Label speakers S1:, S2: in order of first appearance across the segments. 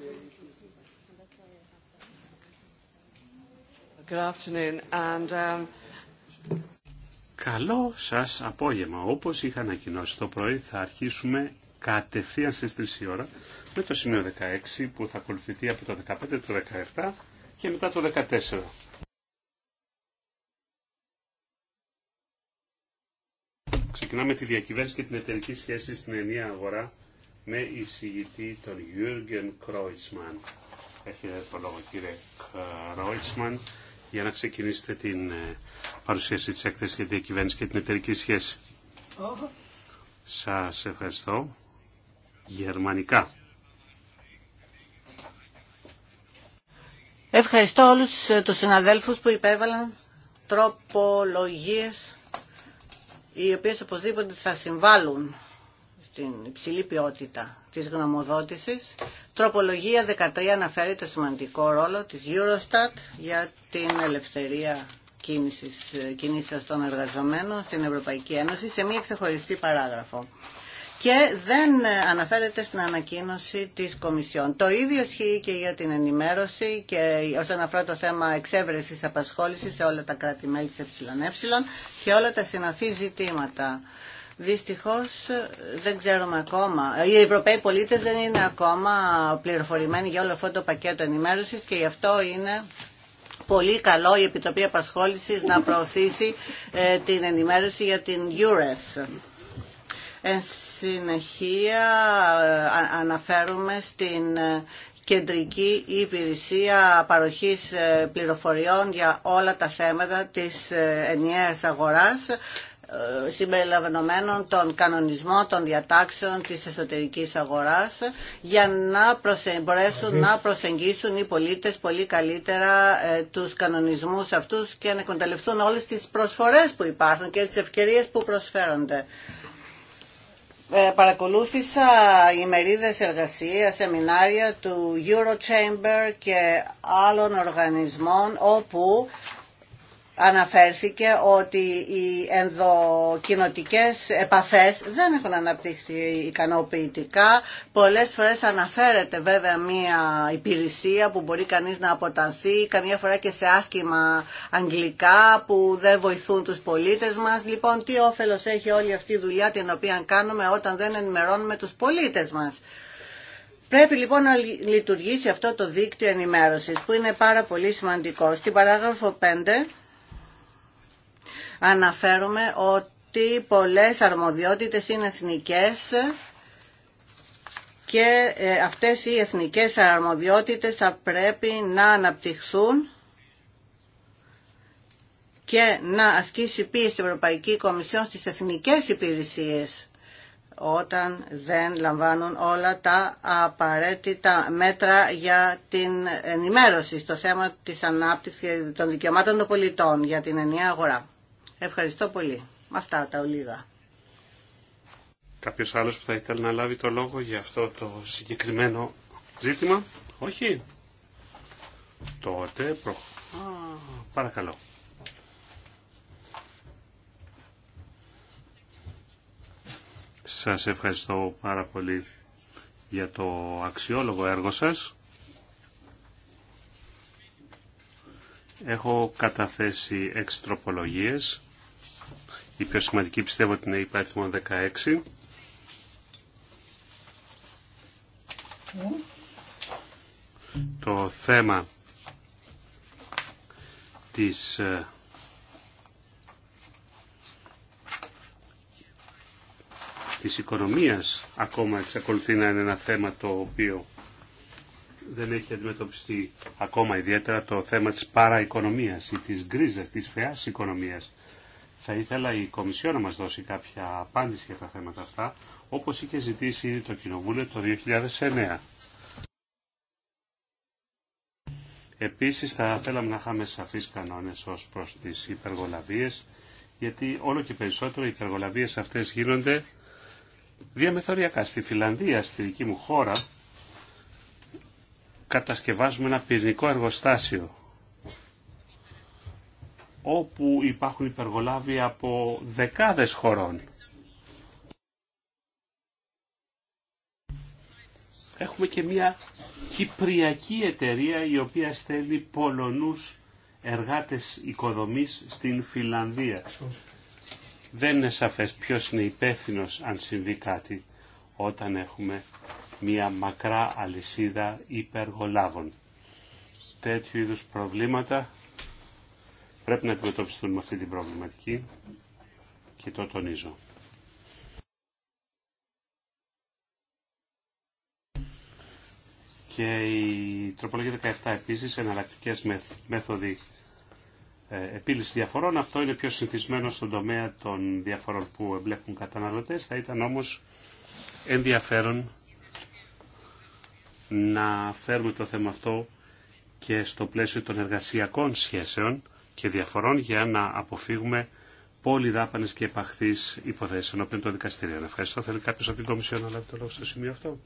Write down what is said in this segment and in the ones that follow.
S1: Good um, Καλό σας απόγευμα. Όπως είχα ανακοινώσει το πρωί θα αρχίσουμε κατευθείαν στις 3 η ώρα με το σημείο 16 που θα ακολουθηθεί από το 15 το 17 και μετά το 14. Ξεκινάμε τη διακυβέρνηση και την εταιρική σχέση στην ενιαία αγορά με εισηγητή τον Γιούργεν Κρόιτσμαν. Έχετε το λόγο κύριε Κρόιτσμαν για να ξεκινήσετε την ε, παρουσίαση της έκθεσης για τη διακυβέρνηση και την εταιρική σχέση. Σας ευχαριστώ. Γερμανικά.
S2: Ευχαριστώ όλους ε, τους συναδέλφους που υπέβαλαν τροπολογίες οι οποίες οπωσδήποτε θα συμβάλλουν στην υψηλή ποιότητα της γνωμοδότησης. Τροπολογία 13 αναφέρει το σημαντικό ρόλο της Eurostat για την ελευθερία κίνησης, ε, κίνησης των εργαζομένων στην Ευρωπαϊκή Ένωση σε μία ξεχωριστή παράγραφο. Και δεν ε, αναφέρεται στην ανακοίνωση της Κομισιόν. Το ίδιο ισχύει και για την ενημέρωση και όσον αφορά το θέμα εξέβρεσης απασχόλησης σε όλα τα κράτη-μέλη της ΕΕ και όλα τα συναφή ζητήματα. Δυστυχώς ε, δεν ξέρουμε ακόμα. Ε, οι Ευρωπαίοι πολίτες δεν είναι ακόμα πληροφορημένοι για όλο αυτό το πακέτο ενημέρωσης και γι' αυτό είναι πολύ καλό η Επιτροπή Απασχόλησης να προωθήσει ε, την ενημέρωση για την EURES. Εν συνεχεία αναφέρουμε στην κεντρική υπηρεσία παροχής πληροφοριών για όλα τα θέματα της ενιαίας αγοράς συμπεριλαμβανομένων των κανονισμών, των διατάξεων της εσωτερικής αγοράς για να μπορέσουν να προσεγγίσουν οι πολίτες πολύ καλύτερα ε, τους κανονισμούς αυτούς και να εκμεταλλευτούν όλες τις προσφορές που υπάρχουν και τις ευκαιρίες που προσφέρονται. Ε, παρακολούθησα ημερίδες εργασία, σεμινάρια του Eurochamber και άλλων οργανισμών όπου αναφέρθηκε ότι οι ενδοκοινοτικές επαφές δεν έχουν αναπτύξει ικανοποιητικά. Πολλές φορές αναφέρεται βέβαια μία υπηρεσία που μπορεί κανείς να αποτανθεί, καμιά φορά και σε άσχημα αγγλικά που δεν βοηθούν τους πολίτες μας. Λοιπόν, τι όφελος έχει όλη αυτή η δουλειά την οποία κάνουμε όταν δεν ενημερώνουμε τους πολίτες μας. Πρέπει λοιπόν να λειτουργήσει αυτό το δίκτυο ενημέρωσης που είναι πάρα πολύ σημαντικό. Στην παράγραφο 5 αναφέρουμε ότι πολλές αρμοδιότητες είναι εθνικές και ε, αυτές οι εθνικές αρμοδιότητες θα πρέπει να αναπτυχθούν και να ασκήσει πίεση στην Ευρωπαϊκή Κομισιόν στις εθνικές υπηρεσίες όταν δεν λαμβάνουν όλα τα απαραίτητα μέτρα για την ενημέρωση στο θέμα της ανάπτυξης των δικαιωμάτων των πολιτών για την ενιαία αγορά. Ευχαριστώ πολύ. Αυτά τα ολίγα.
S1: Κάποιος άλλος που θα ήθελε να λάβει το λόγο για αυτό το συγκεκριμένο ζήτημα. Όχι. Τότε προ... Α, παρακαλώ. Σας ευχαριστώ πάρα πολύ για το αξιόλογο έργο σας. Έχω καταθέσει εξτροπολογίες η πιο σημαντική πιστεύω ότι είναι η παριθμό 16. Το θέμα της ε, της οικονομίας ακόμα εξακολουθεί να είναι ένα θέμα το οποίο δεν έχει αντιμετωπιστεί ακόμα ιδιαίτερα το θέμα της παραοικονομίας ή της γκρίζας, της φαιάς οικονομίας. Θα ήθελα η Κομισιό να μας δώσει κάποια απάντηση για τα θέματα αυτά, όπως είχε ζητήσει ήδη το Κοινοβούλιο το 2009. Επίσης θα θέλαμε να είχαμε σαφείς κανόνες ως προς τις υπεργολαβίες, γιατί όλο και περισσότερο οι υπεργολαβίες αυτές γίνονται διαμεθοριακά. Στη Φιλανδία, στη δική μου χώρα, κατασκευάζουμε ένα πυρηνικό εργοστάσιο όπου υπάρχουν υπεργολάβοι από δεκάδες χωρών. Έχουμε και μια κυπριακή εταιρεία η οποία στέλνει Πολωνούς εργάτες οικοδομής στην Φιλανδία. Δεν είναι σαφές ποιος είναι υπεύθυνο αν συμβεί κάτι όταν έχουμε μια μακρά αλυσίδα υπεργολάβων. Τέτοιου είδους προβλήματα πρέπει να αντιμετωπιστούν με αυτή την προβληματική και το τονίζω. Και η τροπολογία 17 επίσης, εναλλακτικές μέθοδοι ε, επίλυση διαφορών. Αυτό είναι πιο συνηθισμένο στον τομέα των διαφορών που εμπλέκουν καταναλωτές. Θα ήταν όμως ενδιαφέρον να φέρουμε το θέμα αυτό και στο πλαίσιο των εργασιακών σχέσεων και διαφορών για να αποφύγουμε πολύ δάπανε και επαχθεί υποθέσει ενώπιον των δικαστηρίων. Ευχαριστώ. Θέλει κάποιο από την Κομισιόν να λάβει το λόγο στο σημείο αυτό.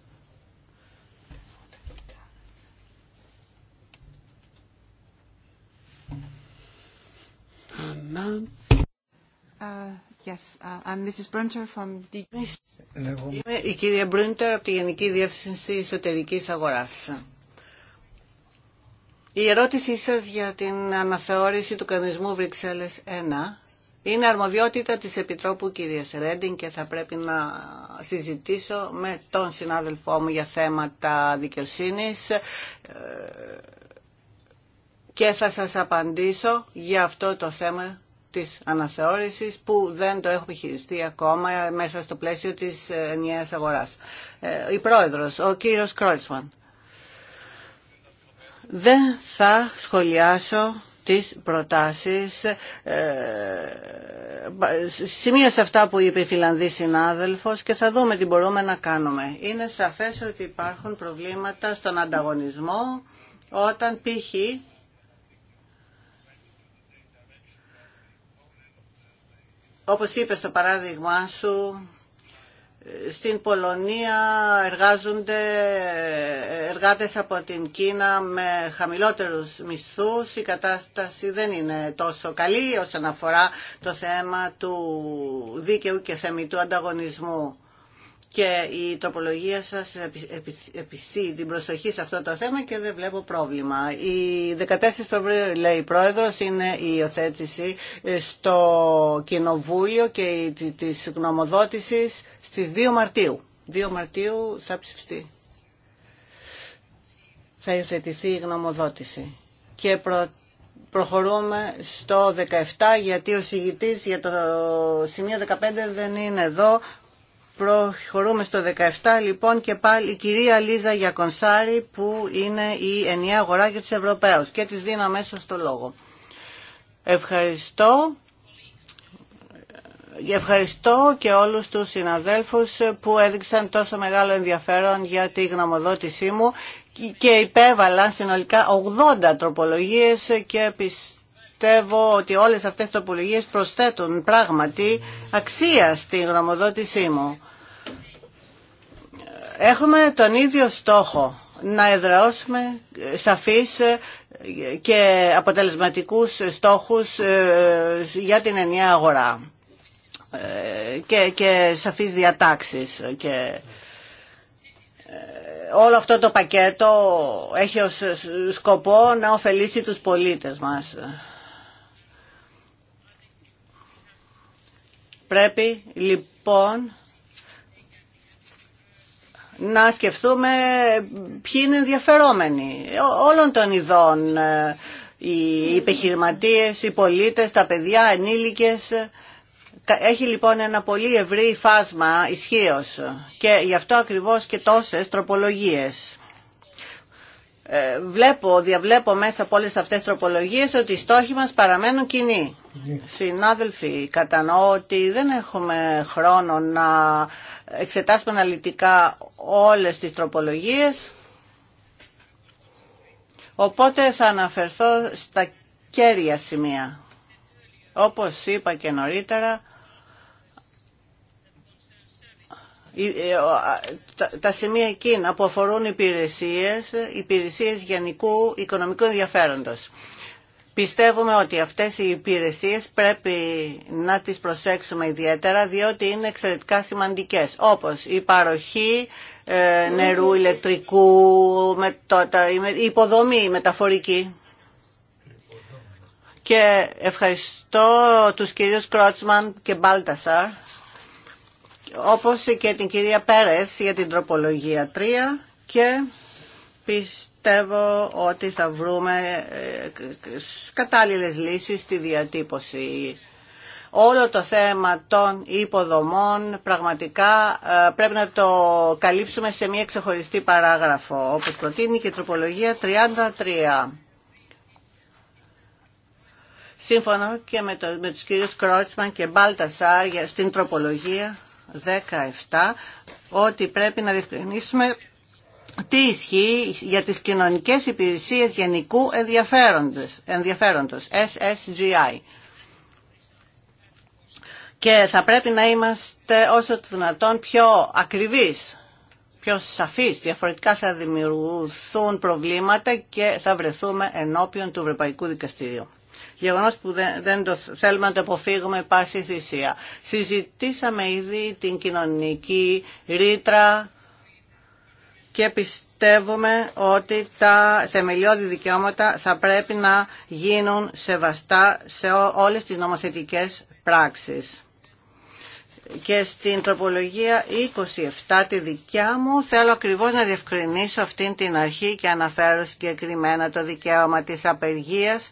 S2: Είμαι η κυρία Μπρίντερ από τη Γενική Διεύθυνση Εσωτερική Αγοράς. Η ερώτησή σας για την αναθεώρηση του κανονισμού Βρυξέλλες 1 είναι αρμοδιότητα της Επιτρόπου κυρίας Ρέντιν και θα πρέπει να συζητήσω με τον συνάδελφό μου για θέματα δικαιοσύνης ε, και θα σας απαντήσω για αυτό το θέμα της αναθεώρησης που δεν το έχουμε χειριστεί ακόμα μέσα στο πλαίσιο της ε, ενιαίας αγοράς. Ε, η πρόεδρος, ο κύριος Κρότσμαν. Δεν θα σχολιάσω τις προτάσεις. σε αυτά που είπε η Φιλανδή συνάδελφος και θα δούμε τι μπορούμε να κάνουμε. Είναι σαφές ότι υπάρχουν προβλήματα στον ανταγωνισμό όταν π.χ. όπως είπε στο παράδειγμά σου στην Πολωνία εργάζονται εργάτες από την Κίνα με χαμηλότερους μισθούς. Η κατάσταση δεν είναι τόσο καλή όσον αφορά το θέμα του δίκαιου και θεμητού ανταγωνισμού και η τροπολογία σας επιστεί την προσοχή σε αυτό το θέμα και δεν βλέπω πρόβλημα. Η 14 Φεβρουαρίου, λέει η Πρόεδρος, είναι η υιοθέτηση ε, στο Κοινοβούλιο και της γνωμοδότησης στις 2 Μαρτίου. 2 Μαρτίου θα ψηφιστεί. Θα υιοθετηθεί η γνωμοδότηση. Και Προχωρούμε στο 17 γιατί ο συγητής για το σημείο 15 δεν είναι εδώ. Προχωρούμε στο 17 λοιπόν και πάλι η κυρία Λίζα Γιακονσάρη που είναι η ενιαία αγορά για τους Ευρωπαίους και της δίνω αμέσως το λόγο. Ευχαριστώ. Ευχαριστώ και όλους τους συναδέλφους που έδειξαν τόσο μεγάλο ενδιαφέρον για τη γνωμοδότησή μου και υπέβαλαν συνολικά 80 τροπολογίες και πιστεύω πιστεύω ότι όλες αυτές τις τοπολογίες προσθέτουν πράγματι αξία στη γραμμοδότησή μου. Έχουμε τον ίδιο στόχο να εδραώσουμε σαφείς και αποτελεσματικούς στόχους ε, για την ενιαία αγορά ε, και, και σαφείς διατάξεις και ε, όλο αυτό το πακέτο έχει ως σκοπό να ωφελήσει τους πολίτες μας. Πρέπει λοιπόν να σκεφτούμε ποιοι είναι ενδιαφερόμενοι όλων των ειδών, ε, οι επιχειρηματίες, οι πολίτες, τα παιδιά, ενήλικες. Έχει λοιπόν ένα πολύ ευρύ φάσμα ισχύω και γι' αυτό ακριβώς και τόσες τροπολογίες. Ε, βλέπω, διαβλέπω μέσα από όλες αυτές τις τροπολογίες ότι οι στόχοι μας παραμένουν κοινοί. Συνάδελφοι, κατανοώ ότι δεν έχουμε χρόνο να εξετάσουμε αναλυτικά όλες τις τροπολογίες. Οπότε θα αναφερθώ στα κέρια σημεία. Όπως είπα και νωρίτερα, Ε, ε, τα σημεία εκείνα που αφορούν υπηρεσίες, υπηρεσίες γενικού οικονομικού ενδιαφέροντος. Πιστεύουμε ότι αυτές οι υπηρεσίες πρέπει να τις προσέξουμε ιδιαίτερα διότι είναι εξαιρετικά σημαντικές όπως η παροχή ε, νερού, ηλεκτρικού, η υποδομή η μεταφορική. Και ευχαριστώ τους κυρίους Κρότσμαν και Μπάλτασαρ όπως και την κυρία Πέρες για την τροπολογία 3 και πιστεύω ότι θα βρούμε ε, κατάλληλες λύσεις στη διατύπωση. Όλο το θέμα των υποδομών πραγματικά ε, πρέπει να το καλύψουμε σε μια ξεχωριστή παράγραφο, όπως προτείνει και η τροπολογία 33. Σύμφωνα και με, το, με τους κύριους Κρότσμαν και Μπάλτασάρ στην τροπολογία 17 ότι πρέπει να διευκρινίσουμε τι ισχύει για τις κοινωνικές υπηρεσίες γενικού ενδιαφέροντος, ενδιαφέροντος SSGI. Και θα πρέπει να είμαστε όσο το δυνατόν πιο ακριβείς πιο σαφείς. Διαφορετικά θα δημιουργηθούν προβλήματα και θα βρεθούμε ενώπιον του Ευρωπαϊκού Δικαστηρίου. Γεγονός που δεν, το θέλουμε να το αποφύγουμε πάση θυσία. Συζητήσαμε ήδη την κοινωνική ρήτρα και πιστεύουμε ότι τα θεμελιώδη δικαιώματα θα πρέπει να γίνουν σεβαστά σε όλες τις νομοθετικές πράξεις και στην τροπολογία 27 τη δικιά μου θέλω ακριβώς να διευκρινίσω αυτήν την αρχή και αναφέρω συγκεκριμένα το δικαίωμα της απεργίας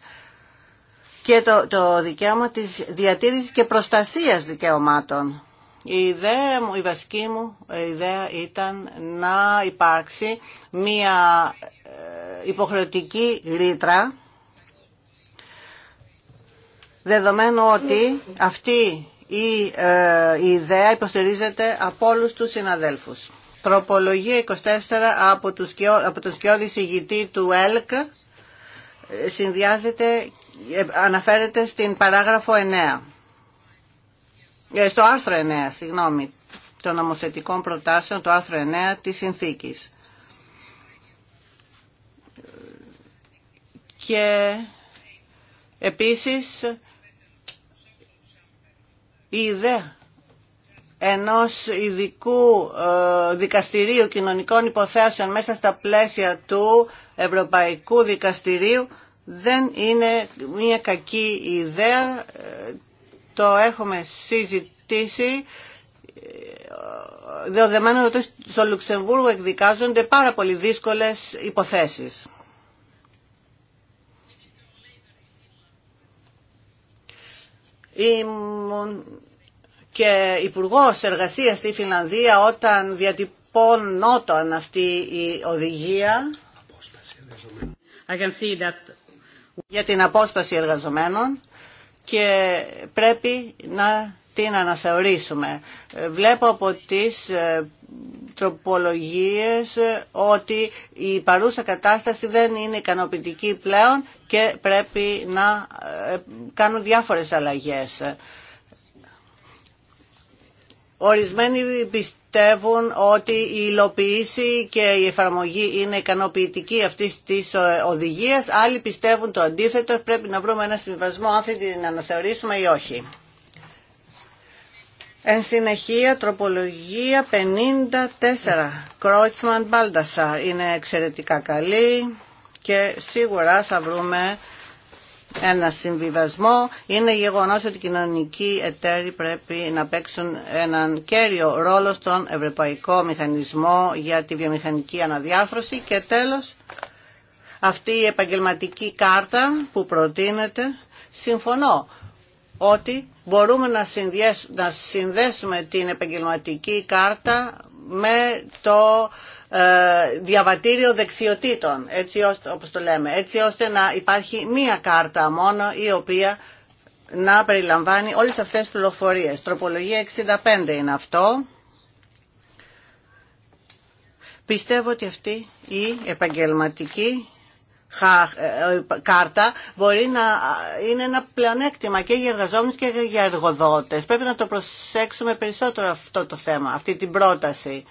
S2: και το, το δικαίωμα της διατήρησης και προστασίας δικαιωμάτων. Η ιδέα μου, η βασική μου ιδέα ήταν να υπάρξει μία ε, υποχρεωτική ρήτρα δεδομένου ότι αυτή η, ε, η ιδέα υποστηρίζεται από όλους τους συναδέλφους. Τροπολογία 24 από, τους, από τον σκιώδη συγητή του ΕΛΚ ε, συνδυάζεται, ε, αναφέρεται στην παράγραφο 9. στο άρθρο 9, συγγνώμη, των νομοθετικών προτάσεων, το άρθρο 9 της συνθήκης. Και επίσης είδε ενός ειδικού ε, δικαστηρίου κοινωνικών υποθέσεων μέσα στα πλαίσια του Ευρωπαϊκού Δικαστηρίου δεν είναι μια κακή ιδέα. Το έχουμε συζητήσει. Δεδομένου ότι στο Λουξεμβούργο εκδικάζονται πάρα πολύ δύσκολες υποθέσεις και υπουργό εργασία στη Φιλανδία όταν διατυπώνονταν αυτή η οδηγία I can see that... για την απόσπαση εργαζομένων και πρέπει να την αναθεωρήσουμε. Βλέπω από τις ε, τροπολογίες ε, ότι η παρούσα κατάσταση δεν είναι ικανοποιητική πλέον και πρέπει να ε, κάνουν διάφορες αλλαγές. Ορισμένοι πιστεύουν ότι η υλοποίηση και η εφαρμογή είναι ικανοποιητική αυτή τη ε, οδηγία. Άλλοι πιστεύουν το αντίθετο. Πρέπει να βρούμε ένα συμβασμό αν θα την αναθεωρήσουμε ή όχι. Εν συνεχεία, τροπολογία 54. Κρότσμαν Μπάλτασα είναι εξαιρετικά καλή και σίγουρα θα βρούμε ένα συμβιβασμό είναι γεγονός ότι οι κοινωνικοί εταίροι πρέπει να παίξουν έναν κέριο ρόλο στον ευρωπαϊκό μηχανισμό για τη βιομηχανική αναδιάφρωση και τέλος αυτή η επαγγελματική κάρτα που προτείνεται συμφωνώ ότι μπορούμε να, να συνδέσουμε την επαγγελματική κάρτα με το ε, διαβατήριο δεξιοτήτων, έτσι ώστε, όπως το λέμε, έτσι ώστε να υπάρχει μία κάρτα μόνο η οποία να περιλαμβάνει όλες αυτές τις πληροφορίες. Τροπολογία 65 είναι αυτό. Πιστεύω ότι αυτή η επαγγελματική ε, ε, κάρτα μπορεί να είναι ένα πλεονέκτημα και για εργαζόμενους και για εργοδότες. Πρέπει να το προσέξουμε περισσότερο αυτό το θέμα, αυτή την πρόταση.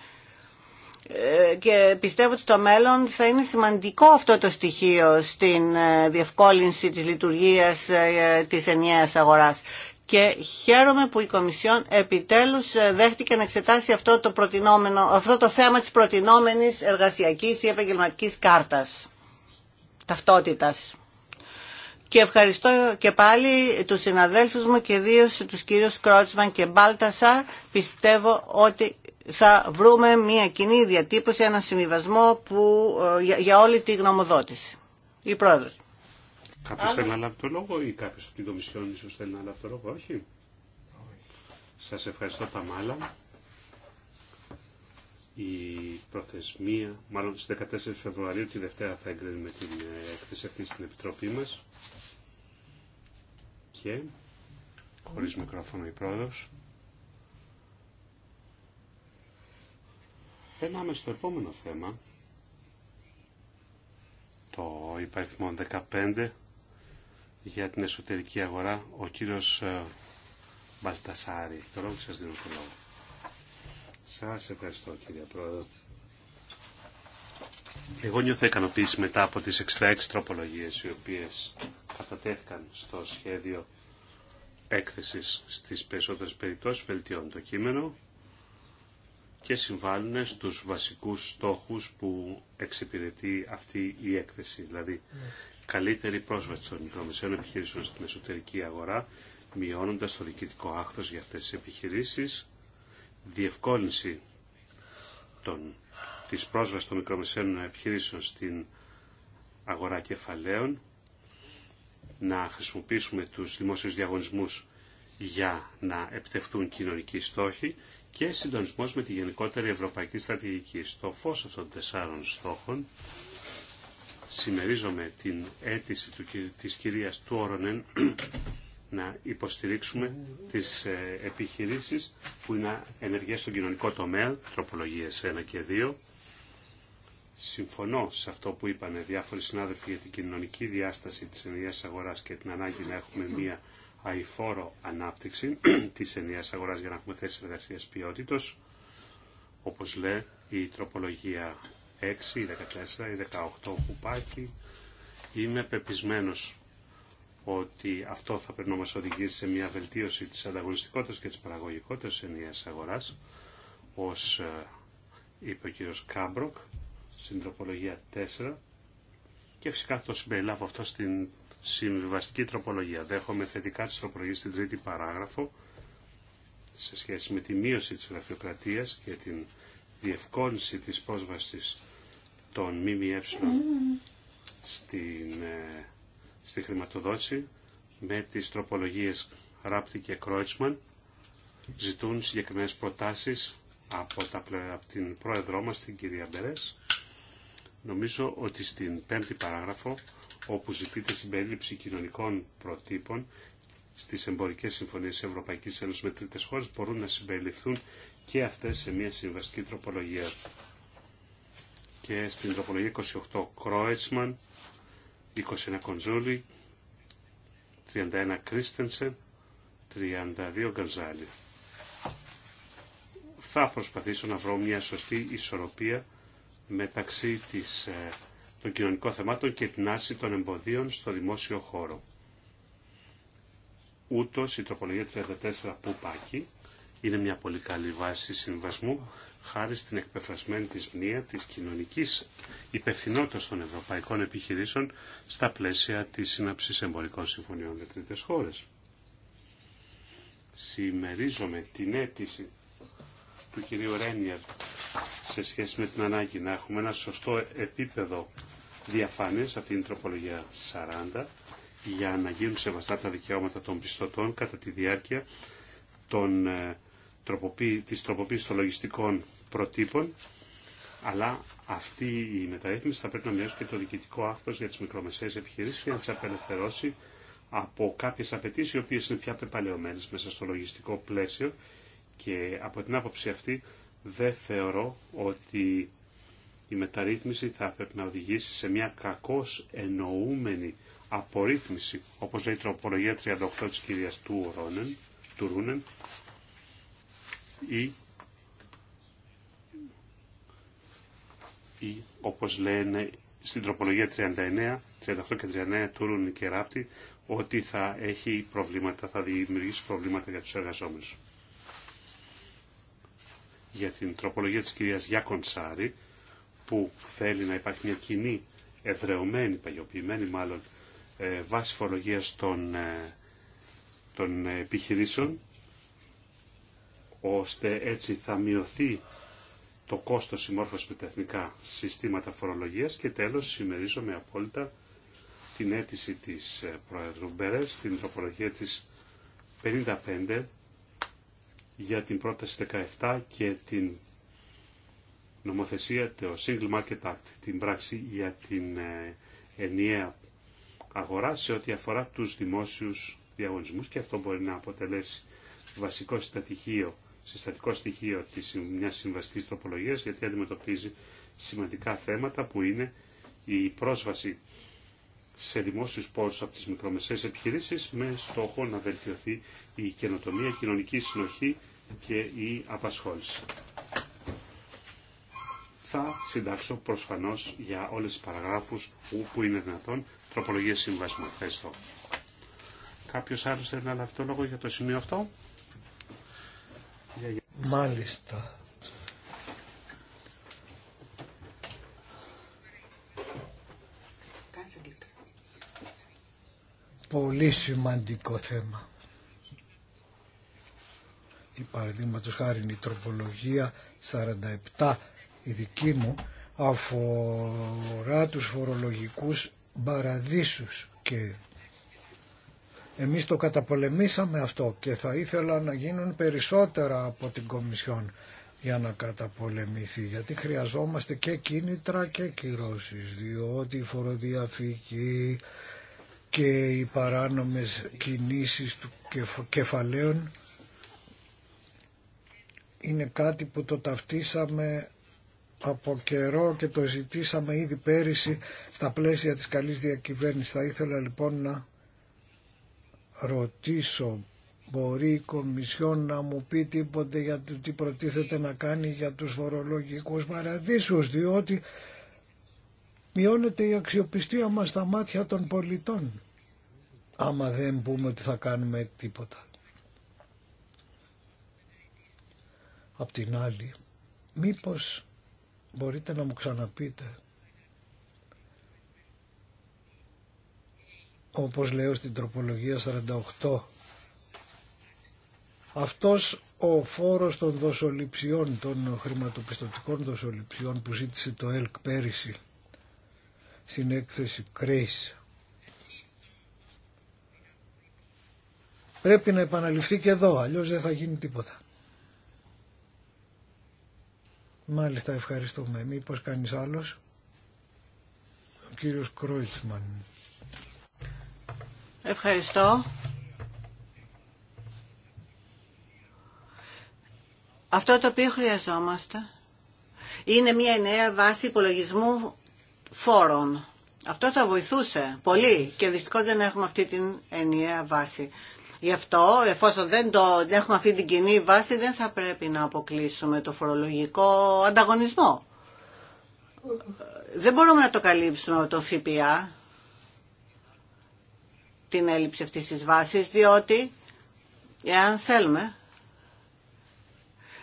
S2: Ε, και πιστεύω ότι στο μέλλον θα είναι σημαντικό αυτό το στοιχείο στην ε, διευκόλυνση της λειτουργίας ε, της ενιαίας αγοράς. Και χαίρομαι που η Κομισιόν επιτέλους δέχτηκε να εξετάσει αυτό το, προτινόμενο, αυτό το θέμα της προτινόμενης εργασιακής ή επαγγελματικής κάρτας ταυτότητας. Και ευχαριστώ και πάλι τους συναδέλφους μου και τους κύριους Κρότσμαν και Μπάλτασαρ. Πιστεύω ότι θα βρούμε μια κοινή διατύπωση, ένα συμβιβασμό που, ε, για, όλη τη γνωμοδότηση. Η πρόεδρος.
S1: Κάποιο θέλει να λάβει το λόγο ή κάποιο από την Κομισιόν ίσω θέλει να λάβει το λόγο, όχι. όχι. Σα ευχαριστώ τα μάλα. Η προθεσμία, μάλλον στι 14 Φεβρουαρίου, τη Δευτέρα θα εγκρίνουμε την ε, έκθεση αυτή στην Επιτροπή μας. Και, χωρίς μικρόφωνο η πρόεδρος. Περνάμε στο επόμενο θέμα. Το υπαριθμό 15 για την εσωτερική αγορά. Ο κύριος ε, Μπαλτασάρη. Σα σας Σας ευχαριστώ κύριε Πρόεδρε. Εγώ νιώθω ικανοποίηση μετά από τις 66 τροπολογίες οι οποίες κατατέθηκαν στο σχέδιο έκθεσης στις περισσότερες περιπτώσεις, βελτιώνει το κείμενο και συμβάλλουν στους βασικούς στόχους που εξυπηρετεί αυτή η έκθεση. Δηλαδή, καλύτερη πρόσβαση των μικρομεσαίων επιχειρήσεων στην εσωτερική αγορά, μειώνοντας το διοικητικό άχθος για αυτές τις επιχειρήσεις, διευκόλυνση των, της πρόσβασης των μικρομεσαίων επιχειρήσεων στην αγορά κεφαλαίων, να χρησιμοποιήσουμε τους δημόσιους διαγωνισμούς για να επιτευχθούν κοινωνικοί στόχοι και συντονισμός με τη γενικότερη ευρωπαϊκή στρατηγική. Στο φως αυτών των τεσσάρων στόχων συμμερίζομαι την αίτηση του, της κυρίας Όρονεν να υποστηρίξουμε τις ε, επιχειρήσεις που είναι ενεργές στον κοινωνικό τομέα, τροπολογίες 1 και 2. Συμφωνώ σε αυτό που είπαν διάφοροι συνάδελφοι για την κοινωνική διάσταση της ενεργείας αγοράς και την ανάγκη να έχουμε μία αηφόρο ανάπτυξη της ενιαίας αγοράς για να έχουμε θέσει εργασίας ποιότητος, όπως λέει η τροπολογία 6, η 14, η 18 που πάει. Είμαι πεπισμένος ότι αυτό θα πρέπει να μας οδηγήσει σε μια βελτίωση της ανταγωνιστικότητας και της παραγωγικότητας της ενιαίας αγοράς, ως ε, είπε ο κ. Κάμπροκ, στην τροπολογία 4, και φυσικά θα το συμπεριλάβω αυτό στην Συμβιβαστική τροπολογία. Δέχομαι θετικά τι τροπολογίες στην τρίτη παράγραφο σε σχέση με τη μείωση της γραφειοκρατίας και την διευκόλυνση της πρόσβασης των ΜΜΕ
S3: στην,
S1: ε, στη χρηματοδότηση με τις τροπολογίες Ράπτη και Κρόιτσμαν ζητούν συγκεκριμένες προτάσεις από, τα, από την πρόεδρό μας, την κυρία Μπερές. Νομίζω ότι στην πέμπτη παράγραφο όπου ζητείται συμπερίληψη κοινωνικών προτύπων στις εμπορικές συμφωνίες Ευρωπαϊκής Ένωση με τρίτες χώρε μπορούν να συμπεριληφθούν και αυτές σε μια συμβαστική τροπολογία. Και στην τροπολογία 28 Κρόετσμαν, 21 Κονζούλη 31 Κρίστενσεν, 32 Γκαρζάλη. Θα προσπαθήσω να βρω μια σωστή ισορροπία μεταξύ της ε, των κοινωνικών θεμάτων και την άρση των εμποδίων στο δημόσιο χώρο. Ούτω η τροπολογία 34 που πάκει είναι μια πολύ καλή βάση συμβασμού χάρη στην εκπεφρασμένη της μνήα της κοινωνικής υπευθυνότητας των ευρωπαϊκών επιχειρήσεων στα πλαίσια της σύναψης εμπορικών συμφωνιών με τρίτες χώρες. Σημερίζομαι την αίτηση του κυρίου Ρένιερ σε σχέση με την ανάγκη να έχουμε ένα σωστό επίπεδο διαφάνειας, αυτή είναι η τροπολογία 40, για να γίνουν σεβαστά τα δικαιώματα των πιστωτών κατά τη διάρκεια των, ε, τροποποίηση της τροποποίησης των λογιστικών προτύπων, αλλά αυτή η μεταρρύθμιση θα πρέπει να μειώσει και το διοικητικό άκρος για τις μικρομεσαίες επιχειρήσεις και να τις απελευθερώσει από κάποιες απαιτήσει οι οποίες είναι πια πεπαλαιωμένες μέσα στο λογιστικό πλαίσιο και από την άποψη αυτή δεν θεωρώ ότι η μεταρρύθμιση θα πρέπει να οδηγήσει σε μια κακώς εννοούμενη απορρίθμιση, όπως λέει η τροπολογία 38 της κυρίας του, Ρούνεν, ή, ή όπως λένε στην τροπολογία 39, 38 και 39 του Ρούνεν και Ράπτη, ότι θα έχει προβλήματα, θα δημιουργήσει προβλήματα για τους εργαζόμενους για την τροπολογία της κυρίας Σάρη, που θέλει να υπάρχει μια κοινή εδρεωμένη, παγιοποιημένη μάλλον ε, βάση φορολογίας των, ε, των επιχειρήσεων ώστε έτσι θα μειωθεί το κόστος συμμόρφωσης με τεχνικά συστήματα φορολογίας και τέλος συμμερίζομαι απόλυτα την αίτηση της ε, Προέδρου Μπέρες στην τροπολογία της 55 για την πρόταση 17 και την νομοθεσία, το Single Market Act, την πράξη για την ε, ενιαία αγορά σε ό,τι αφορά τους δημόσιους διαγωνισμούς και αυτό μπορεί να αποτελέσει βασικό στοιχείο, συστατικό στοιχείο της μιας συμβαστικής τροπολογίας γιατί αντιμετωπίζει σημαντικά θέματα που είναι η πρόσβαση σε δημόσιους πόρους από τις μικρομεσαίες επιχειρήσεις με στόχο να βελτιωθεί η καινοτομία, η κοινωνική συνοχή και η απασχόληση. Θα συντάξω προσφανώς για όλες τις παραγράφους όπου είναι δυνατόν τροπολογία συμβασμού. Ευχαριστώ. Κάποιος άλλος θέλει να λάβει το λόγο για το σημείο αυτό.
S3: Μάλιστα. Πολύ σημαντικό θέμα. Η παραδείγματο χάρη η τροπολογία 47 η δική μου αφορά τους φορολογικούς παραδείσους και εμείς το καταπολεμήσαμε αυτό και θα ήθελα να γίνουν περισσότερα από την Κομισιόν για να καταπολεμηθεί γιατί χρειαζόμαστε και κίνητρα και κυρώσεις διότι η φοροδιαφυγή, και οι παράνομες κινήσεις του κεφαλαίων είναι κάτι που το ταυτίσαμε από καιρό και το ζητήσαμε ήδη πέρυσι στα πλαίσια της καλής διακυβέρνησης. Θα ήθελα λοιπόν να ρωτήσω, μπορεί η Κομισιόν να μου πει τίποτε για το τι προτίθεται να κάνει για τους φορολογικούς παραδείσους, διότι μειώνεται η αξιοπιστία μας στα μάτια των πολιτών άμα δεν πούμε ότι θα κάνουμε τίποτα. Απ' την άλλη, μήπως μπορείτε να μου ξαναπείτε όπως λέω στην τροπολογία 48 αυτός ο φόρος των δοσοληψιών των χρηματοπιστωτικών δοσοληψιών που ζήτησε το ΕΛΚ πέρυσι στην έκθεση Πρέπει να επαναληφθεί και εδώ, αλλιώς δεν θα γίνει τίποτα. Μάλιστα, ευχαριστούμε. Μήπως κανείς άλλος. Ο κύριος Κρόιτσμαν.
S2: Ευχαριστώ. Αυτό το οποίο χρειαζόμαστε είναι μια νέα βάση υπολογισμού φόρων. Αυτό θα βοηθούσε πολύ και δυστυχώ δεν έχουμε αυτή την ενιαία βάση. Γι' αυτό, εφόσον δεν, το, δεν έχουμε αυτή την κοινή βάση, δεν θα πρέπει να αποκλείσουμε το φορολογικό ανταγωνισμό. Δεν μπορούμε να το καλύψουμε το ΦΠΑ, την έλλειψη αυτής της βάσης, διότι, εάν θέλουμε,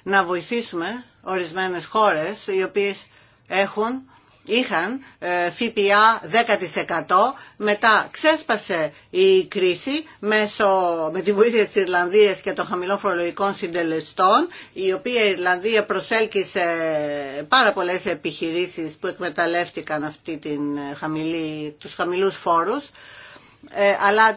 S2: να βοηθήσουμε ορισμένες χώρες οι οποίες έχουν είχαν ΦΠΑ ε, 10% μετά ξέσπασε η κρίση μέσω, με τη βοήθεια της Ιρλανδίας και των χαμηλών φορολογικών συντελεστών η οποία η Ιρλανδία προσέλκυσε πάρα πολλές επιχειρήσεις που εκμεταλλεύτηκαν αυτή την ε, χαμηλή, τους χαμηλούς φόρους ε, αλλά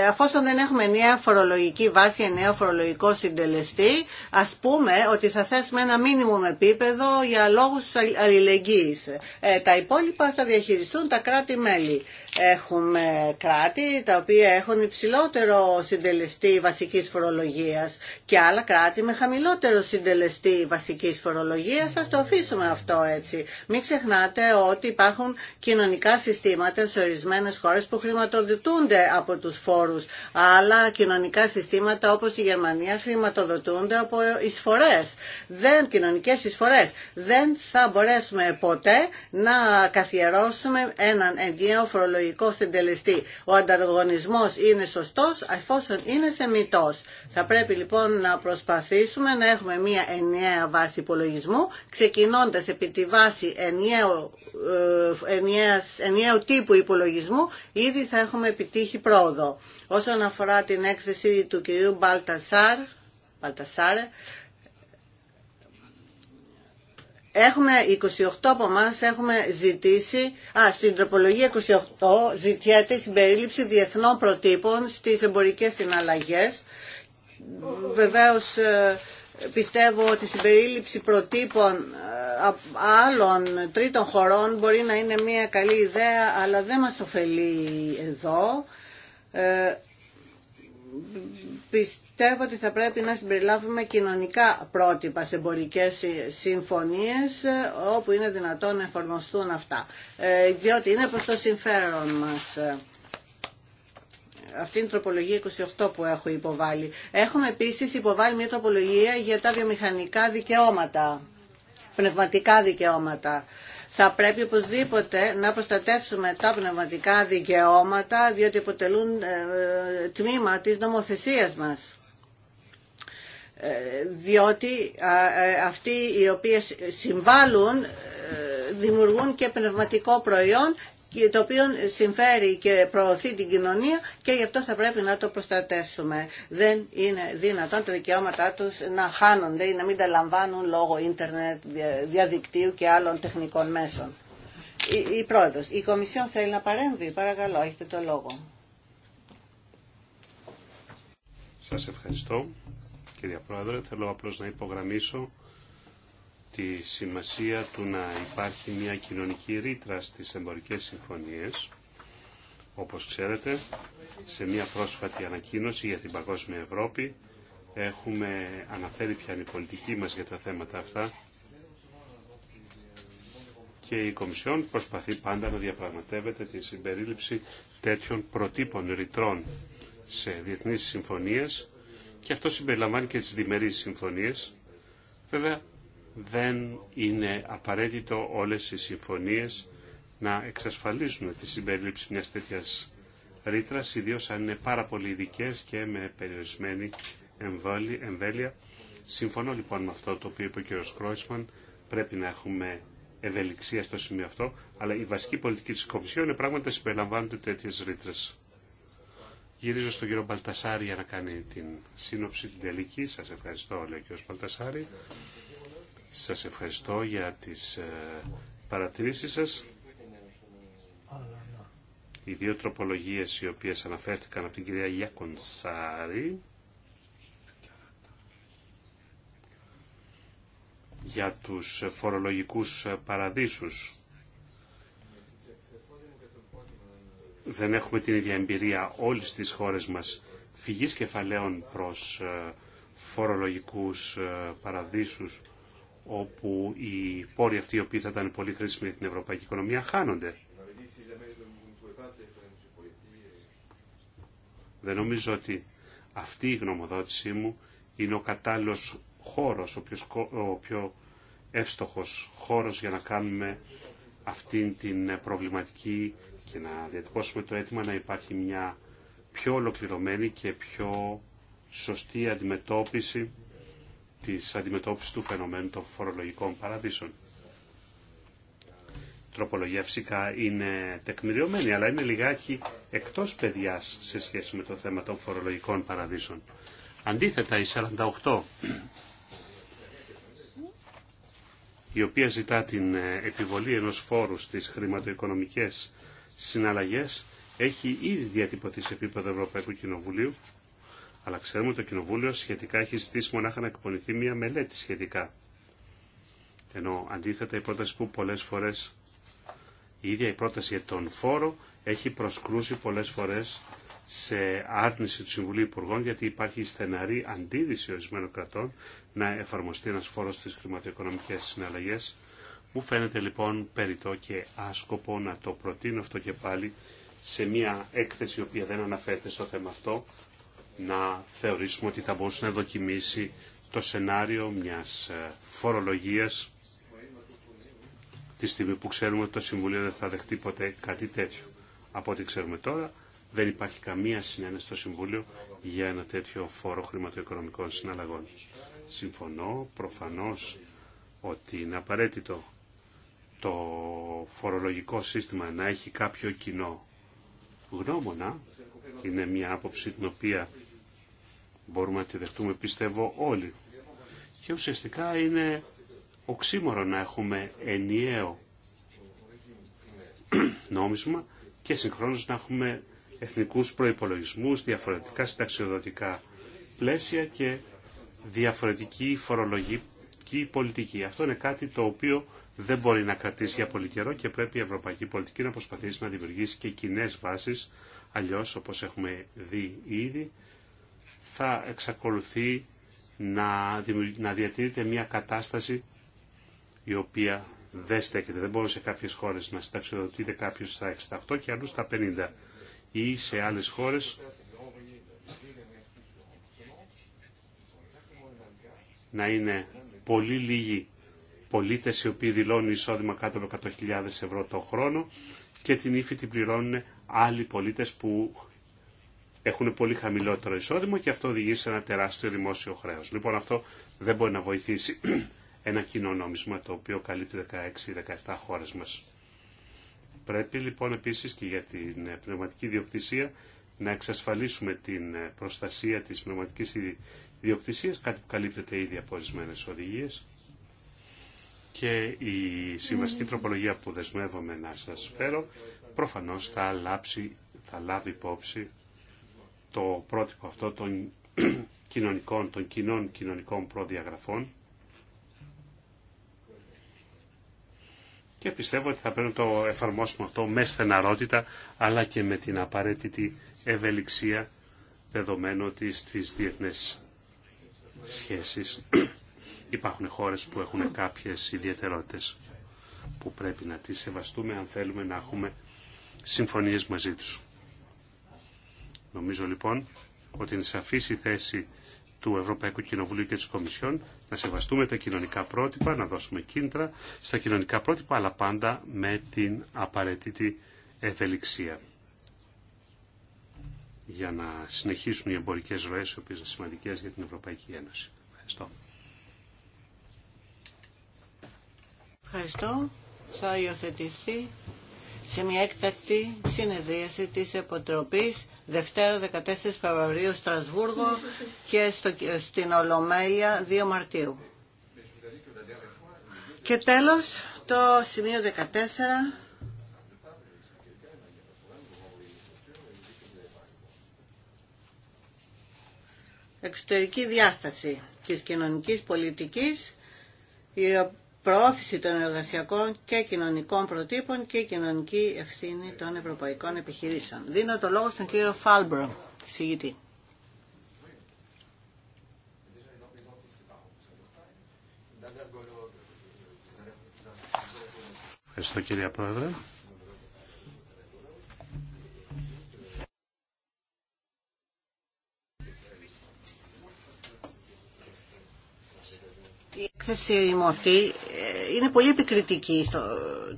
S2: ε, αφόσον δεν έχουμε νέα φορολογική βάση, νέο φορολογικό συντελεστή, ας πούμε ότι θα θέσουμε ένα μήνυμο επίπεδο για λόγους αλληλεγγύης. Ε, τα υπόλοιπα θα διαχειριστούν τα κράτη-μέλη. Έχουμε κράτη τα οποία έχουν υψηλότερο συντελεστή βασικής φορολογίας και άλλα κράτη με χαμηλότερο συντελεστή βασικής φορολογίας. Ας το αφήσουμε αυτό έτσι. Μην ξεχνάτε ότι υπάρχουν κοινωνικά συστήματα σε ορισμένες χώρες που χρηματοδοτούν χρηματοδοτούνται από τους φόρους. Αλλά κοινωνικά συστήματα όπως η Γερμανία χρηματοδοτούνται από εισφορές, δεν, κοινωνικές εισφορές. Δεν θα μπορέσουμε ποτέ να καθιερώσουμε έναν ενιαίο φορολογικό συντελεστή. Ο ανταγωνισμός είναι σωστός εφόσον είναι θεμητός. Θα πρέπει λοιπόν να προσπαθήσουμε να έχουμε μια ενιαία βάση υπολογισμού ξεκινώντας επί τη βάση ενιαίου ε, ενιαίας, ενιαίου τύπου υπολογισμού ήδη θα έχουμε επιτύχει πρόοδο. Όσον αφορά την έκθεση του κυρίου Μπαλτασάρ, Μπαλτασάρε, Έχουμε 28 από εμά έχουμε ζητήσει, α, στην τροπολογία 28 ζητιέται η συμπερίληψη διεθνών προτύπων στις εμπορικές συναλλαγές. Βεβαίως ε, πιστεύω ότι η συμπερίληψη προτύπων ε, άλλων τρίτων χωρών μπορεί να είναι μια καλή ιδέα, αλλά δεν μας ωφελεί εδώ. Ε, πιστεύω ότι θα πρέπει να συμπεριλάβουμε κοινωνικά πρότυπα σε εμπορικέ συμφωνίες ε, όπου είναι δυνατόν να εφαρμοστούν αυτά, ε, διότι είναι προς το συμφέρον μας αυτήν την τροπολογία 28 που έχω υποβάλει. Έχουμε επίσης υποβάλει μια τροπολογία για τα βιομηχανικά δικαιώματα, πνευματικά δικαιώματα. Θα πρέπει οπωσδήποτε να προστατεύσουμε τα πνευματικά δικαιώματα διότι αποτελούν ε, ε, τμήμα της νομοθεσίας μας ε, διότι αυτοί οι οποίες συμβάλλουν δημιουργούν και πνευματικό προϊόν το οποίο συμφέρει και προωθεί την κοινωνία και γι' αυτό θα πρέπει να το προστατεύσουμε. Δεν είναι δυνατόν τα δικαιώματά τους να χάνονται ή να μην τα λαμβάνουν λόγω ίντερνετ, διαδικτύου και άλλων τεχνικών μέσων. Η, η πρόεδρος, η Κομισιόν θέλει να παρέμβει, παρακαλώ, έχετε το λόγο.
S1: Σας ευχαριστώ, κυρία Πρόεδρε. Θέλω απλώς να υπογραμμίσω τη σημασία του να υπάρχει μια κοινωνική ρήτρα στις εμπορικές συμφωνίες. Όπως ξέρετε, σε μια πρόσφατη ανακοίνωση για την Παγκόσμια Ευρώπη έχουμε αναφέρει πια είναι η πολιτική μας για τα θέματα αυτά και η Κομισιόν προσπαθεί πάντα να διαπραγματεύεται τη συμπερίληψη τέτοιων προτύπων ρητρών σε διεθνείς συμφωνίες και αυτό συμπεριλαμβάνει και τις διμερείς συμφωνίες. Βέβαια, δεν είναι απαραίτητο όλες οι συμφωνίες να εξασφαλίσουν τη συμπερίληψη μιας τέτοιας ρήτρας, ιδίως αν είναι πάρα πολύ ειδικέ και με περιορισμένη εμβέλεια. Συμφωνώ λοιπόν με αυτό το οποίο είπε ο κ. Κρόισμαν, πρέπει να έχουμε ευελιξία στο σημείο αυτό, αλλά η βασική πολιτική της Κομισιόν είναι πράγματα συμπεριλαμβάνονται τέτοιες ρήτρες. Γυρίζω στον κύριο Μπαλτασάρη για να κάνει την σύνοψη την τελική. Σας ευχαριστώ, λέει ο κύριος Μπαλτασάρη. Σας ευχαριστώ για τις ε, παρατηρήσεις σας. Οι δύο τροπολογίες οι οποίες αναφέρθηκαν από την κυρία Γιακονσάρη για τους φορολογικούς παραδείσους. Δεν έχουμε την ίδια εμπειρία όλες τις χώρες μας φυγής κεφαλαίων προς ε, φορολογικούς ε, παραδείσους όπου οι πόροι αυτοί οι οποίοι θα ήταν πολύ χρήσιμοι για την ευρωπαϊκή οικονομία χάνονται. Δεν νομίζω ότι αυτή η γνωμοδότησή μου είναι ο κατάλληλος χώρος, ο πιο, ο εύστοχος χώρος για να κάνουμε αυτήν την προβληματική και να διατυπώσουμε το αίτημα να υπάρχει μια πιο ολοκληρωμένη και πιο σωστή αντιμετώπιση της αντιμετώπισης του φαινομένου των φορολογικών παραδείσων. Η τροπολογία φυσικά είναι τεκμηριωμένη, αλλά είναι λιγάκι εκτός παιδιάς σε σχέση με το θέμα των φορολογικών παραδείσων. Αντίθετα, η 48, η οποία ζητά την ε, επιβολή ενός φόρου στις χρηματοοικονομικές συναλλαγές, έχει ήδη διατυπωθεί σε επίπεδο Ευρωπαϊκού Κοινοβουλίου αλλά ξέρουμε ότι το Κοινοβούλιο σχετικά έχει ζητήσει μονάχα να εκπονηθεί μια μελέτη σχετικά. Ενώ αντίθετα η πρόταση που πολλέ φορέ η ίδια η πρόταση για τον φόρο έχει προσκρούσει πολλέ φορέ σε άρνηση του Συμβουλίου Υπουργών γιατί υπάρχει στεναρή αντίδυση ορισμένων κρατών να εφαρμοστεί ένας φόρος στις χρηματοοικονομικές συναλλαγές. Μου φαίνεται λοιπόν περιττό και άσκοπο να το προτείνω αυτό και πάλι σε μια έκθεση η οποία δεν αναφέρεται στο θέμα αυτό να θεωρήσουμε ότι θα μπορούσε να δοκιμήσει το σενάριο μιας ε, φορολογίας τη στιγμή που ξέρουμε ότι το Συμβουλίο δεν θα δεχτεί ποτέ κάτι τέτοιο. Από ό,τι ξέρουμε τώρα, δεν υπάρχει καμία συνένεση στο Συμβούλιο για ένα τέτοιο φόρο χρηματοοικονομικών συναλλαγών. Συμφωνώ προφανώς ότι είναι απαραίτητο το φορολογικό σύστημα να έχει κάποιο κοινό γνώμονα. Είναι μια άποψη την οποία Μπορούμε να τη δεχτούμε πιστεύω όλοι. Και ουσιαστικά είναι οξύμορο να έχουμε ενιαίο νόμισμα και συγχρόνως να έχουμε εθνικούς προϋπολογισμούς, διαφορετικά συνταξιοδοτικά πλαίσια και διαφορετική φορολογική πολιτική. Αυτό είναι κάτι το οποίο δεν μπορεί να κρατήσει για πολύ καιρό και πρέπει η ευρωπαϊκή πολιτική να προσπαθήσει να δημιουργήσει και κοινέ βάσεις, αλλιώς όπως έχουμε δει ήδη θα εξακολουθεί να, να διατηρείται μια κατάσταση η οποία δεν στέκεται. Δεν μπορεί σε κάποιες χώρες να συνταξιοδοτείται κάποιο στα 68 και αλλού στα 50 ή σε άλλες χώρες να είναι πολύ λίγοι πολίτες οι οποίοι δηλώνουν εισόδημα κάτω από 100.000 ευρώ το χρόνο και την ύφη την πληρώνουν άλλοι πολίτες που έχουν πολύ χαμηλότερο εισόδημα και αυτό οδηγεί σε ένα τεράστιο δημόσιο χρέο. Λοιπόν, αυτό δεν μπορεί να βοηθήσει ένα κοινό νόμισμα το οποίο καλύπτει 16-17 χώρε μα. Πρέπει λοιπόν επίση και για την ε, πνευματική διοκτησία να εξασφαλίσουμε την ε, προστασία τη πνευματική διοκτησία, κάτι που καλύπτεται ήδη από ορισμένε οδηγίε. Και η συμβαστική τροπολογία που δεσμεύομαι να σας φέρω, προφανώς θα, λάψει, θα λάβει υπόψη το πρότυπο αυτό των κοινωνικών, των κοινών κοινωνικών προδιαγραφών και πιστεύω ότι θα πρέπει να το εφαρμόσουμε αυτό με στεναρότητα αλλά και με την απαραίτητη ευελιξία δεδομένου ότι στις διεθνές σχέσεις υπάρχουν χώρες που έχουν κάποιες ιδιαιτερότητες που πρέπει να τις σεβαστούμε αν θέλουμε να έχουμε συμφωνίες μαζί τους. Νομίζω λοιπόν ότι είναι σαφής η θέση του Ευρωπαϊκού Κοινοβουλίου και της Κομισιόν να σεβαστούμε τα κοινωνικά πρότυπα, να δώσουμε κίνητρα στα κοινωνικά πρότυπα, αλλά πάντα με την απαραίτητη ευελιξία. Για να συνεχίσουν οι εμπορικές ροές, οι οποίες είναι σημαντικές για την Ευρωπαϊκή Ένωση. Ευχαριστώ.
S2: Ευχαριστώ σε μια έκτακτη συνεδρίαση της Επιτροπής Δευτέρα 14 Φεβρουαρίου Στρασβούργο και στο, στην Ολομέλεια 2 Μαρτίου. Και τέλος το σημείο 14 Εξωτερική διάσταση της κοινωνικής πολιτικής η προώθηση των εργασιακών και κοινωνικών προτύπων και κοινωνική ευθύνη των ευρωπαϊκών επιχειρήσεων. Δίνω το λόγο στον κύριο Φάλμπρο, συγητή.
S1: Ευχαριστώ κύριε Πρόεδρε.
S2: έκθεση ε, είναι πολύ επικριτική στο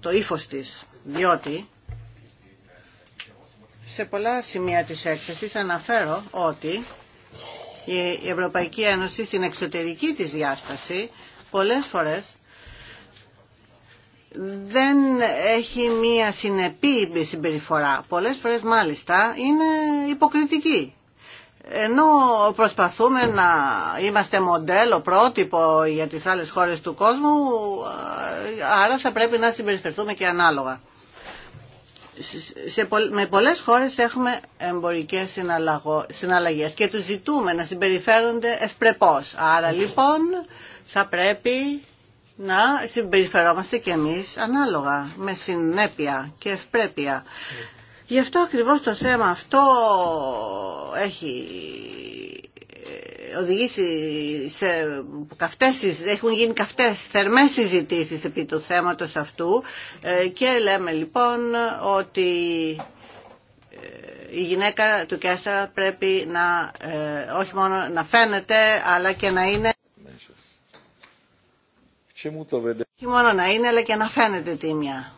S2: το ύφος της, διότι σε πολλά σημεία της έκθεσης αναφέρω ότι η Ευρωπαϊκή Ένωση στην εξωτερική της διάσταση πολλές φορές δεν έχει μία συνεπή συμπεριφορά. Πολλές φορές μάλιστα είναι υποκριτική ενώ προσπαθούμε να είμαστε μοντέλο, πρότυπο για τις άλλες χώρες του κόσμου, ε, άρα θα πρέπει να συμπεριφερθούμε και ανάλογα. Σε, με πολλές χώρες έχουμε εμπορικές συναλλαγές και τους ζητούμε να συμπεριφέρονται ευπρεπώς. Άρα λοιπόν θα πρέπει να συμπεριφερόμαστε και εμείς ανάλογα, με συνέπεια και ευπρέπεια. Γι' αυτό ακριβώς το θέμα αυτό έχει ε, οδηγήσει σε καυτές, έχουν γίνει καυτές θερμές συζητήσεις επί του θέματος αυτού ε, και λέμε λοιπόν ότι ε, η γυναίκα του Κέστρα πρέπει να, όχι μόνο να φαίνεται αλλά και να είναι όχι μόνο να είναι αλλά και να φαίνεται τίμια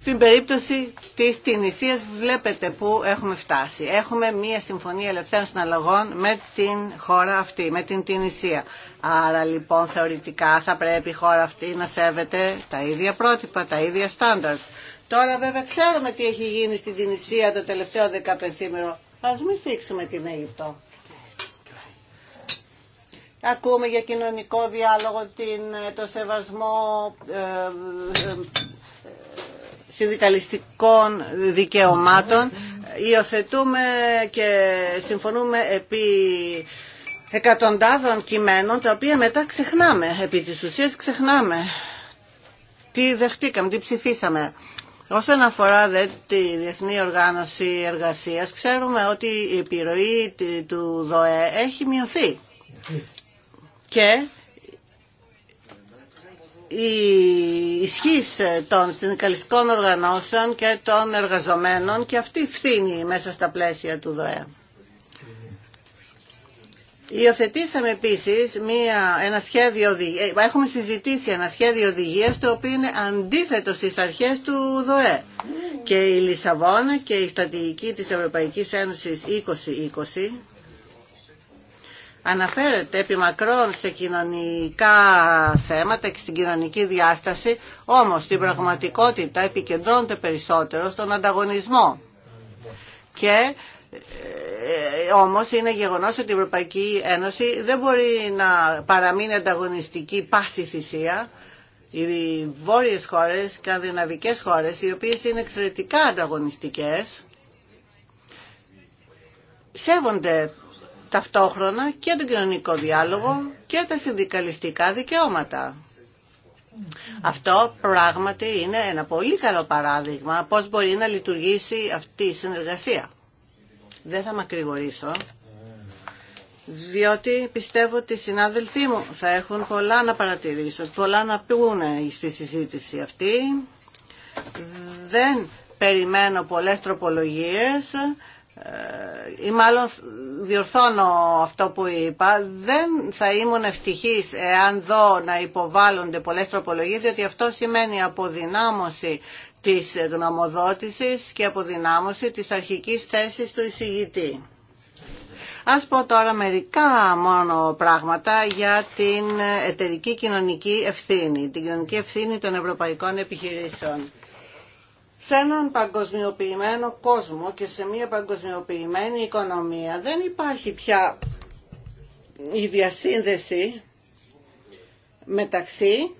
S2: στην περίπτωση της Τινησίας βλέπετε που έχουμε φτάσει. Έχουμε μία συμφωνία ελευθέρων συναλλαγών με την χώρα αυτή, με την Τινησία. Άρα λοιπόν θεωρητικά θα πρέπει η χώρα αυτή να σέβεται τα ίδια πρότυπα, τα ίδια στάνταρτ. Τώρα βέβαια ξέρουμε τι έχει γίνει στην Τινησία το τελευταίο δεκαπενθήμερο. Ας μην σήξουμε την Αίγυπτο. Ακούμε για κοινωνικό διάλογο, την, το σεβασμό ε, ε, συνδικαλιστικών δικαιωμάτων. Υιοθετούμε και συμφωνούμε επί εκατοντάδων κειμένων, τα οποία μετά ξεχνάμε, επί της ουσίας ξεχνάμε. Τι δεχτήκαμε, τι ψηφίσαμε. Όσον αφορά δε, τη Διεθνή Οργάνωση Εργασίας, ξέρουμε ότι η επιρροή του ΔΟΕ έχει μειωθεί και η ισχύ των συνδικαλιστικών οργανώσεων και των εργαζομένων και αυτή φθήνει μέσα στα πλαίσια του ΔΟΕ. Υιοθετήσαμε επίση ένα σχέδιο ε, Έχουμε συζητήσει ένα σχέδιο οδηγία το οποίο είναι αντίθετο στι αρχέ του ΔΟΕ. Και η Λισαβόνα και η στρατηγική τη Ευρωπαϊκή Ένωση 2020 αναφέρεται επιμακρών σε κοινωνικά θέματα και στην κοινωνική διάσταση, όμως στην πραγματικότητα επικεντρώνεται περισσότερο στον ανταγωνισμό. Και ε, όμως είναι γεγονός ότι η Ευρωπαϊκή Ένωση δεν μπορεί να παραμείνει ανταγωνιστική πάση θυσία. Οι βόρειες χώρες, σκανδιναβικές χώρες, οι οποίες είναι εξαιρετικά ανταγωνιστικές, σέβονται ταυτόχρονα και τον κοινωνικό διάλογο και τα συνδικαλιστικά δικαιώματα. Αυτό πράγματι είναι ένα πολύ καλό παράδειγμα πώς μπορεί να λειτουργήσει αυτή η συνεργασία. Δεν θα μακρηγορήσω, διότι πιστεύω ότι οι συνάδελφοί μου θα έχουν πολλά να παρατηρήσουν, πολλά να πούνε στη συζήτηση αυτή. Δεν περιμένω πολλές τροπολογίες ε, ή μάλλον διορθώνω αυτό που είπα, δεν θα ήμουν ευτυχής εάν δω να υποβάλλονται πολλές τροπολογίες, διότι αυτό σημαίνει αποδυνάμωση της γνωμοδότησης και αποδυνάμωση της αρχικής θέσης του εισηγητή. Ας πω τώρα μερικά μόνο πράγματα για την εταιρική κοινωνική ευθύνη, την κοινωνική ευθύνη των ευρωπαϊκών επιχειρήσεων σε έναν παγκοσμιοποιημένο κόσμο και σε μια παγκοσμιοποιημένη οικονομία δεν υπάρχει πια η διασύνδεση μεταξύ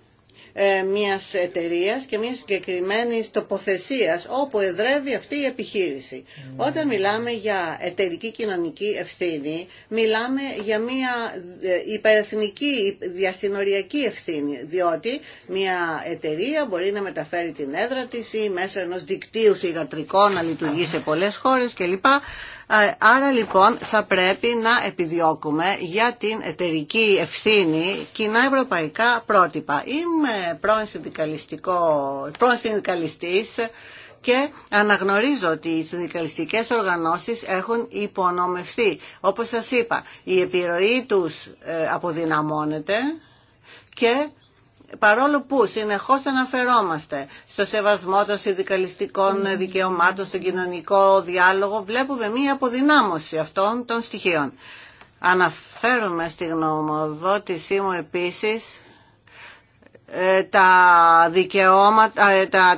S2: ε, μιας εταιρείας και μιας συγκεκριμένη τοποθεσίας όπου εδρεύει αυτή η επιχείρηση. Όταν μιλάμε για εταιρική κοινωνική ευθύνη, μιλάμε για μια ε, υπερεθνική διασυνοριακή ευθύνη, διότι μια εταιρεία μπορεί να μεταφέρει την έδρα της ή μέσω ενός δικτύου θηγατρικών να λειτουργεί σε πολλές χώρες κλπ. Ε, άρα λοιπόν θα πρέπει να επιδιώκουμε για την εταιρική ευθύνη κοινά ευρωπαϊκά πρότυπα. Είμαι πρώην συνδικαλιστής και αναγνωρίζω ότι οι συνδικαλιστικές οργανώσεις έχουν υπονομευθεί. Όπως σας είπα, η επιρροή τους ε, αποδυναμώνεται και παρόλο που συνεχώς αναφερόμαστε στο σεβασμό των συνδικαλιστικών δικαιωμάτων, στον κοινωνικό διάλογο, βλέπουμε μία αποδυνάμωση αυτών των στοιχείων. Αναφέρουμε στη γνωμοδότησή μου επίσης ε, τα, δικαιώματα, ε, τα,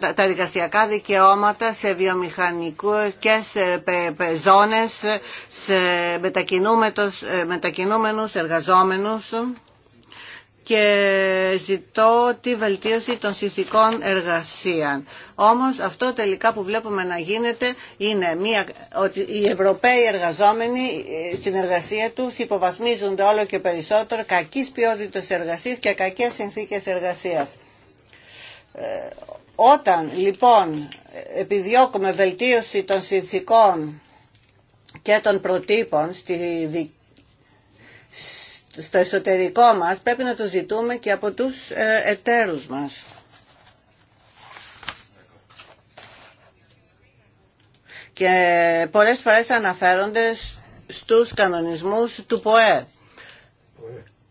S2: τα, δικαιώματα σε βιομηχανικούς και σε πε, πε, ζώνες, σε ε, μετακινούμενους εργαζόμενους και ζητώ τη βελτίωση των συνθηκών εργασίας. Όμως αυτό τελικά που βλέπουμε να γίνεται είναι μια, ότι οι Ευρωπαίοι εργαζόμενοι ε, στην εργασία τους υποβασμίζονται όλο και περισσότερο κακής ποιότητας εργασίας και κακές συνθήκες εργασίας. Ε, όταν λοιπόν επιδιώκουμε βελτίωση των συνθήκων και των προτύπων στη, στο εσωτερικό μας πρέπει να το ζητούμε και από τους ε, εταίρους μας. Και πολλές φορές αναφέρονται στους κανονισμούς του ΠΟΕ.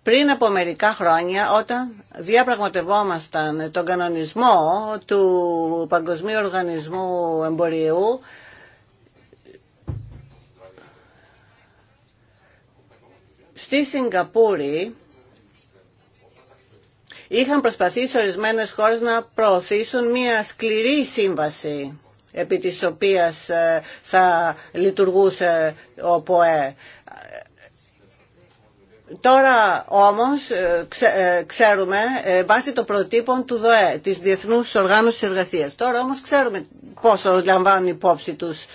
S2: Πριν από μερικά χρόνια, όταν διαπραγματευόμασταν τον κανονισμό του Παγκοσμίου Οργανισμού Εμποριού, Στη Σιγκαπούρη είχαν προσπαθήσει ορισμένες χώρες να προωθήσουν μια σκληρή σύμβαση επί της οποίας ε, θα λειτουργούσε ο ΠΟΕ. Τώρα όμως ε, ε, ξέρουμε βάσει των προτύπων του ΔΟΕ, της Διεθνούς Οργάνωσης Εργασίας. Τώρα όμως ξέρουμε πόσο λαμβάνουν υπόψη τους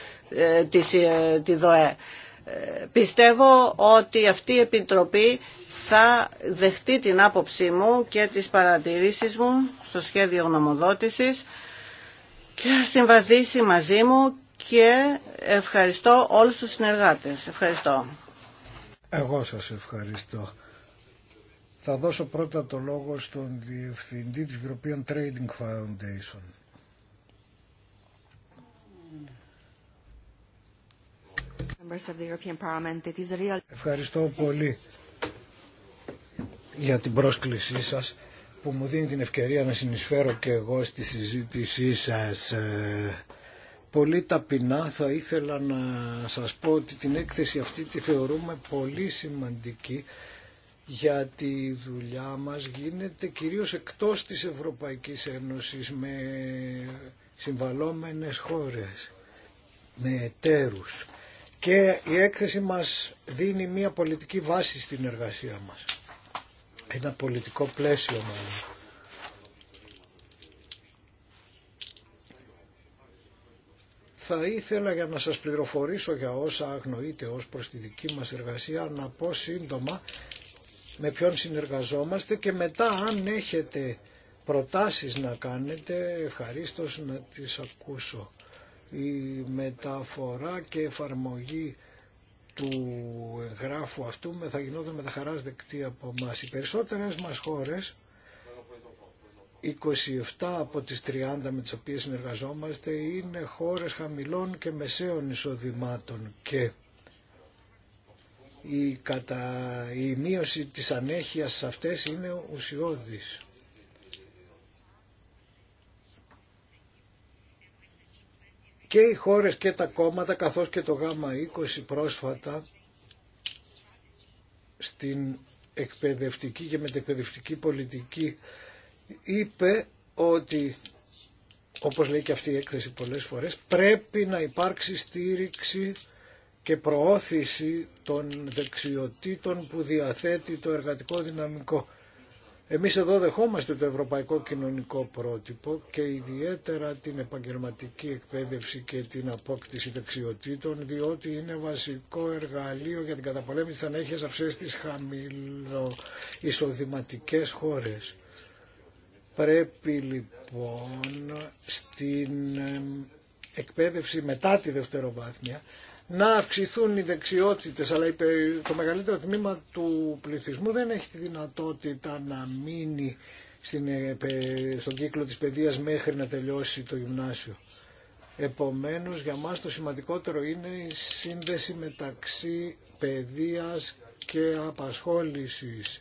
S2: τη ΔΟΕ. Ε, πιστεύω ότι αυτή η Επιτροπή θα δεχτεί την άποψή μου και τις παρατηρήσεις μου στο σχέδιο γνωμοδότησης και θα συμβαδίσει μαζί μου και ευχαριστώ όλους τους συνεργάτες. Ευχαριστώ.
S3: Εγώ σας ευχαριστώ. Θα δώσω πρώτα το λόγο στον Διευθυντή της European Trading Foundation. Ευχαριστώ πολύ για την πρόσκλησή σας που μου δίνει την ευκαιρία να συνεισφέρω και εγώ στη συζήτησή σας. Ε, πολύ ταπεινά θα ήθελα να σας πω ότι την έκθεση αυτή τη θεωρούμε πολύ σημαντική γιατί η δουλειά μας γίνεται κυρίως εκτός της Ευρωπαϊκής Ένωσης με συμβαλόμενες χώρες, με εταίρους και η έκθεση μας δίνει μια πολιτική βάση στην εργασία μας. Ένα πολιτικό πλαίσιο μάλλον. Θα ήθελα για να σας πληροφορήσω για όσα αγνοείτε ως προς τη δική μας εργασία να πω σύντομα με ποιον συνεργαζόμαστε και μετά αν έχετε προτάσεις να κάνετε ευχαρίστως να τις ακούσω η μεταφορά και εφαρμογή του εγγράφου αυτού θα γινόταν με τα χαράς δεκτή από μας. Οι περισσότερες μας χώρες, 27 από τις 30 με τις οποίες συνεργαζόμαστε, είναι χώρες χαμηλών και μεσαίων εισοδημάτων και η, κατα... η μείωση της ανέχειας αυτές είναι ουσιώδης. και οι χώρες και τα κόμματα καθώς και το ΓΑΜΑ 20 πρόσφατα στην εκπαιδευτική και μετεκπαιδευτική πολιτική είπε ότι όπως λέει και αυτή η έκθεση πολλές φορές πρέπει να υπάρξει στήριξη και προώθηση των δεξιοτήτων που διαθέτει το εργατικό δυναμικό εμείς εδώ δεχόμαστε το ευρωπαϊκό κοινωνικό πρότυπο και ιδιαίτερα την επαγγελματική εκπαίδευση και την απόκτηση δεξιοτήτων διότι είναι βασικό εργαλείο για την καταπολέμηση της ανέχειας αυσές στις χαμηλοεισοδηματικές χώρες. Πρέπει λοιπόν στην εκπαίδευση μετά τη δευτεροβάθμια να αυξηθούν οι δεξιότητες, αλλά το μεγαλύτερο τμήμα του πληθυσμού δεν έχει τη δυνατότητα να μείνει στην, ε, στον κύκλο της παιδείας μέχρι να τελειώσει το γυμνάσιο. Επομένως, για μας το σημαντικότερο είναι η σύνδεση μεταξύ παιδείας και απασχόλησης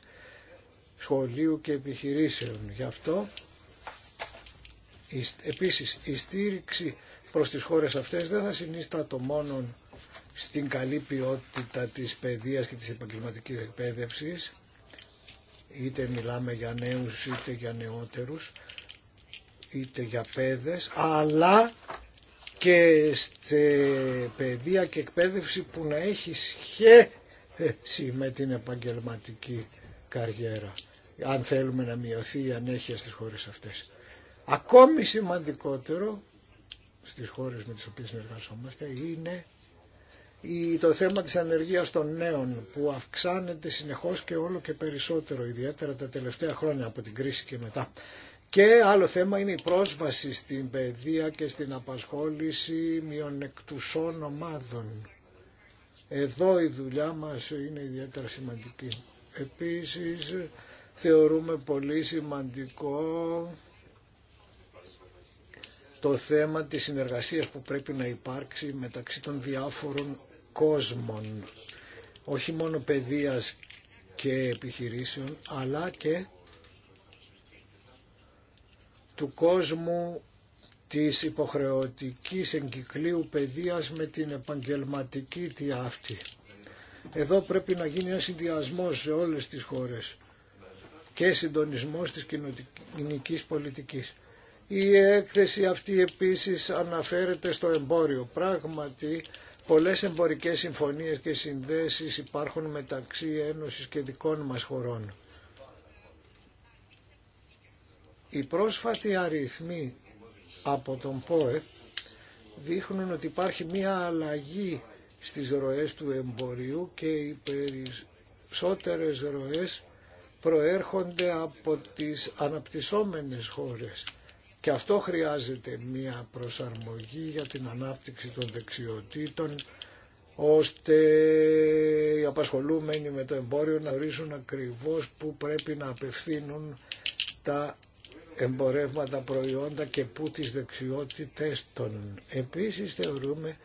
S3: σχολείου και επιχειρήσεων. Γι' αυτό, επίσης, η στήριξη προς τις χώρες αυτές δεν θα συνίστατο μόνον στην καλή ποιότητα της παιδείας και της επαγγελματικής εκπαίδευσης, είτε μιλάμε για νέους είτε για νεότερους, είτε για παιδες, αλλά και σε παιδεία και εκπαίδευση που να έχει σχέση με την επαγγελματική καριέρα, αν θέλουμε να μειωθεί η ανέχεια στις χώρες αυτές. Ακόμη σημαντικότερο στις χώρες με τις οποίες συνεργαζόμαστε είναι το θέμα της ανεργίας των νέων που αυξάνεται συνεχώς και όλο και περισσότερο, ιδιαίτερα τα τελευταία χρόνια από την κρίση και μετά. Και άλλο θέμα είναι η πρόσβαση στην παιδεία και στην απασχόληση μειονεκτουσών ομάδων. Εδώ η δουλειά μας είναι ιδιαίτερα σημαντική. Επίσης θεωρούμε πολύ σημαντικό το θέμα της συνεργασίας που πρέπει να υπάρξει μεταξύ των διάφορων κόσμων, όχι μόνο παιδείας και επιχειρήσεων, αλλά και του κόσμου της υποχρεωτικής εγκυκλίου παιδείας με την επαγγελματική τη αυτή. Εδώ πρέπει να γίνει ένα συνδυασμό σε όλες τις χώρες και συντονισμός της κοινωνικής πολιτικής. Η έκθεση αυτή επίσης αναφέρεται στο εμπόριο. Πράγματι Πολλές εμπορικές συμφωνίες και συνδέσεις υπάρχουν μεταξύ Ένωσης και δικών μας χωρών. Οι πρόσφατοι αριθμοί από τον ΠΟΕ δείχνουν ότι υπάρχει μία αλλαγή στις ροές του εμπορίου και οι περισσότερες ροές προέρχονται από τις αναπτυσσόμενες χώρες και αυτό χρειάζεται μια προσαρμογή για την ανάπτυξη των δεξιοτήτων ώστε οι απασχολούμενοι με το εμπόριο να ορίσουν ακριβώς που πρέπει να απευθύνουν τα εμπορεύματα προϊόντα και πού τις δεξιότητες των. Επίσης θεωρούμε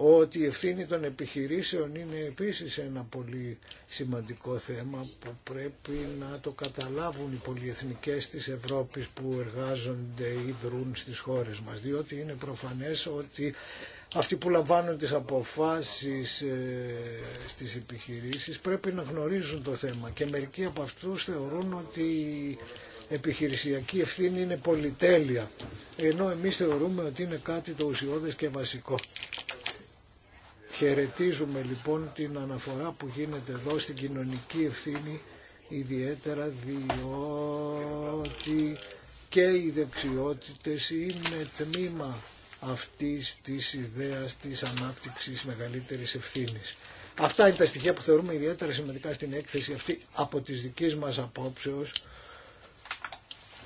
S3: ότι η ευθύνη των επιχειρήσεων είναι επίσης ένα πολύ σημαντικό θέμα που πρέπει να το καταλάβουν οι πολυεθνικές της Ευρώπης που εργάζονται ή δρούν στις χώρες μας, διότι είναι προφανές ότι αυτοί που λαμβάνουν τις αποφάσεις ε, στις επιχειρήσεις πρέπει να γνωρίζουν το θέμα και μερικοί από αυτούς θεωρούν ότι η επιχειρησιακή ευθύνη είναι πολυτέλεια, ενώ εμείς θεωρούμε ότι είναι κάτι το ουσιώδες και βασικό. Χαιρετίζουμε λοιπόν την αναφορά που γίνεται εδώ στην κοινωνική ευθύνη ιδιαίτερα διότι και οι δεξιότητες είναι τμήμα αυτής της ιδέας της ανάπτυξης μεγαλύτερης ευθύνης. Αυτά είναι τα στοιχεία που θεωρούμε ιδιαίτερα σημαντικά στην έκθεση αυτή από τις δικές μας απόψεως,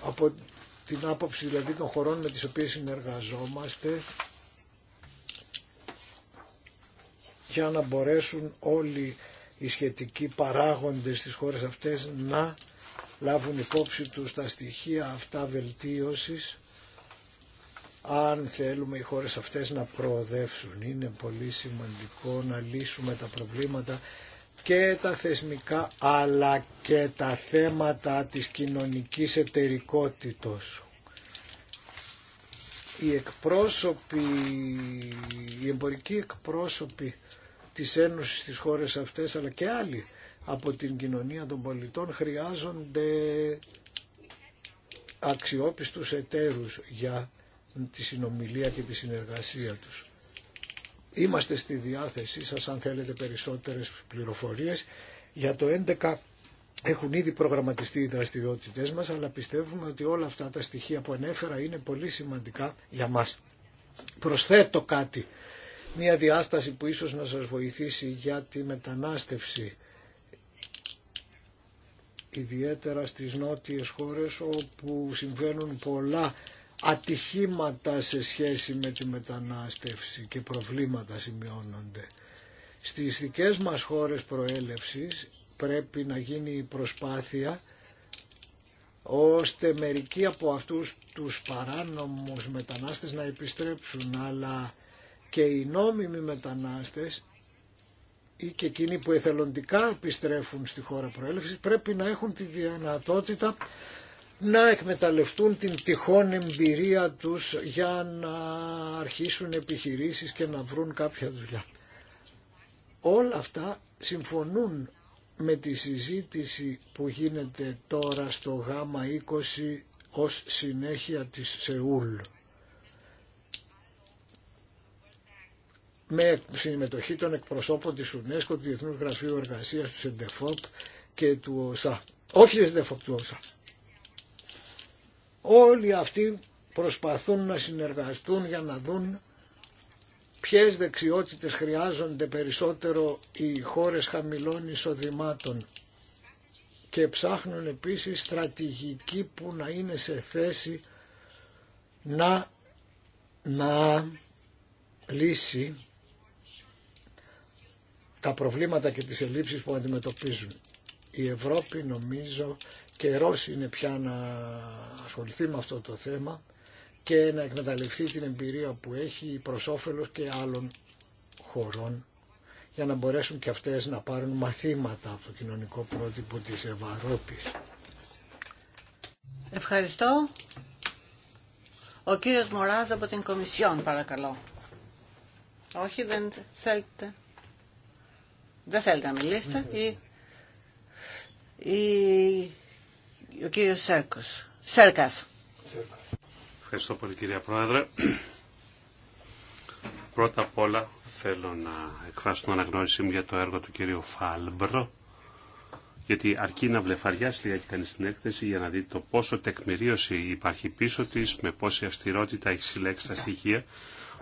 S3: από την άποψη δηλαδή των χωρών με τις οποίες συνεργαζόμαστε για να μπορέσουν όλοι οι σχετικοί παράγοντες στις χώρες αυτές να λάβουν υπόψη τους τα στοιχεία αυτά βελτίωσης αν θέλουμε οι χώρες αυτές να προοδεύσουν. Είναι πολύ σημαντικό να λύσουμε τα προβλήματα και τα θεσμικά αλλά και τα θέματα της κοινωνικής εταιρικότητος. Οι εκπρόσωποι, οι εμπορικοί εκπρόσωποι της Ένωσης στις χώρες αυτές αλλά και άλλοι από την κοινωνία των πολιτών χρειάζονται αξιόπιστους εταίρους για τη συνομιλία και τη συνεργασία τους. Είμαστε στη διάθεσή σας αν θέλετε περισσότερες πληροφορίες. Για το 11 έχουν ήδη προγραμματιστεί οι δραστηριότητες μας, αλλά πιστεύουμε ότι όλα αυτά τα στοιχεία που ανέφερα είναι πολύ σημαντικά για μας. Προσθέτω κάτι μια διάσταση που ίσως να σας βοηθήσει για τη μετανάστευση ιδιαίτερα στις νότιες χώρες όπου συμβαίνουν πολλά ατυχήματα σε σχέση με τη μετανάστευση και προβλήματα σημειώνονται. Στις δικές μας χώρες προέλευσης πρέπει να γίνει η προσπάθεια ώστε μερικοί από αυτούς τους παράνομους μετανάστες να επιστρέψουν αλλά και οι νόμιμοι μετανάστες ή και εκείνοι που εθελοντικά επιστρέφουν στη χώρα προέλευσης πρέπει να έχουν τη δυνατότητα να εκμεταλλευτούν την τυχόν εμπειρία τους για να αρχίσουν επιχειρήσεις και να βρουν κάποια δουλειά. Όλα αυτά συμφωνούν με τη συζήτηση που γίνεται τώρα στο ΓΑΜΑ 20 ως συνέχεια της Σεούλ. με συμμετοχή των εκπροσώπων της UNESCO, του Διεθνούς Γραφείου Εργασίας, του ΣΕΝΤΕΦΟΠ και του ΟΣΑ. Όχι του ΣΕΝΤΕΦΟΠ, του ΟΣΑ. Όλοι αυτοί προσπαθούν να συνεργαστούν για να δουν ποιες δεξιότητες χρειάζονται περισσότερο οι χώρες χαμηλών εισοδημάτων και ψάχνουν επίσης στρατηγική που να είναι σε θέση να, να λύσει τα προβλήματα και τις ελλείψεις που αντιμετωπίζουν. Η Ευρώπη νομίζω καιρό είναι πια να ασχοληθεί με αυτό το θέμα και να εκμεταλλευτεί την εμπειρία που έχει προς όφελος και άλλων χωρών για να μπορέσουν και αυτές να πάρουν μαθήματα από το κοινωνικό πρότυπο της Ευρώπης.
S2: Ευχαριστώ. Ο κύριος Μωράς από την Κομισιόν, παρακαλώ. Όχι, δεν θέλετε. Δεν θέλετε να μιλήσετε. Ή... Ή... Ο κύριος Σέρκος. Σέρκας.
S1: Ευχαριστώ πολύ κυρία Πρόεδρε. Πρώτα απ' όλα θέλω να εκφράσω την αναγνώρισή μου για το έργο του κυρίου Φάλμπρο γιατί αρκεί να βλεφαριάσει λίγα και κανεί την έκθεση για να δει το πόσο τεκμηρίωση υπάρχει πίσω τη, με πόση αυστηρότητα έχει συλλέξει τα στοιχεία.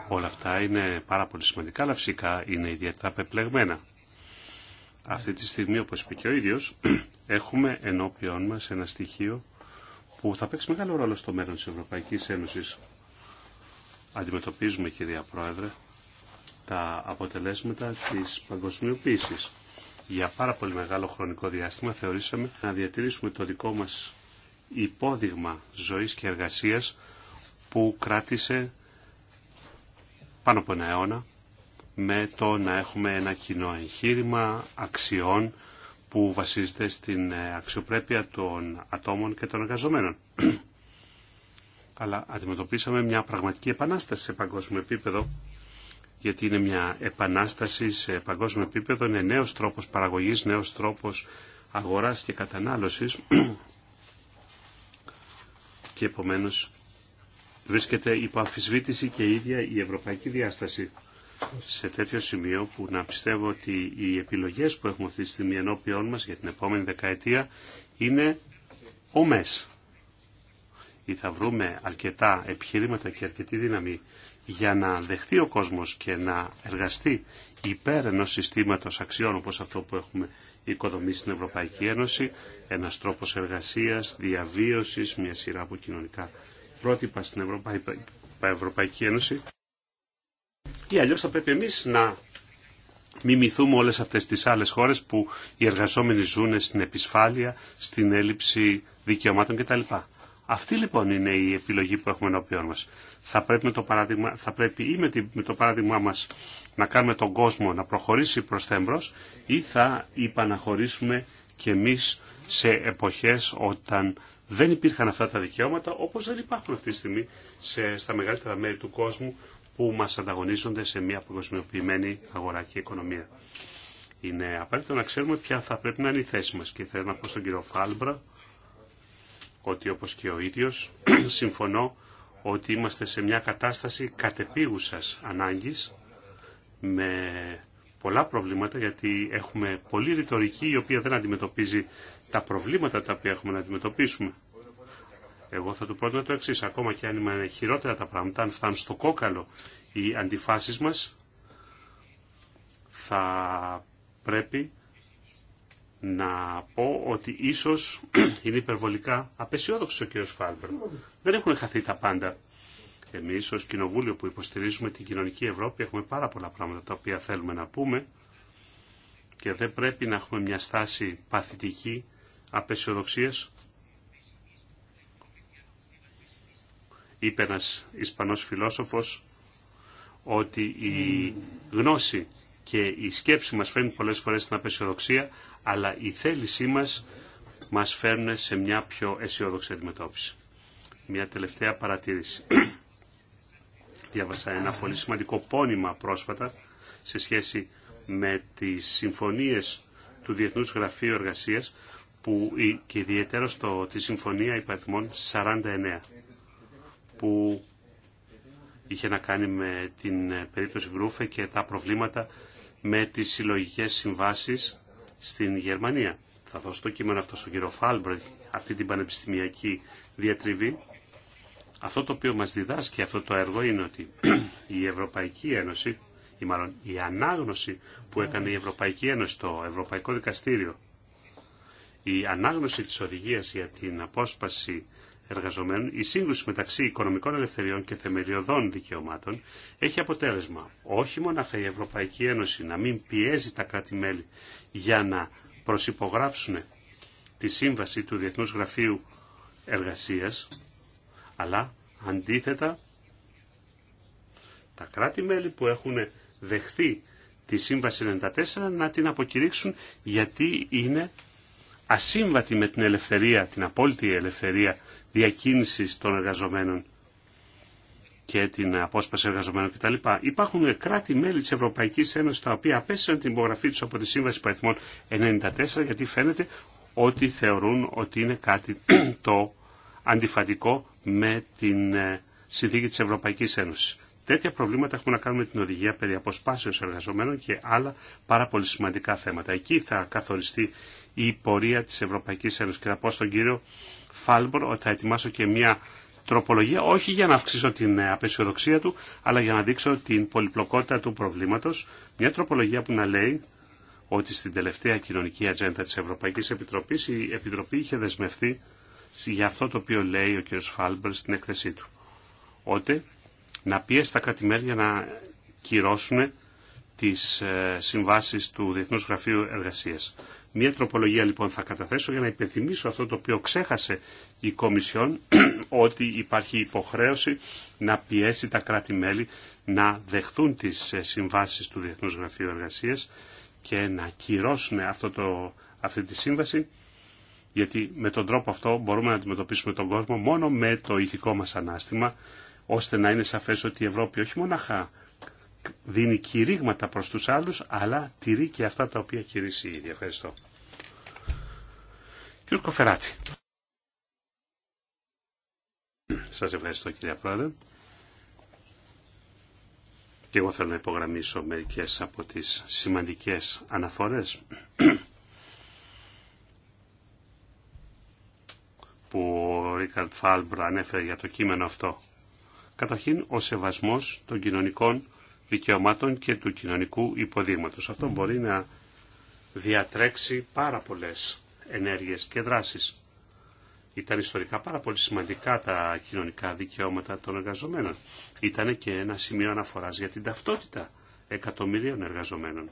S1: Όλα αυτά είναι πάρα πολύ σημαντικά, αλλά φυσικά είναι ιδιαίτερα πεπλεγμένα. Αυτή τη στιγμή, όπως είπε και ο ίδιος, έχουμε ενώπιόν μας ένα στοιχείο που θα παίξει μεγάλο ρόλο στο μέλλον της Ευρωπαϊκής Ένωσης. Αντιμετωπίζουμε, κυρία Πρόεδρε, τα αποτελέσματα της παγκοσμιοποίησης. Για πάρα πολύ μεγάλο χρονικό διάστημα θεωρήσαμε να διατηρήσουμε το δικό μας υπόδειγμα ζωής και εργασίας που κράτησε πάνω από ένα αιώνα με το να έχουμε ένα κοινό εγχείρημα αξιών που βασίζεται στην ε, αξιοπρέπεια των ατόμων και των εργαζομένων. Αλλά αντιμετωπίσαμε μια πραγματική επανάσταση σε παγκόσμιο επίπεδο, γιατί είναι μια επανάσταση σε παγκόσμιο επίπεδο, είναι νέος τρόπος παραγωγής, νέος τρόπος αγοράς και κατανάλωσης και επομένως βρίσκεται υπό αφισβήτηση και η ίδια η ευρωπαϊκή διάσταση σε τέτοιο σημείο που να πιστεύω ότι οι επιλογές που έχουμε αυτή τη στιγμή ενώπιόν μας για την επόμενη δεκαετία είναι ομές. Ή θα βρούμε αρκετά επιχειρήματα και αρκετή δύναμη για να δεχτεί ο κόσμος και να εργαστεί υπέρ ενός συστήματος αξιών όπως αυτό που έχουμε οικοδομήσει στην Ευρωπαϊκή Ένωση, ένας τρόπος εργασίας, διαβίωσης, μια σειρά από κοινωνικά πρότυπα στην Ευρωπαϊκή Ένωση. Ή αλλιώς θα πρέπει εμείς να μιμηθούμε όλες αυτές τις άλλες χώρες που οι εργαζόμενοι ζουν στην επισφάλεια, στην έλλειψη δικαιωμάτων κτλ. Αυτή λοιπόν είναι η επιλογή που έχουμε ενώπιόν μας. Θα πρέπει, θα πρέπει ή με, το παράδειγμά μας να κάνουμε τον κόσμο να προχωρήσει προς τα ή θα υπαναχωρήσουμε και εμείς σε εποχές όταν δεν υπήρχαν αυτά τα δικαιώματα όπως δεν υπάρχουν αυτή τη στιγμή σε, στα μεγαλύτερα μέρη του κόσμου που μας ανταγωνίζονται σε μια αποκοσμιοποιημένη αγορά και οικονομία. Είναι απαραίτητο να ξέρουμε ποια θα πρέπει να είναι η θέση μας και θέλω να πω στον κύριο Φάλμπρα ότι όπως και ο ίδιος συμφωνώ ότι είμαστε σε μια κατάσταση κατεπίγουσας ανάγκης με πολλά προβλήματα γιατί έχουμε πολλή ρητορική η οποία δεν αντιμετωπίζει τα προβλήματα τα οποία έχουμε να αντιμετωπίσουμε. Εγώ θα του πρότεινα το εξή, ακόμα και αν είναι χειρότερα τα πράγματα, αν φτάνουν στο κόκαλο οι αντιφάσεις μας, θα πρέπει να πω ότι ίσως είναι υπερβολικά απεσιοδοξο ο κ. Φάλμπερ. Δεν έχουν χαθεί τα πάντα. Εμείς ως Κοινοβούλιο που υποστηρίζουμε την κοινωνική Ευρώπη έχουμε πάρα πολλά πράγματα τα οποία θέλουμε να πούμε και δεν πρέπει να έχουμε μια στάση παθητική απεσιοδοξίας είπε ένας Ισπανός φιλόσοφος ότι η γνώση και η σκέψη μας φέρνει πολλές φορές στην απεσιοδοξία, αλλά η θέλησή μας μας φέρνουν σε μια πιο αισιόδοξη αντιμετώπιση. Μια τελευταία παρατήρηση. Διάβασα ένα πολύ σημαντικό πόνημα πρόσφατα σε σχέση με τις συμφωνίες του Διεθνούς Γραφείου Εργασίας που, και ιδιαίτερα στο, τη Συμφωνία Υπαριθμών 49 που είχε να κάνει με την περίπτωση Γκρούφε και τα προβλήματα με τις συλλογικέ συμβάσεις στην Γερμανία. Θα δώσω το κείμενο αυτό στον κύριο Φάλμπρετ, αυτή την πανεπιστημιακή διατριβή. Αυτό το οποίο μας διδάσκει αυτό το έργο είναι ότι η Ευρωπαϊκή Ένωση, ή μάλλον η ανάγνωση που έκανε η Ευρωπαϊκή Ένωση, το Ευρωπαϊκό Δικαστήριο, η ανάγνωση της οδηγίας για την απόσπαση εργαζομένων, η σύγκρουση μεταξύ οικονομικών ελευθεριών και θεμελιωδών δικαιωμάτων έχει αποτέλεσμα όχι μονάχα η Ευρωπαϊκή Ένωση να μην πιέζει τα κράτη-μέλη για να προσυπογράψουν τη σύμβαση του Διεθνούς Γραφείου Εργασίας, αλλά αντίθετα τα κράτη-μέλη που έχουν δεχθεί τη Σύμβαση 94 να την αποκηρύξουν γιατί είναι ασύμβατη με την ελευθερία, την απόλυτη ελευθερία διακίνησης των εργαζομένων και την απόσπαση εργαζομένων κτλ. Υπάρχουν κράτη-μέλη της Ευρωπαϊκής Ένωσης τα οποία απέστησαν την υπογραφή τους από τη Σύμβαση Παριθμών 94 γιατί φαίνεται ότι θεωρούν ότι είναι κάτι το αντιφατικό με την ε, συνθήκη της Ευρωπαϊκής Ένωσης. Τέτοια προβλήματα έχουμε να κάνουμε την οδηγία περί αποσπάσεως εργαζομένων και άλλα πάρα πολύ σημαντικά θέματα. Εκεί θα καθοριστεί η πορεία της Ευρωπαϊκής Ένωσης. Και θα πω στον κύριο Φάλμπορ ότι θα ετοιμάσω και μια τροπολογία, όχι για να αυξήσω την ε, απεσιοδοξία του, αλλά για να δείξω την πολυπλοκότητα του προβλήματος. Μια τροπολογία που να λέει ότι στην τελευταία κοινωνική ατζέντα της Ευρωπαϊκής Επιτροπής η Επιτροπή είχε δεσμευτεί για αυτό το οποίο λέει ο κ. Φάλμπερ στην έκθεσή του. Ότι να πιέσει τα κρατημέρια για να κυρώσουν τις ε, συμβάσεις του Διεθνούς Γραφείου Εργασίας. Μία τροπολογία λοιπόν θα καταθέσω για να υπενθυμίσω αυτό το οποίο ξέχασε η Κομισιόν ότι υπάρχει υποχρέωση να πιέσει τα κράτη-μέλη να δεχτούν τις ε, συμβάσεις του Διεθνούς Γραφείου Εργασίας και να κυρώσουν αυτό το, αυτή τη σύμβαση γιατί με τον τρόπο αυτό μπορούμε να αντιμετωπίσουμε τον κόσμο μόνο με το ηθικό μας ανάστημα ώστε να είναι σαφές ότι η Ευρώπη όχι μονάχα δίνει κηρύγματα προς τους άλλους, αλλά τηρεί και αυτά τα οποία κηρύσσει Ευχαριστώ. Κύριο Κοφεράτη. Σας ευχαριστώ κύριε Πρόεδρε. Και εγώ θέλω να υπογραμμίσω μερικές από τις σημαντικές αναφορές που ο Ρίκαρτ Φάλμπρο ανέφερε για το κείμενο αυτό. Καταρχήν, ο σεβασμός των κοινωνικών δικαιωμάτων και του κοινωνικού υποδείγματος. Αυτό μπορεί να διατρέξει πάρα πολλές ενέργειες και δράσεις. Ήταν ιστορικά πάρα πολύ σημαντικά τα κοινωνικά δικαιώματα των εργαζομένων. Ήταν και ένα σημείο αναφοράς για την ταυτότητα εκατομμυρίων εργαζομένων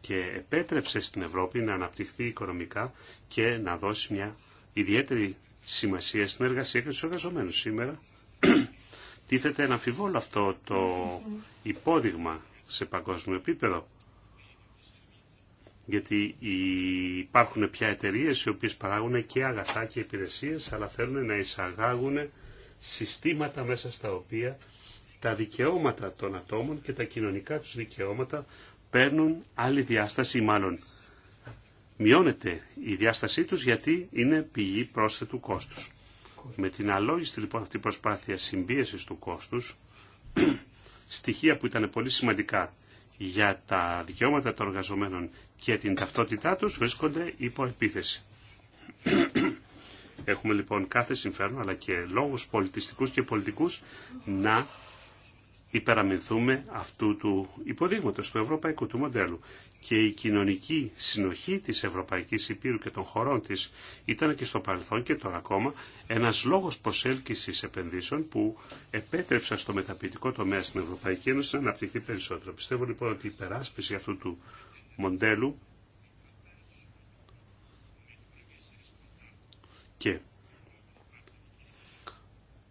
S1: και επέτρεψε στην Ευρώπη να αναπτυχθεί οικονομικά και να δώσει μια ιδιαίτερη σημασία στην εργασία και στους εργαζομένους σήμερα τίθεται ένα αμφιβόλο αυτό το υπόδειγμα σε παγκόσμιο επίπεδο. Γιατί υπάρχουν πια εταιρείε οι οποίες παράγουν και αγαθά και υπηρεσίες, αλλά θέλουν να εισαγάγουν συστήματα μέσα στα οποία τα δικαιώματα των ατόμων και τα κοινωνικά τους δικαιώματα παίρνουν άλλη διάσταση, μάλλον μειώνεται η διάστασή τους γιατί είναι πηγή πρόσθετου κόστους. Με την αλόγιστη λοιπόν αυτή προσπάθεια συμπίεσης του κόστους, στοιχεία που ήταν πολύ σημαντικά για τα δικαιώματα των εργαζομένων και την ταυτότητά τους βρίσκονται υπό επίθεση. Έχουμε λοιπόν κάθε συμφέρον αλλά και λόγους πολιτιστικούς και πολιτικούς να υπεραμεινθούμε αυτού του υποδείγματος του ευρωπαϊκού του μοντέλου. Και η κοινωνική συνοχή της Ευρωπαϊκής Υπήρου και των χωρών της ήταν και στο παρελθόν και τώρα ακόμα ένας λόγος προσέλκυσης επενδύσεων που επέτρεψαν στο μεταποιητικό τομέα στην Ευρωπαϊκή Ένωση να αναπτυχθεί περισσότερο. Πιστεύω λοιπόν ότι η περάσπιση αυτού του μοντέλου και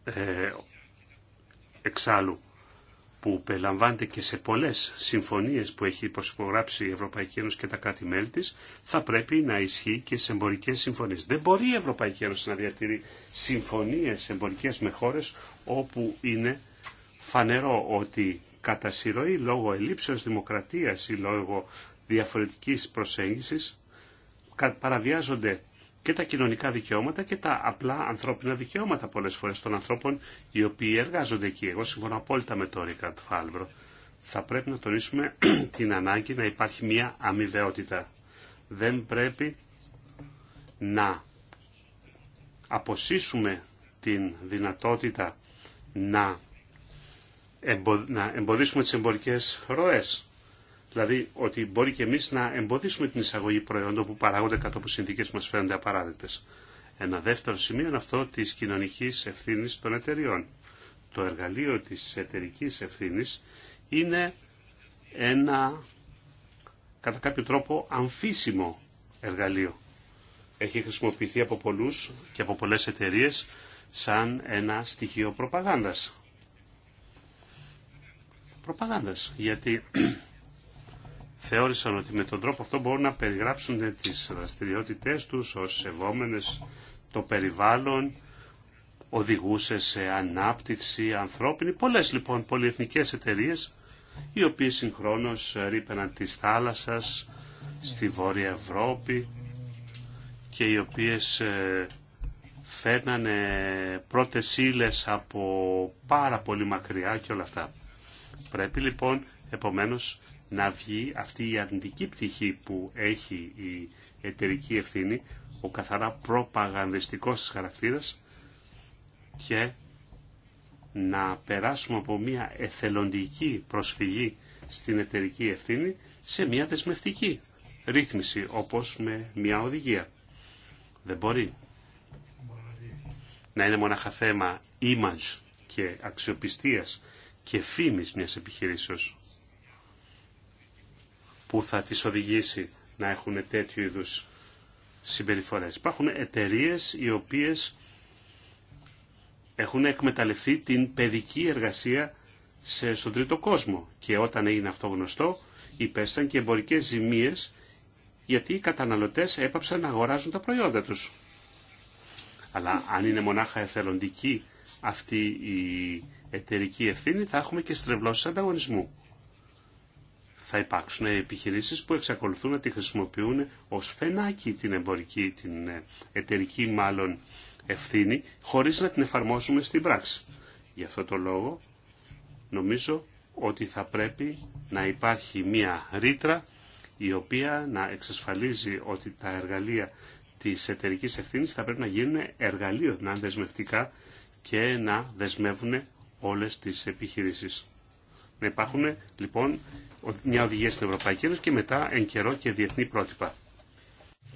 S1: ε, εξάλλου που περιλαμβάνεται και σε πολλές συμφωνίες που έχει προσυπογράψει η Ευρωπαϊκή Ένωση και τα κράτη-μέλη της, θα πρέπει να ισχύει και σε εμπορικές συμφωνίες. Δεν μπορεί η Ευρωπαϊκή Ένωση να διατηρεί συμφωνίες εμπορικές με χώρες όπου είναι φανερό ότι κατά συρροή λόγω ελλείψεως δημοκρατίας ή λόγω διαφορετικής προσέγγισης παραβιάζονται και τα κοινωνικά δικαιώματα και τα απλά ανθρώπινα δικαιώματα πολλέ φορέ των ανθρώπων οι οποίοι εργάζονται εκεί. Εγώ συμφωνώ απόλυτα με τον Ρίκαρτ Φάλμπρο. Θα πρέπει να τονίσουμε την ανάγκη να υπάρχει μια αμοιβαιότητα. Δεν πρέπει να αποσύσουμε την δυνατότητα να, εμποδίσουμε τις εμπορικές ροές. Δηλαδή ότι μπορεί και εμείς να εμποδίσουμε την εισαγωγή προϊόντων που παράγονται κάτω από συνθήκες που μας φαίνονται απαράδεκτες. Ένα δεύτερο σημείο είναι αυτό της κοινωνικής ευθύνης των εταιριών. Το εργαλείο της εταιρική ευθύνης είναι ένα κατά κάποιο τρόπο αμφίσιμο εργαλείο. Έχει χρησιμοποιηθεί από πολλούς και από πολλές εταιρείε σαν ένα στοιχείο προπαγάνδας. Προπαγάνδας, γιατί θεώρησαν ότι με τον τρόπο αυτό μπορούν να περιγράψουν τις δραστηριότητές τους ως σεβόμενες το περιβάλλον, οδηγούσε σε ανάπτυξη ανθρώπινη. Πολλές λοιπόν πολυεθνικές εταιρείες οι οποίες συγχρόνως ρίπαιναν της θάλασσα στη Βόρεια Ευρώπη και οι οποίες ε, φέρνανε πρώτες ύλες από πάρα πολύ μακριά και όλα αυτά. Πρέπει λοιπόν επομένως να βγει αυτή η αρνητική πτυχή που έχει η εταιρική ευθύνη, ο καθαρά προπαγανδιστικός της χαρακτήρας και να περάσουμε από μια εθελοντική προσφυγή στην εταιρική ευθύνη σε μια δεσμευτική ρύθμιση όπως με μια οδηγία. Δεν μπορεί να είναι μονάχα θέμα image και αξιοπιστίας και φήμης μιας επιχειρήσεως που θα τις οδηγήσει να έχουν τέτοιου είδους συμπεριφορές. Υπάρχουν εταιρείε οι οποίες έχουν εκμεταλλευτεί την παιδική εργασία σε, στον τρίτο κόσμο και όταν έγινε αυτό γνωστό υπέσταν και εμπορικές ζημίες γιατί οι καταναλωτές έπαψαν να αγοράζουν τα προϊόντα τους. Αλλά αν είναι μονάχα εθελοντική αυτή η εταιρική ευθύνη θα έχουμε και στρεβλώσεις ανταγωνισμού θα υπάρξουν επιχειρήσεις που εξακολουθούν να τη χρησιμοποιούν ως φενάκι την εμπορική, την ε, εταιρική μάλλον ευθύνη, χωρίς να την εφαρμόσουμε στην πράξη. Γι' αυτό το λόγο νομίζω ότι θα πρέπει να υπάρχει μία ρήτρα η οποία να εξασφαλίζει ότι τα εργαλεία της εταιρική ευθύνη θα πρέπει να γίνουν εργαλείο, να δεσμευτικά και να δεσμεύουν όλες τις επιχειρήσεις. Να υπάρχουν λοιπόν μια οδηγία στην Ευρωπαϊκή Ένωση και μετά εν καιρό και διεθνή πρότυπα.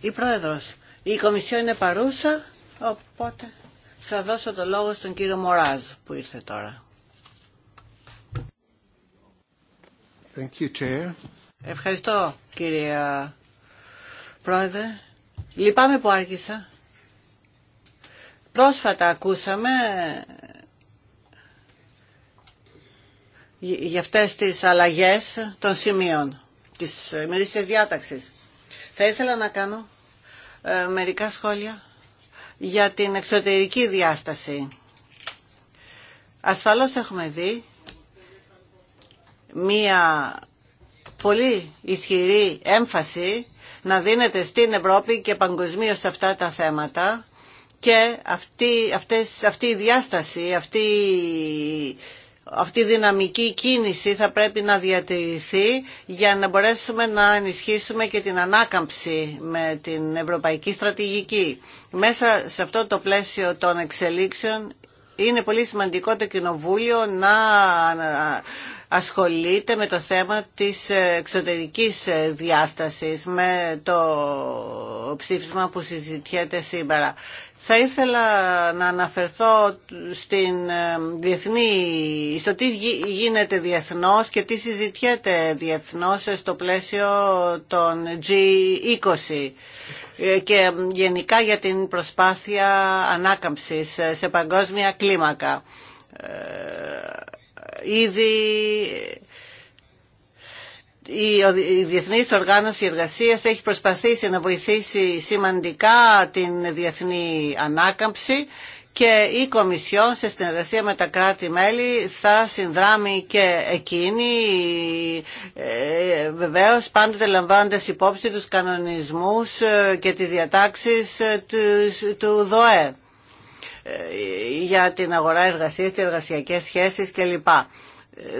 S2: Η Πρόεδρος, η Κομισιόν είναι παρούσα, οπότε θα δώσω το λόγο στον κύριο Μοράζ που ήρθε τώρα.
S3: Thank you, Chair.
S2: Ευχαριστώ κύριε Πρόεδρε. Λυπάμαι που άρχισα. Πρόσφατα ακούσαμε για αυτές τις αλλαγές των σημείων της μερίστε διάταξης. Θα ήθελα να κάνω ε, μερικά σχόλια για την εξωτερική διάσταση. Ασφαλώς έχουμε δει μία πολύ ισχυρή έμφαση να δίνεται στην Ευρώπη και παγκοσμίως σε αυτά τα θέματα και αυτή, αυτές, αυτή η διάσταση, αυτή αυτή η δυναμική κίνηση θα πρέπει να διατηρηθεί για να μπορέσουμε να ενισχύσουμε και την ανάκαμψη με την ευρωπαϊκή στρατηγική. Μέσα σε αυτό το πλαίσιο των εξελίξεων είναι πολύ σημαντικό το Κοινοβούλιο να ασχολείται με το θέμα της εξωτερικής διάστασης, με το ψήφισμα που συζητιέται σήμερα. Θα ήθελα να αναφερθώ στην ε, διεθνή, στο τι γίνεται διεθνώς και τι συζητιέται διεθνώς στο πλαίσιο των G20 ε, και γενικά για την προσπάθεια ανάκαμψης σε παγκόσμια κλίμακα ε, ήδη η διεθνή Οργάνωση Εργασίας έχει προσπαθήσει να βοηθήσει σημαντικά την διεθνή ανάκαμψη και η Κομισιόν σε συνεργασία με τα κράτη-μέλη θα συνδράμει και εκείνη ε, βεβαίως πάντοτε λαμβάνοντας υπόψη τους κανονισμούς ε, και τις διατάξεις ε, του, του ΔΟΕ για την αγορά εργασίας, τις εργασιακές σχέσεις κλπ.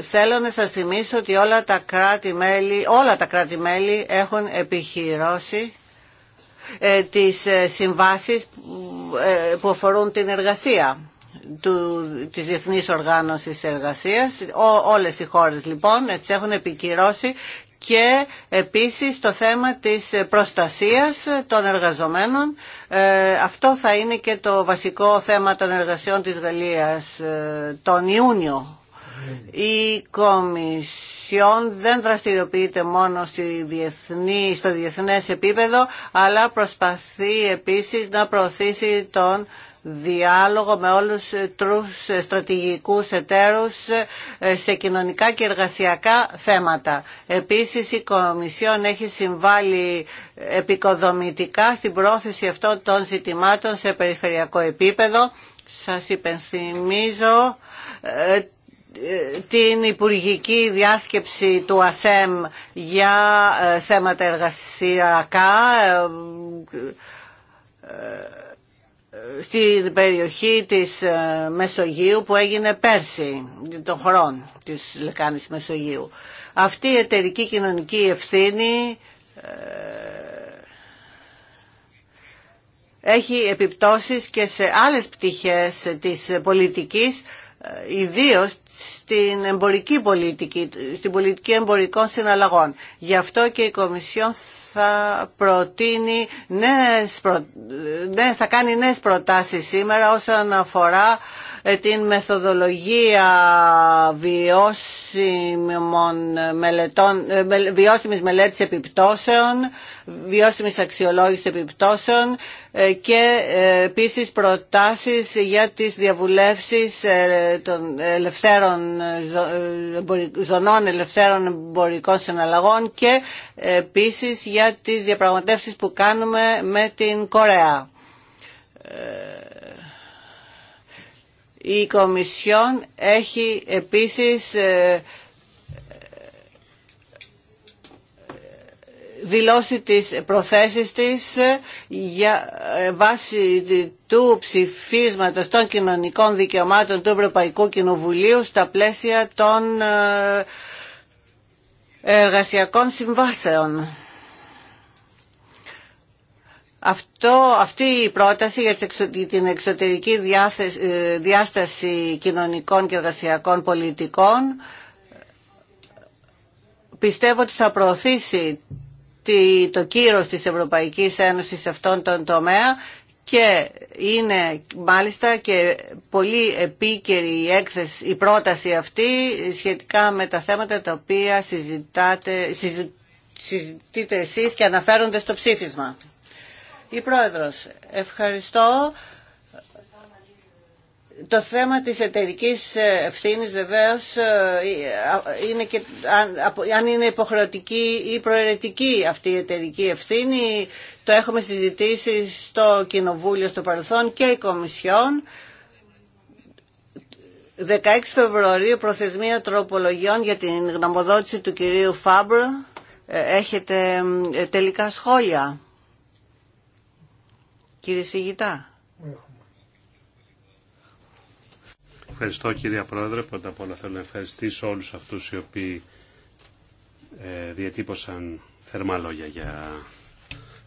S2: Θέλω να σας θυμίσω ότι όλα τα κράτη-μέλη, όλα τα κράτη-μέλη έχουν επιχειρώσει ε, τις ε, συμβάσεις ε, που αφορούν την εργασία του, της Διεθνής Οργάνωσης Εργασίας. όλες οι χώρες λοιπόν έτσι έχουν επικυρώσει και επίσης το θέμα της προστασίας των εργαζομένων. Ε, αυτό θα είναι και το βασικό θέμα των εργασιών της Γαλλίας ε, τον Ιούνιο. Η Κομισιόν δεν δραστηριοποιείται μόνο στη διεθνή, στο διεθνές επίπεδο, αλλά προσπαθεί επίσης να προωθήσει τον διάλογο με όλους τους στρατηγικούς εταίρους σε κοινωνικά και εργασιακά θέματα. Επίσης η Κομισιόν έχει συμβάλει επικοδομητικά στην πρόθεση αυτών των ζητημάτων σε περιφερειακό επίπεδο. Σας υπενθυμίζω ε, την Υπουργική Διάσκεψη του ΑΣΕΜ για ε, θέματα εργασιακά ε, στην περιοχή της ε, Μεσογείου που έγινε πέρσι, τον χρόνο της Λεκάνης Μεσογείου. Αυτή η εταιρική κοινωνική ευθύνη ε, έχει επιπτώσεις και σε άλλες πτυχές της πολιτικής, ε, ιδίως στην εμπορική πολιτική, στην πολιτική εμπορικών συναλλαγών. Γι' αυτό και η Κομισιόν θα προτείνει νέες, ναι, θα κάνει νέες προτάσεις σήμερα όσον αφορά ε, την μεθοδολογία βιώσιμων μελετών, ε, βιώσιμης μελέτης επιπτώσεων, βιώσιμης αξιολόγησης επιπτώσεων ε, και επίσης προτάσεις για τις διαβουλεύσεις των ελευθέρων ελευθέρων, ε, ζωνών ελευθέρων εμπορικών συναλλαγών και ε, επίσης για τις διαπραγματεύσεις που κάνουμε με την Κορέα. Ε, η Κομισιόν έχει επίσης δηλώσει τις προθέσεις της για ε, βάση του ψηφίσματος των κοινωνικών δικαιωμάτων του Ευρωπαϊκού Κοινοβουλίου στα πλαίσια των ε, εργασιακών συμβάσεων. Αυτό, αυτή η πρόταση για την εξωτερική διάσταση, ε, διάσταση κοινωνικών και εργασιακών πολιτικών πιστεύω ότι θα προωθήσει το κύρος της Ευρωπαϊκής Ένωσης σε αυτόν τον τομέα και είναι μάλιστα και πολύ επίκαιρη η, έκθεση, η πρόταση αυτή σχετικά με τα θέματα τα οποία συζητάτε, συζη, συζητείτε εσείς και αναφέρονται στο ψήφισμα. Η Πρόεδρος, ευχαριστώ το θέμα της εταιρική ευθύνης βεβαίως ε, ε, είναι και αν είναι υποχρεωτική ή προαιρετική αυτή η εταιρική ευθύνη το έχουμε συζητήσει στο Κοινοβούλιο στο παρελθόν και η Κομισιόν 16 Φεβρουαρίου προθεσμία τροπολογιών για την γνωμοδότηση του κυρίου Φάμπρ ε, έχετε τελικά σχόλια κύριε Σιγητά
S1: Ευχαριστώ κύριε Πρόεδρε. Πρώτα απ' όλα θέλω να ευχαριστήσω όλους αυτούς οι οποίοι ε, διατύπωσαν θερμά λόγια για,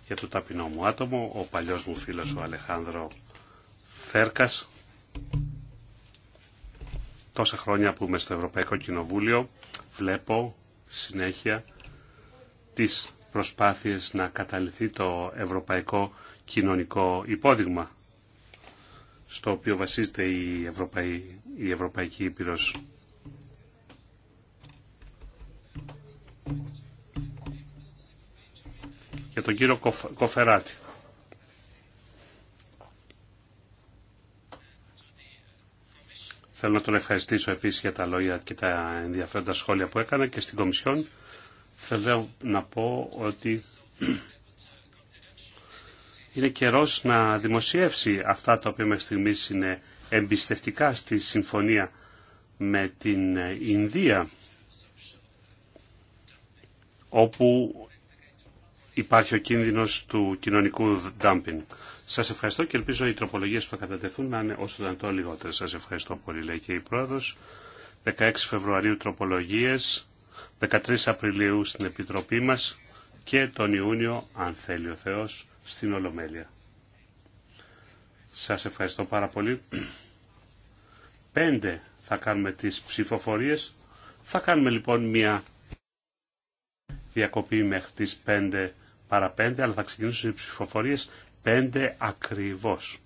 S1: για το ταπεινό μου άτομο. Ο παλιός μου φίλος ο Αλεχάνδρο Θέρκας. Τόσα χρόνια που είμαι στο Ευρωπαϊκό Κοινοβούλιο βλέπω συνέχεια τις προσπάθειες να καταληθεί το ευρωπαϊκό κοινωνικό υπόδειγμα στο οποίο βασίζεται η, η Ευρωπαϊκή Ήπειρος. Για τον κύριο Κοφεράτη. Θέλω να τον ευχαριστήσω επίσης για τα λόγια και τα ενδιαφέροντα σχόλια που έκανα και στην Κομισιόν. Θέλω να πω ότι είναι καιρός να δημοσιεύσει αυτά τα οποία μέχρι στιγμή είναι εμπιστευτικά στη συμφωνία με την Ινδία όπου υπάρχει ο κίνδυνος του κοινωνικού dumping. Σας ευχαριστώ και ελπίζω οι τροπολογίες που θα κατατεθούν να είναι όσο το λιγότερο. Σας ευχαριστώ πολύ, λέει και η Πρόεδρος. 16 Φεβρουαρίου τροπολογίες, 13 Απριλίου στην Επιτροπή μας και τον Ιούνιο, αν θέλει ο Θεός, στην Ολομέλεια. Σας ευχαριστώ πάρα πολύ. Πέντε θα κάνουμε τις ψηφοφορίες. Θα κάνουμε λοιπόν μια διακοπή μέχρι τις 5 παραπέντε αλλά θα ξεκινήσουμε οι ψηφοφορίες 5 ακριβώς.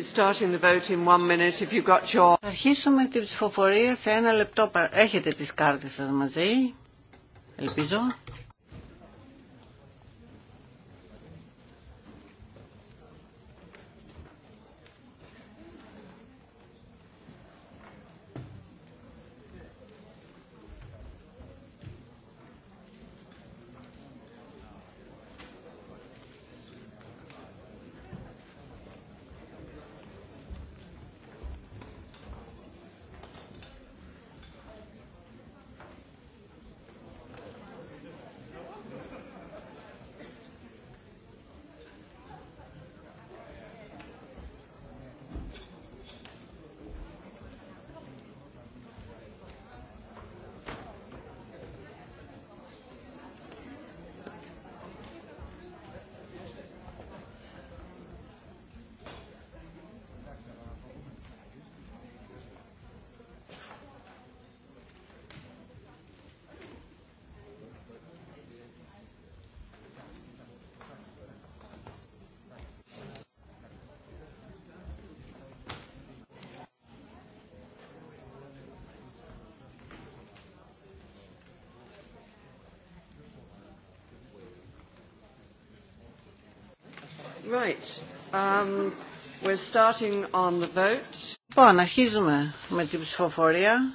S2: Θα αρχίσουμε την ψηφοφορία σε ένα λεπτό. Έχετε τις κάρτες σας μαζί, ελπίζω. Um, λοιπόν, αρχίζουμε με την ψηφοφορία.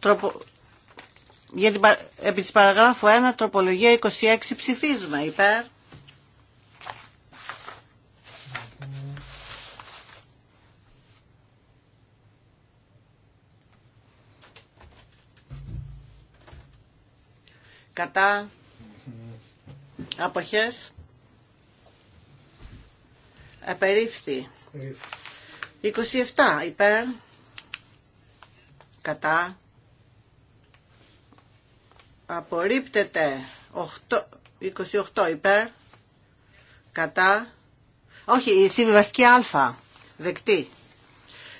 S2: Τροπο... Για την... Επί της παραγράφου 1, τροπολογία 26 ψηφίζουμε. Υπέρ, κατά αποχές απερίφθη 27 υπέρ κατά απορρίπτεται 8, 28 υπέρ κατά όχι η συμβιβαστική α δεκτή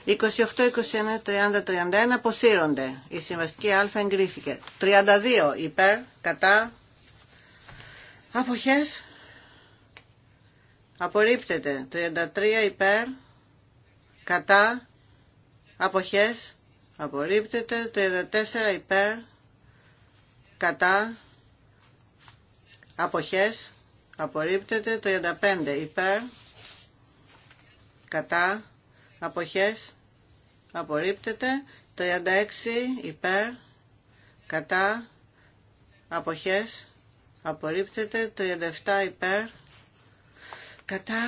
S2: 28, 29, 30, 31 αποσύρονται. Η συμβαστική α εγκρίθηκε. 32 υπέρ, κατά, αποχές, απορρίπτεται. 33 υπέρ, κατά, αποχές, απορρίπτεται. 34 υπέρ, κατά, αποχές, απορρίπτεται. 35 υπέρ, κατά, αποχές απορρίπτεται 36 υπέρ κατά αποχές απορρίπτεται 37 υπέρ κατά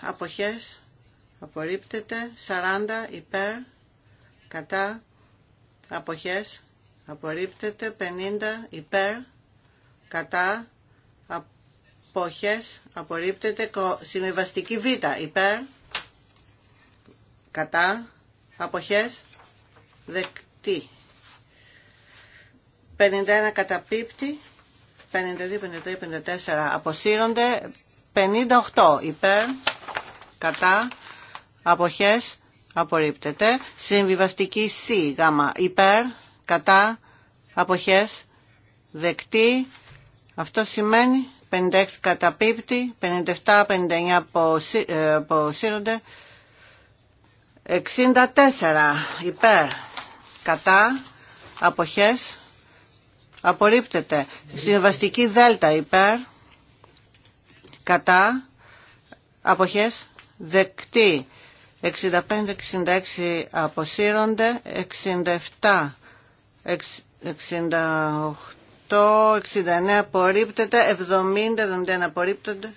S2: αποχές απορρίπτεται 40 υπέρ κατά αποχές απορρίπτεται 50 υπέρ κατά αποχές απορρίπτεται συνεβαστική β υπέρ κατά, αποχές, δεκτή. 51 καταπίπτει, 52, 53, 54 αποσύρονται, 58 υπέρ, κατά, αποχές, απορρίπτεται. Συμβιβαστική C, γάμα, υπέρ, κατά, αποχές, δεκτή. Αυτό σημαίνει 56 καταπίπτει, 57, 59 ε, αποσύρονται, 64 υπέρ κατά αποχές απορρίπτεται συμβαστική δέλτα υπέρ κατά αποχές δεκτή 65-66 αποσύρονται 67 68 69 απορρίπτεται 70-71 απορρίπτονται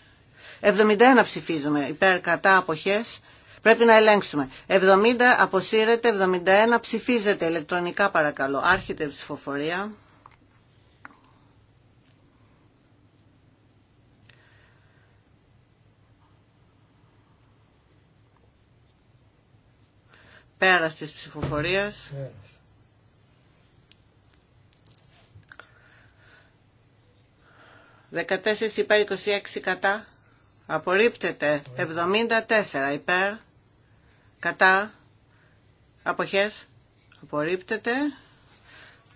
S2: 71 ψηφίζουμε υπέρ κατά αποχές Πρέπει να ελέγξουμε. 70 αποσύρεται, 71 ψηφίζεται ηλεκτρονικά παρακαλώ. Άρχεται ψηφοφορία. Πέρας της ψηφοφορίας. 14 υπέρ 26 κατά. Απορρίπτεται 74 υπέρ κατά αποχές απορρίπτεται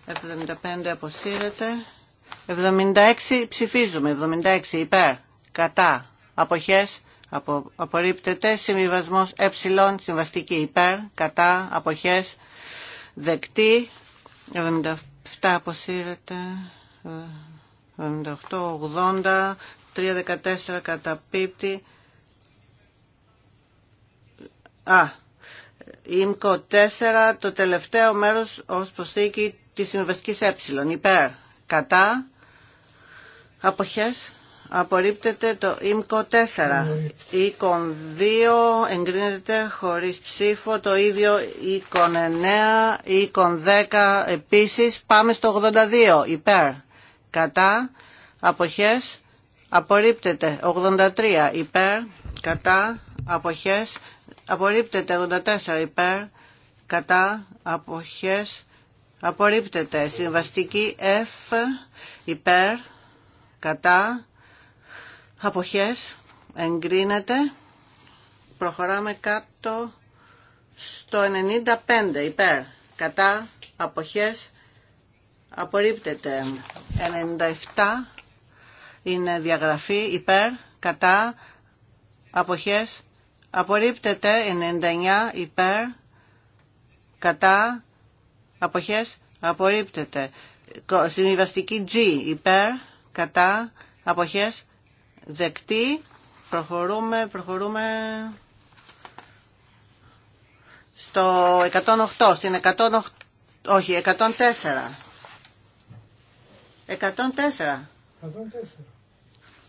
S2: 75 αποσύρεται 76 ψηφίζουμε 76 υπέρ κατά αποχές απο, απορρίπτεται συμβιβασμός ε συμβαστική υπέρ κατά αποχές δεκτή 77 αποσύρεται 78 80 3, 14 καταπίπτει Α, ΙΜΚΟ 4, το τελευταίο μέρος ως προσθήκη της συμβαστικής ε, υπέρ, κατά, αποχές, απορρίπτεται το ΙΜΚΟ 4. ΙΚΟΝ 2 εγκρίνεται χωρίς ψήφο, το ίδιο ΙΚΟΝ 9, ΙΚΟΝ 10 επίσης. Πάμε στο 82, υπέρ, κατά, αποχές, απορρίπτεται. 83, υπέρ, κατά, αποχές, Απορρίπτεται 84 υπέρ, κατά, αποχές, απορρίπτεται. Συμβαστική F υπέρ, κατά, αποχές, εγκρίνεται. Προχωράμε κάτω στο 95 υπέρ, κατά, αποχές, απορρίπτεται. 97 είναι διαγραφή υπέρ, κατά, αποχές, Απορρίπτεται 99 υπέρ, κατά, αποχές, απορρίπτεται. Συμβιβαστική G υπέρ, κατά, αποχές, δεκτή. Προχωρούμε, προχωρούμε στο 108, στην 108, όχι, 104. 104. 104.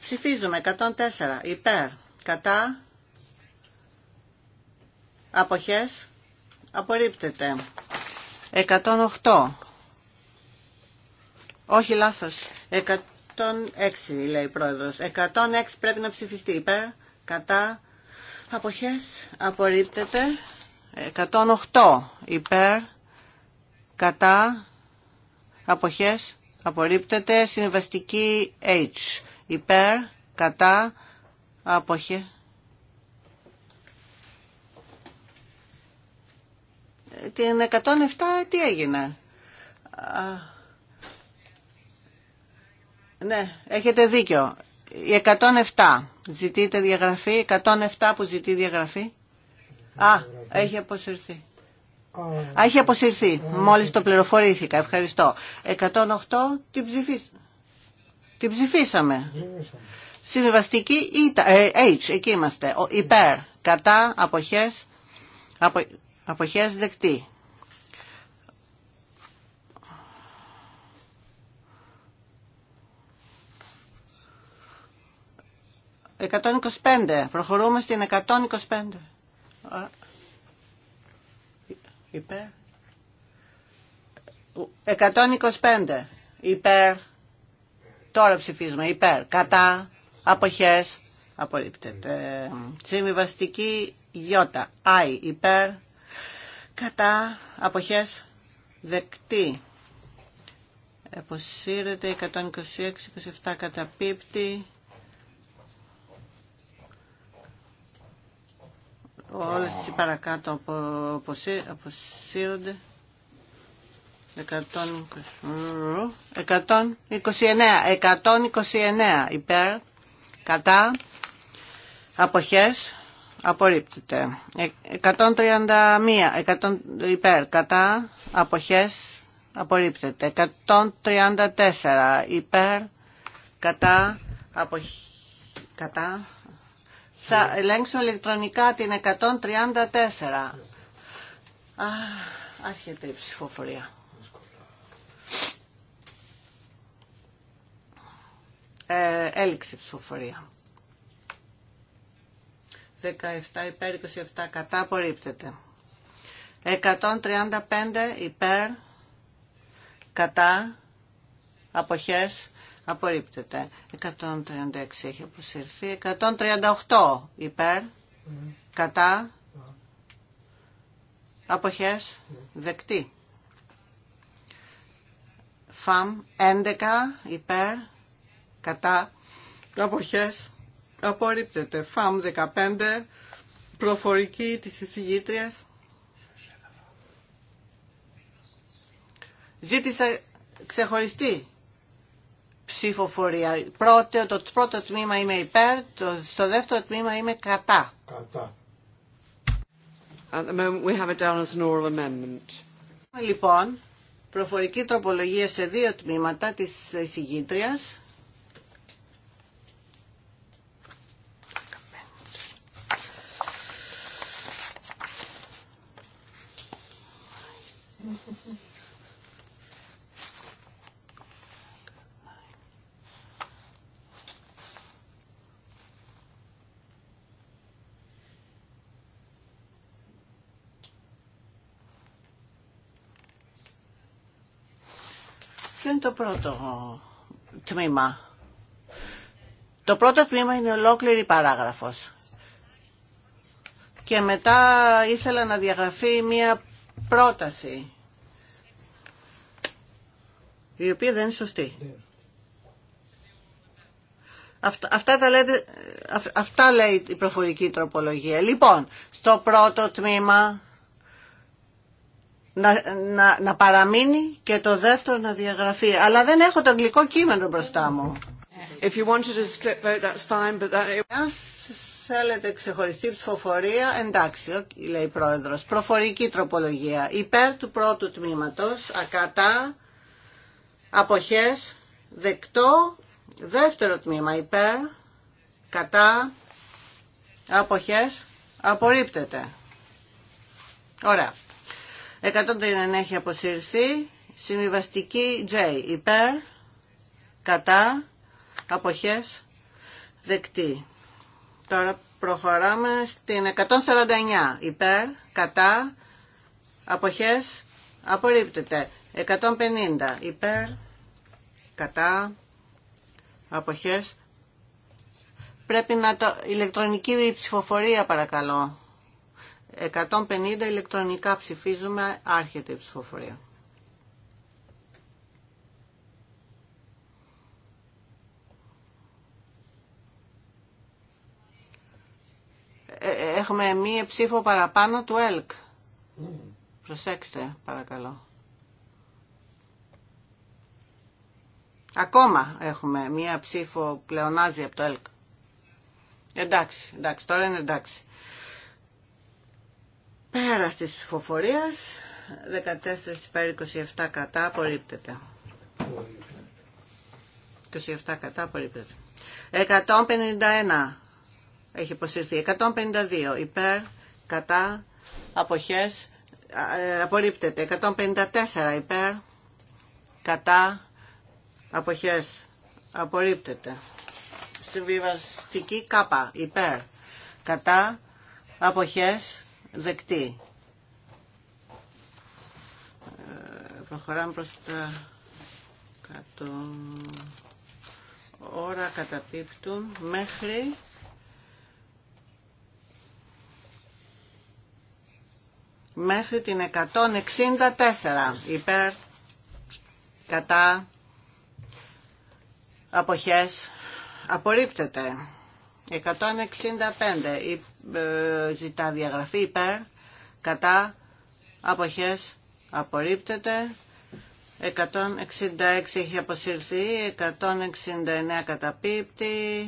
S2: Ψηφίζουμε 104. Υπέρ. Κατά. Αποχές. Απορρίπτεται. 108. Όχι λάθος. 106 λέει η πρόεδρος. 106 πρέπει να ψηφιστεί υπέρ. Κατά. Αποχές. Απορρίπτεται. 108 υπέρ. Κατά. Αποχές. Απορρίπτεται. Συμβαστική H. Υπέρ. Κατά. Αποχές την 107 ε, τι έγινε. Ναι, έχετε δίκιο. Η 107. Ζητείτε διαγραφή. 107 που ζητεί διαγραφή. Α, έχει αποσυρθεί. Α, έχει αποσυρθεί. Μόλις το πληροφορήθηκα. Ευχαριστώ. 108 την, ψηφίσαμε. Συμβιβαστική ε, H. Εκεί είμαστε. Ο, υπέρ. Κατά. Αποχές. Απο... Αποχές δεκτή. Εκατόν Προχωρούμε στην 125. Υπέρ. 125. Υπέρ. Τώρα ψηφίζουμε. Υπέρ. Κατά. Αποχές. Απορρίπτεται. Συμβιβαστική γιώτα. Άι. Υπέρ κατά αποχές δεκτή. Εποσύρεται 126, 27 καταπίπτει.
S3: Όλες τις
S2: παρακάτω αποσύρονται. 129, 129 υπέρ, κατά, αποχές, απορρίπτεται. 131 100, υπέρ κατά αποχές απορρίπτεται. 134 υπέρ κατά αποχ... κατά θα ελέγξουμε ηλεκτρονικά την 134. Α, άρχεται η ψηφοφορία. Ε, ψηφοφορία. 17 υπέρ 27 κατά απορρίπτεται. 135 υπέρ κατά αποχές απορρίπτεται. 136 έχει αποσυρθεί. 138 υπέρ κατά αποχές δεκτή. ΦΑΜ 11 υπέρ κατά αποχές απορρίπτεται. ΦΑΜ 15, προφορική της εισηγήτριας. Ζήτησα ξεχωριστή ψηφοφορία. Πρώτο, το πρώτο τμήμα είμαι υπέρ, το, στο δεύτερο τμήμα είμαι κατά. Κατά. Λοιπόν, προφορική τροπολογία σε δύο τμήματα της εισηγήτριας. το πρώτο τμήμα. Το πρώτο τμήμα είναι ολόκληρη παράγραφος. Και μετά ήθελα να διαγραφεί μία πρόταση, η οποία δεν είναι σωστή. Αυτά, τα λέτε, αυτά λέει η προφορική τροπολογία. Λοιπόν, στο πρώτο τμήμα να, να, παραμείνει και το δεύτερο να διαγραφεί. Αλλά δεν έχω το αγγλικό κείμενο μπροστά μου. If Αν θέλετε ξεχωριστή ψηφοφορία, εντάξει, λέει η πρόεδρος. Προφορική τροπολογία. Υπέρ του πρώτου τμήματος, ακατά, αποχές, δεκτό, δεύτερο τμήμα υπέρ, κατά, αποχές, απορρίπτεται. Ωραία. 109 έχει αποσύρθει. Συμβιβαστική J. Υπέρ, κατά, αποχές, δεκτή. Τώρα προχωράμε στην 149. Υπέρ, κατά, αποχές, απορρίπτεται. 150. Υπέρ, κατά, αποχές. Πρέπει να το... Ηλεκτρονική ψηφοφορία παρακαλώ. 150 ηλεκτρονικά ψηφίζουμε, άρχεται η ψηφοφορία. Ε, ε, έχουμε μία ψήφο παραπάνω του ΕΛΚ. Προσέξτε, παρακαλώ. Ακόμα έχουμε μία ψήφο πλεονάζει από το ΕΛΚ. Εντάξει, εντάξει, τώρα είναι εντάξει. Πέρα τη ψηφοφορία 14 υπέρ 27 κατά απορρίπτεται. 27 κατά απορρίπτεται. 151 έχει υποσυρθεί. 152 υπέρ κατά αποχές ε, απορρίπτεται. 154 υπέρ κατά αποχές απορρίπτεται. Συμβιβαστική κάπα υπέρ κατά αποχές δεκτή. Ε, προχωράμε προς τα κάτω ώρα καταπίπτουν μέχρι μέχρι την 164 υπέρ κατά αποχές απορρίπτεται 165 ε, ζητά διαγραφή υπέρ, κατά, αποχές, απορρίπτεται. 166 έχει αποσυρθεί, 169 καταπίπτει,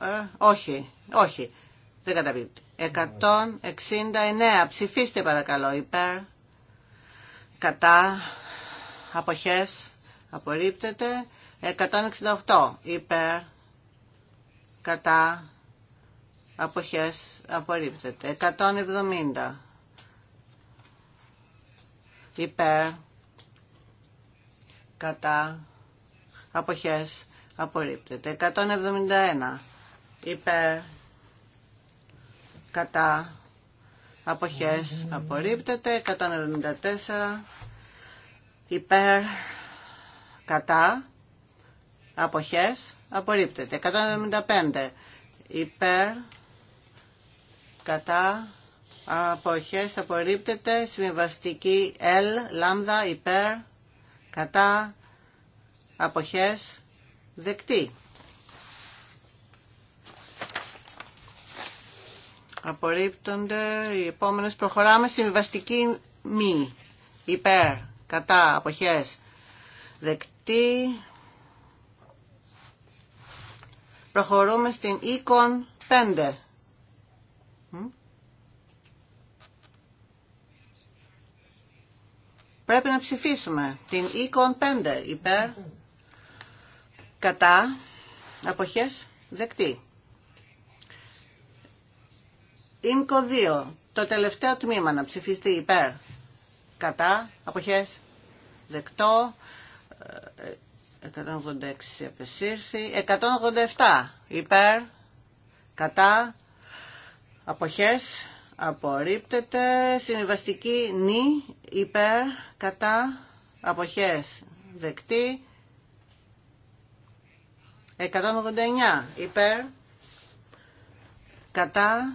S2: ε, όχι, όχι, δεν καταπίπτει. 169, ψηφίστε παρακαλώ, υπέρ, κατά, αποχές, απορρίπτεται. 168, υπέρ, κατά, αποχές απορρίπτεται. 170 υπέρ κατά αποχές απορρίπτεται. 171 υπέρ κατά αποχές απορρίπτεται. 174 υπέρ κατά αποχές απορρίπτεται. 175 υπέρ κατά, αποχές απορρίπτεται, συμβαστική L, λάμδα, υπέρ, κατά, αποχές, δεκτή. Απορρίπτονται οι επόμενες. Προχωράμε Συμβαστική μη, υπέρ, κατά, αποχές, δεκτή. Προχωρούμε στην οίκον 5. Πρέπει να ψηφίσουμε την Econ 5 υπέρ, κατά, αποχές, δεκτή. Ήμκο 2, το τελευταίο τμήμα να ψηφιστεί υπέρ, κατά, αποχές, δεκτό. 186 επεσήρθη. 187 υπέρ, κατά, αποχές, απορρίπτεται. Συμβιβαστική νη υπέρ κατά αποχές δεκτή. 189 υπέρ κατά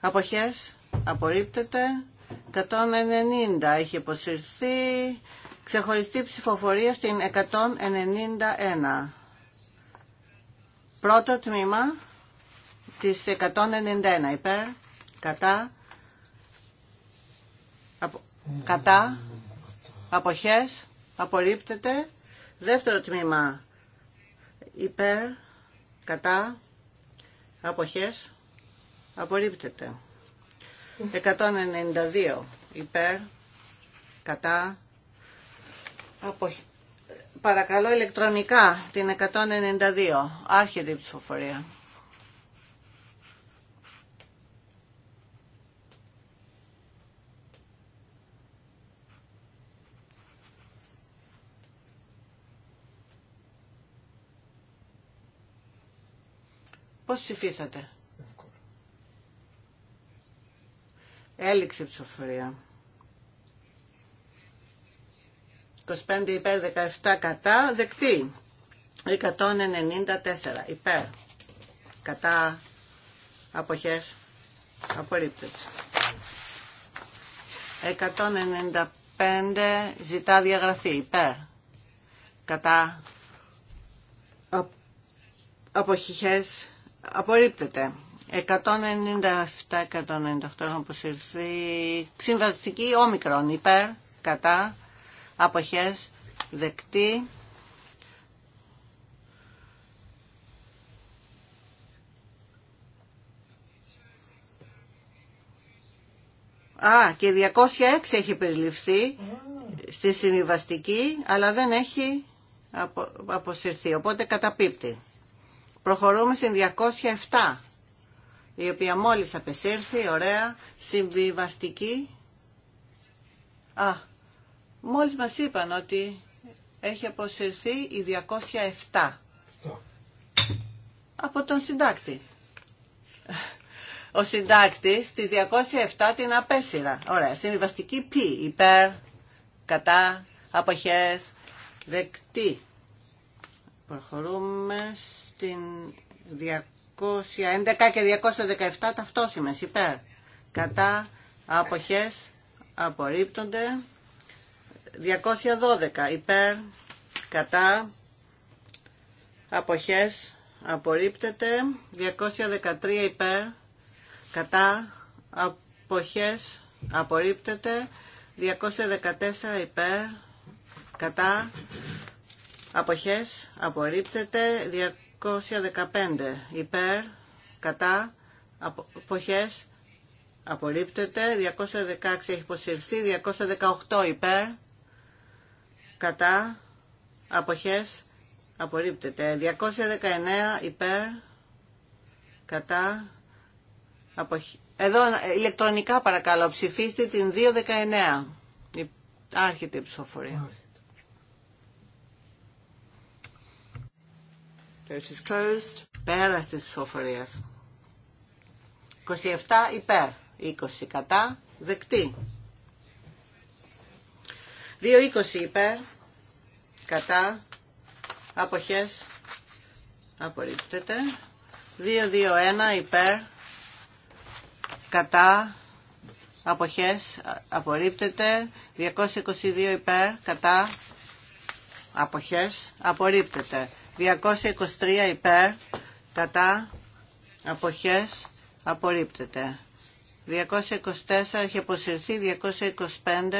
S2: αποχές απορρίπτεται. 190 έχει υποσυρθεί Ξεχωριστή ψηφοφορία στην 191. Πρώτο τμήμα της 191 υπέρ Κατά. κατά. Αποχές. Απορρίπτεται. Δεύτερο τμήμα. Υπέρ. Κατά. Αποχές. Απορρίπτεται. 192. Υπέρ. Κατά. Αποχές. Παρακαλώ ηλεκτρονικά την 192. Άρχεται η ψηφοφορία. Πώς ψηφίσατε. Έληξε ψηφοφορία. 25 υπέρ, 17 κατά, δεκτή. 194 υπέρ, κατά, αποχές, απορρίπτωση. 195 ζητά διαγραφή υπέρ, κατά, αποχές, Απορρίπτεται. 197-198 έχουν αποσυρθεί. Συμβαστική όμικρον υπέρ, κατά, αποχές, δεκτή. Α, και 206 έχει περιληφθεί στη συμβαστική, αλλά δεν έχει αποσυρθεί, οπότε καταπίπτει. Προχωρούμε στην 207, η οποία μόλις απεσύρθη, ωραία, συμβιβαστική. Α, μόλις μας είπαν ότι έχει αποσυρθεί η 207 από τον συντάκτη. Ο συντάκτης τη 207 την απέσυρα. Ωραία. Συμβιβαστική π. Υπέρ, κατά, αποχές, δεκτή. Προχωρούμε την 211 και 217 ταυτόσημες υπέρ. Κατά αποχές απορρίπτονται 212 υπέρ. Κατά αποχές απορρίπτεται 213 υπέρ. Κατά αποχές απορρίπτεται 214 υπέρ. Κατά αποχές απορρίπτεται 215 υπέρ, κατά, αποχές, απορρίπτεται. 216 έχει υποσυρθεί. 218 υπέρ, κατά, αποχές, απορρίπτεται. 219 υπέρ, κατά, αποχές. Εδώ ε, ηλεκτρονικά παρακαλώ ψηφίστε την 219. Άρχεται η ψηφοφορία. Vote Πέρα τη ψηφοφορία. 27 υπέρ. 20 κατά. Δεκτή. 2-20 υπέρ. Κατά. Αποχές. Απορρίπτεται. 2-2-1 υπέρ. Κατά. Αποχές. Απορρίπτεται. 222 υπέρ. Κατά. Αποχές. Απορρίπτεται. 223 υπέρ, κατά, αποχές, απορρίπτεται. 224 έχει αποσυρθεί, 225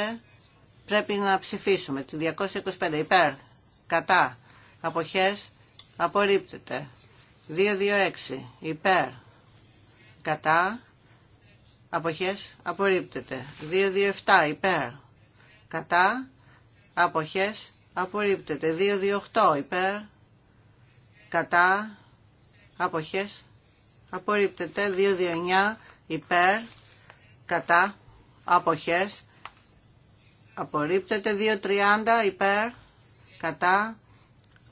S2: πρέπει να ψηφίσουμε. Τη 225 υπέρ, κατά, αποχές, απορρίπτεται. 226 υπέρ, κατά, αποχές, απορρίπτεται. 227 υπέρ, κατά, αποχές, απορρίπτεται. 228 υπέρ, κατά, αποχές, απορρίπτεται. 229 υπέρ, κατά, αποχές, απορρίπτεται. 230 υπέρ, κατά,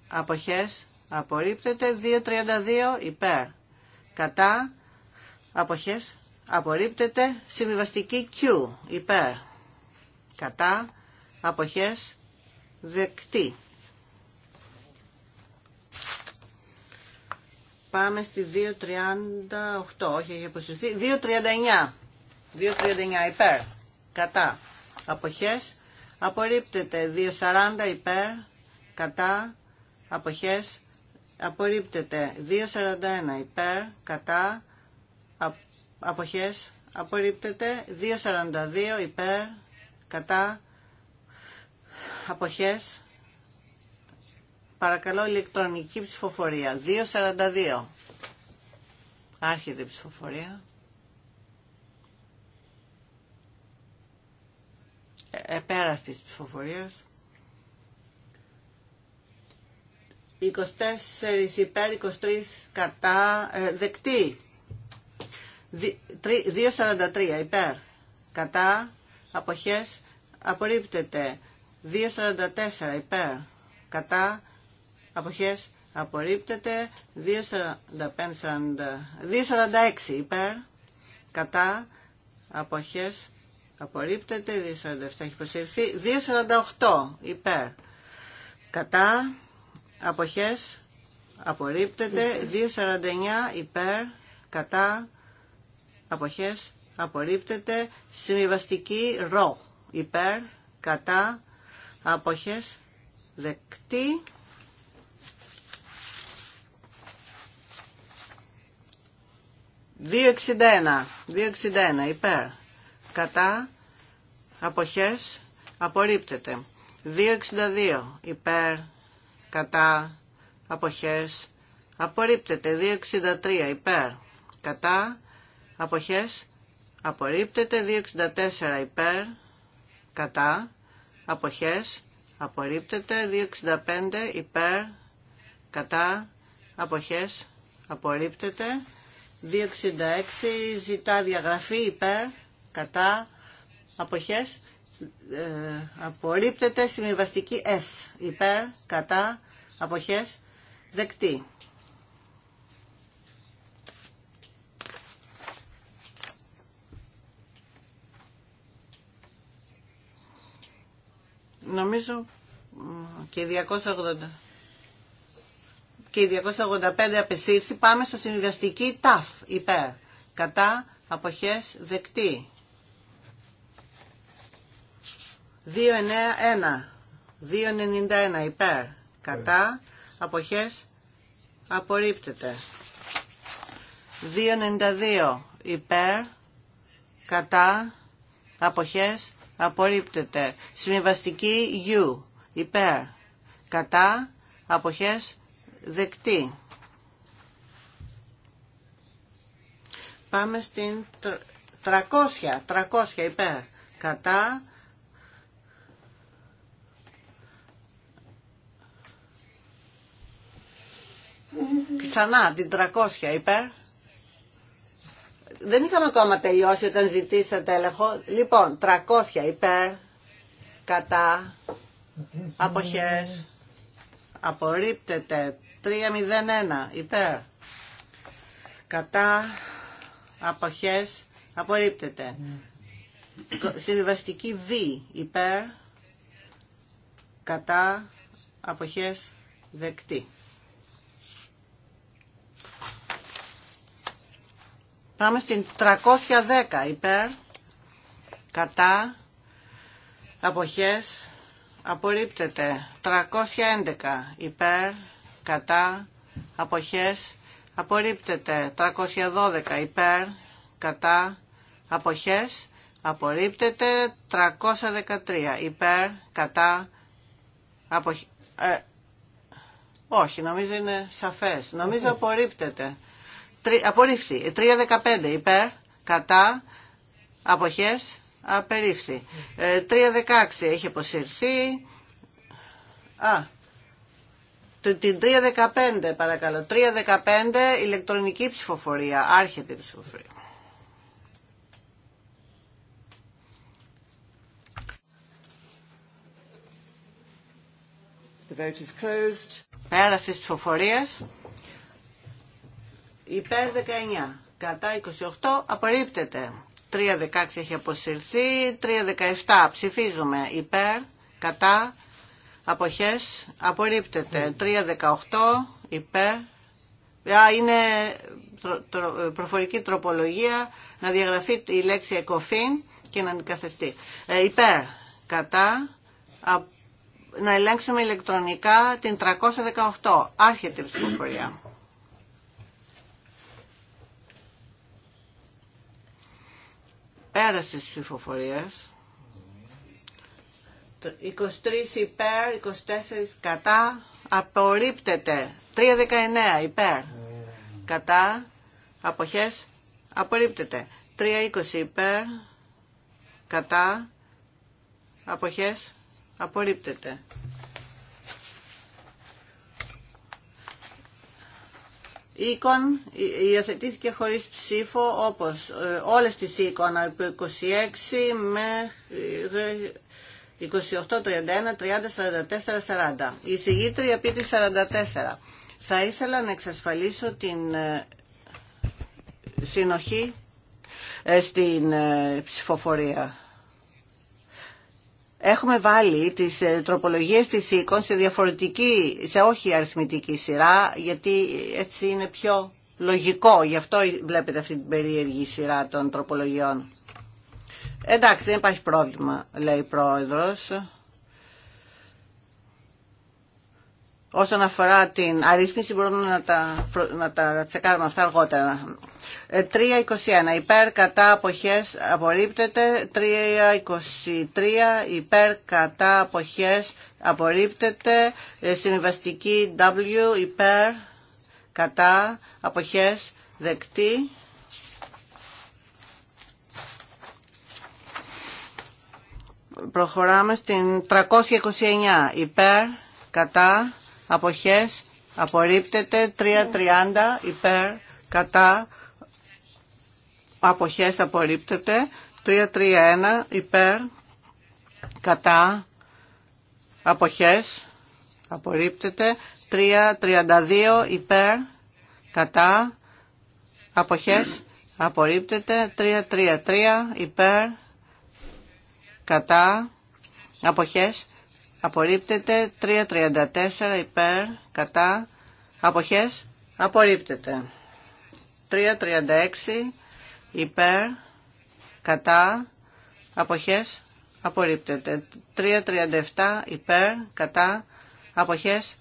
S2: αποχές, απορρίπτεται. 232 υπέρ, κατά, αποχές, απορρίπτεται. Συμβιβαστική Q υπέρ, κατά, αποχές, δεκτή. πάμε στη 2.38, όχι έχει αποσυρθεί, 2.39, 2.39 υπέρ, κατά, αποχές, απορρίπτεται, 2.40 υπέρ, κατά, αποχές, απορρίπτεται, 2.41 υπέρ, κατά, αποχές, απορρίπτεται, 2.42 υπέρ, κατά, αποχές, Παρακαλώ ηλεκτρονική ψηφοφορία. 2.42. Άρχεται η ψηφοφορία. Επέρας ε, της ψηφοφορίας. 24 υπέρ, 23 κατά, ε, δεκτή. 2.43 υπέρ, κατά, αποχές, απορρίπτεται. 2.44 υπέρ, κατά, αποχές απορρίπτεται 2.46 υπέρ κατά αποχές απορρίπτεται 2.47 έχει προσυρθεί 2.48 υπέρ κατά αποχές απορρίπτεται 2.49 υπέρ κατά αποχές απορρίπτεται συμβιβαστική ρο υπέρ κατά αποχές δεκτή 261. 261 υπέρ. Κατά. Αποχές. Απορρίπτεται. 262 υπέρ. Κατά. Αποχές. Απορρίπτεται. 263 υπέρ. Κατά. Αποχές. Απορρίπτεται. 264 υπέρ. Κατά. Αποχές. Απορρίπτεται. 265 υπέρ. Κατά. Αποχές. Απορρίπτεται. 266 ζητά διαγραφή υπέρ, κατά, αποχές, ε, απορρίπτεται συμβιβαστική S, υπέρ, κατά, αποχές, δεκτή. Νομίζω και 280 και η 285 απεσύρθη, πάμε στο συνδυαστική ΤΑΦ, υπέρ. Κατά, αποχές, δεκτή. 291, υπέρ. Κατά, αποχές, απορρίπτεται. 292, υπέρ. Κατά, αποχές, απορρίπτεται. Συμβιβαστική U, υπέρ. Κατά, αποχές, Δεκτή. Πάμε στην 300, 300 υπέρ. Κατά. Ξανά την 300 υπέρ. Δεν είχαμε ακόμα τελειώσει όταν ζητήσατε έλεγχο. Λοιπόν, 300 υπέρ, κατά, αποχές, απορρίπτεται 3-0-1, υπέρ κατά αποχές απορρίπτεται συμβιβαστική Β υπέρ κατά αποχές δεκτή Πάμε στην 310 υπέρ κατά αποχές απορρίπτεται 311 υπέρ κατά, αποχές, απορρίπτεται. 312 υπέρ, κατά, αποχές, απορρίπτεται. 313 υπέρ, κατά, αποχές. Ε, όχι, νομίζω είναι σαφές. Νομίζω απορρίπτεται. Απορρίφθη. 315 υπέρ, κατά, αποχές, απερίφθη. 316 ε, έχει αποσυρθεί. Α, την 3.15 παρακαλώ. 3.15 ηλεκτρονική ψηφοφορία. Άρχεται η ψηφοφορία. The vote is closed. ψηφοφορίας. Υπέρ 19. Κατά 28 απορρίπτεται. 3.16 έχει αποσυρθεί. 3.17 ψηφίζουμε. Υπέρ. Κατά αποχές απορρίπτεται. 3.18 ναι. υπέρ. Α, είναι προφορική τροπολογία να διαγραφεί η λέξη εκοφήν και να αντικαθεστεί. Ε, υπέρ, κατά, να ελέγξουμε ηλεκτρονικά την 318. Άρχεται η ψηφοφορία. Πέρασε τις 23 υπέρ, 24 κατά, απορρίπτεται. 3.19 υπέρ, κατά, αποχές, απορρίπτεται. 3.20 υπέρ, κατά, αποχές, απορρίπτεται. Οίκον υιοθετήθηκε χωρίς ψήφο όπως ε, όλες τις οίκονα από 26 μέχρι 28, 31, 30, 44, 40. Η συγγήτρια πει 44. Θα ήθελα να εξασφαλίσω την ε, συνοχή ε, στην ε, ψηφοφορία. Έχουμε βάλει τις τροπολογίες της οίκων σε διαφορετική, σε όχι αριθμητική σειρά, γιατί έτσι είναι πιο λογικό. Γι' αυτό βλέπετε αυτή την περίεργη σειρά των τροπολογιών. Εντάξει, δεν υπάρχει πρόβλημα, λέει η πρόεδρος. Όσον αφορά την αρρύθμιση μπορούμε να τα, να τα τσεκάρουμε αυτά αργότερα. 3.21 ε, υπέρ κατά αποχές απορρίπτεται, 3.23 υπέρ κατά αποχές απορρίπτεται, ε, συμβαστική W υπέρ κατά αποχές δεκτή. προχωράμε στην 329 υπέρ, κατά, αποχές, απορρίπτεται, 330 υπέρ, κατά, αποχές, απορρίπτεται, 331 υπέρ, κατά, αποχές, απορρίπτεται, 332 υπέρ, κατά, αποχές, απορρίπτεται, 333 υπέρ, κατά, αποχές, απορρίπτεται. 3.34 υπέρ, κατά, αποχές, απορρίπτεται. 3.36 υπέρ, κατά, αποχές, απορρίπτεται. 3.37 υπέρ, κατά, αποχές,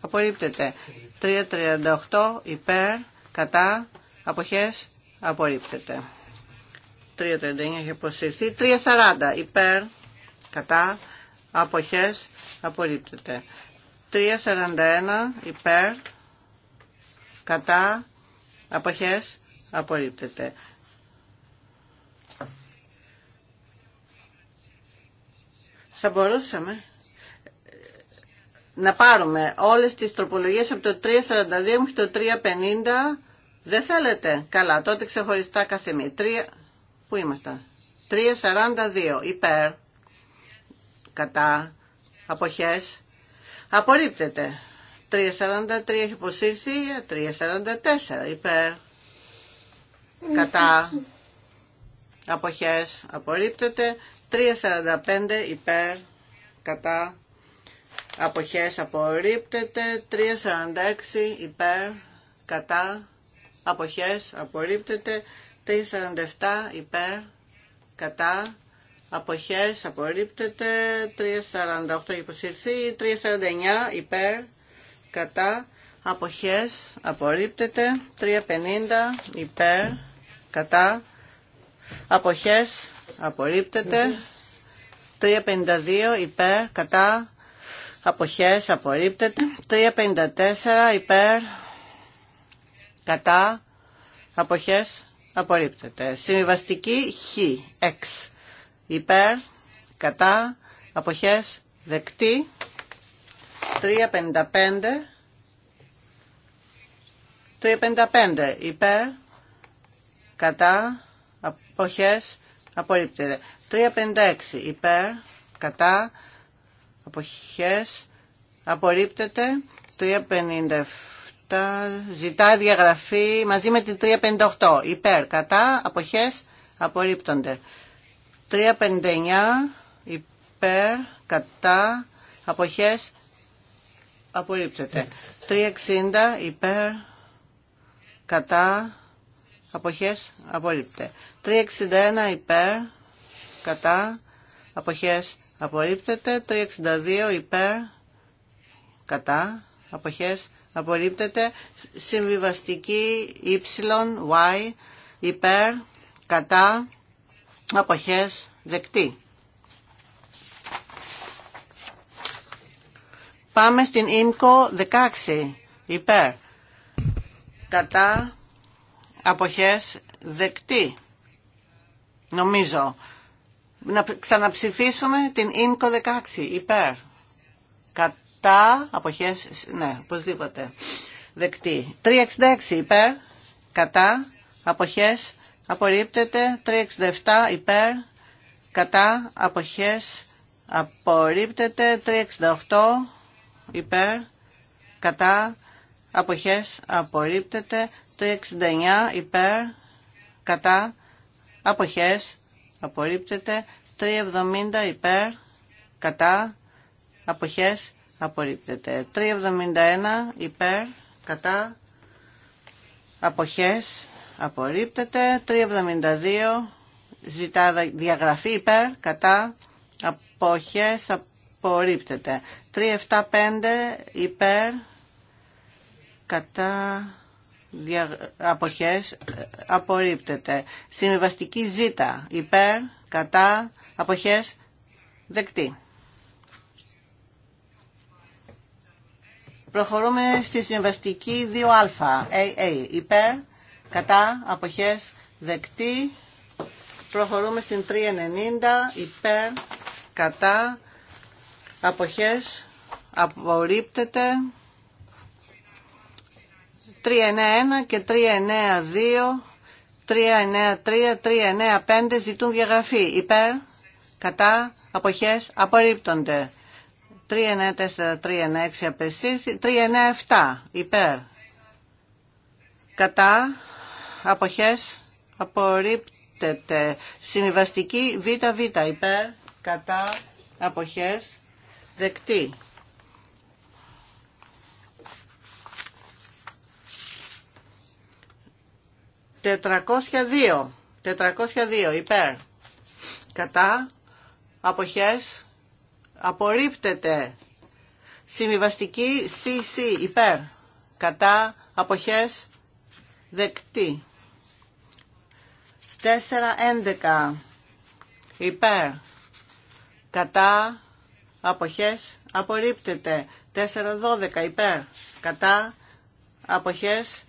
S2: απορρίπτεται. 3.38 υπέρ, κατά, αποχές, απορρίπτεται. 3.39 έχει αποσυρθεί. 3.40 υπέρ, κατά, αποχές, απορρίπτεται. 3.41 υπέρ, κατά, αποχές, απορρίπτεται. Θα μπορούσαμε να πάρουμε όλες τις τροπολογίες από το 3.42 μέχρι το 3.50. Δεν θέλετε. Καλά, τότε ξεχωριστά καθεμή. Πού είμαστε. 3.42 υπέρ. Κατά. Αποχές. Απορρίπτεται. 3.43 έχει υποσύρθει. 3.44 υπέρ. Κατά. Αποχές. Απορρίπτεται. 3.45 υπέρ. Κατά. Αποχές απορρίπτεται, 346 υπέρ, κατά, αποχές απορρίπτεται, 347 υπέρ, κατά, αποχές, απορρίπτεται, 348 υποσυρθεί, 349 υπέρ, κατά, αποχές, απορρίπτεται, 350 υπέρ, κατά, αποχές, απορρίπτεται, 352 υπέρ, κατά, αποχές, απορρίπτεται, 354 υπέρ, κατά, αποχές, απορρίπτεται. Συμβιβαστική χ, εξ, υπέρ, κατά, αποχές, δεκτή, 355, 355, υπέρ, κατά, αποχές, απορρίπτεται. 356, υπέρ, κατά, αποχές, απορρίπτεται. 357, ζητά διαγραφή μαζί με την 358. Υπέρ, κατά, αποχές, απορρίπτονται. 359, υπέρ, κατά, αποχές, απορρίπτεται. 360, υπέρ, κατά, αποχές, απορρίπτεται. 361, υπέρ, κατά, αποχές, απορρίπτεται. 362, υπέρ, κατά, αποχές, απορρίπτεται. Συμβιβαστική Y, Y, υπέρ, κατά, αποχές, δεκτή. Πάμε στην ΙΜΚΟ 16, υπέρ, κατά, αποχές, δεκτή. Νομίζω. Να ξαναψηφίσουμε την ΙΜΚΟ 16, υπέρ αποχές, ναι, οπωσδήποτε. Δεκτή. 366 υπέρ, κατά, αποχές, απορρίπτεται. 367 υπέρ, κατά, αποχές, απορρίπτεται. 368 υπέρ, κατά, αποχές, απορρίπτεται. 369 υπέρ, κατά, αποχές, απορρίπτεται. 370 υπέρ, κατά, αποχές, απορρίπτεται. 371 υπέρ, κατά, αποχές, απορρίπτεται. 372 ζητά διαγραφή υπέρ, κατά, αποχές, απορρίπτεται. 375 υπέρ, κατά, αποχές, απορρίπτεται. Συμβιβαστική ζήτα υπέρ, κατά, αποχές, δεκτή. Προχωρούμε στη συμβαστική 2α. AA. Υπέρ, κατά, αποχές, δεκτή. Προχωρούμε στην 390. Υπέρ, κατά, αποχές, απορρίπτεται. 391 και 392. 393, 395 ζητούν διαγραφή. Υπέρ, κατά, αποχές, απορρίπτονται. 3-9-4-3-9-6 απεσύρθη, 3-9-7 υπέρ. Κατά, αποχές, απορρίπτεται. κατά, ΒΒ υπέρ, κατά, αποχές, δεκτή. Τετρακόσια δύο. Τετρακόσια δύο υπέρ. Κατά, αποχές, απορρίπτεται. Συμβιβαστική CC υπέρ. Κατά αποχές δεκτή. 4.11 υπέρ. Κατά αποχές απορρίπτεται. 4.12 υπέρ. Κατά αποχές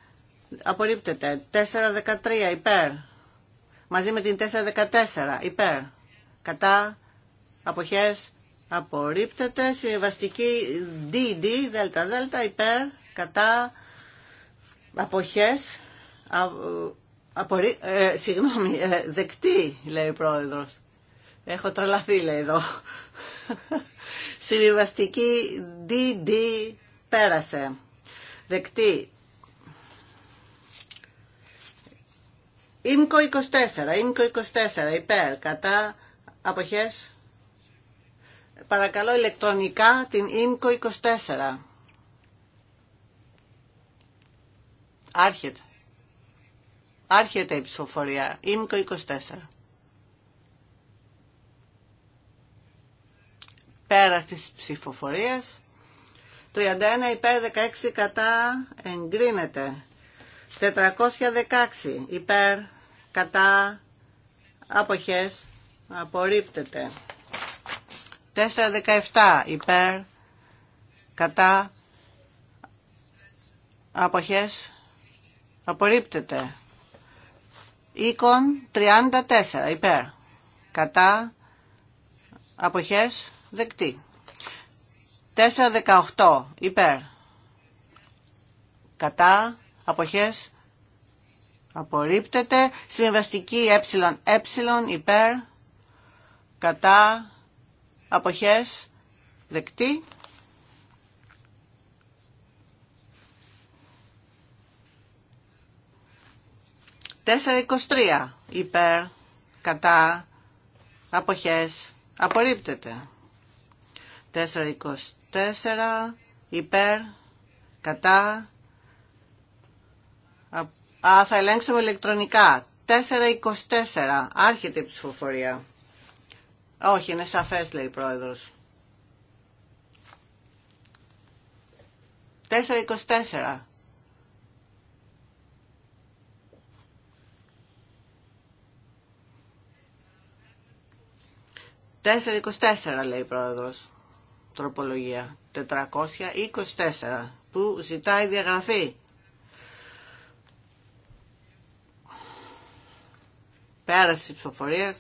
S2: απορρίπτεται. 4.13 υπέρ. Μαζί με την 4.14 υπέρ. Κατά αποχές απορρίπτεται. Συμβαστική DD, δέλτα δέλτα, υπέρ, κατά, αποχές, α, απορρί, ε, συγγνώμη, ε, δεκτή, λέει ο πρόεδρος. Έχω τρελαθεί, λέει εδώ. Συμβαστική DD πέρασε. Δεκτή. Ήμκο 24, Ήμκο 24, υπέρ, κατά, αποχές, Παρακαλώ ηλεκτρονικά την ΙΜΚΟ 24. Άρχεται. Άρχεται η ψηφοφορία. ΙΜΚΟ 24. Πέρα της ψηφοφορίας. 31 υπέρ 16 κατά εγκρίνεται. 416 υπέρ κατά αποχές απορρίπτεται. 417 υπέρ κατά αποχές απορρίπτεται. Οίκον 34 υπέρ κατά αποχές δεκτή. 418 υπέρ κατά αποχές απορρίπτεται. Συμβαστική ε ε υπέρ κατά Αποχέ. Δεκτεί. 423. Υπέρ. Κατά. Αποχέ. Απορρίπτεται. 424. Υπέρ. Κατά. Α, θα ελέγξουμε ηλεκτρονικά. 424. Άρχεται η ψηφοφορία. Όχι, είναι σαφές λέει η πρόεδρος. 4.24. 424, λέει η πρόεδρος τροπολογία. 424 που ζητάει διαγραφή. Πέραση ψηφοφορίας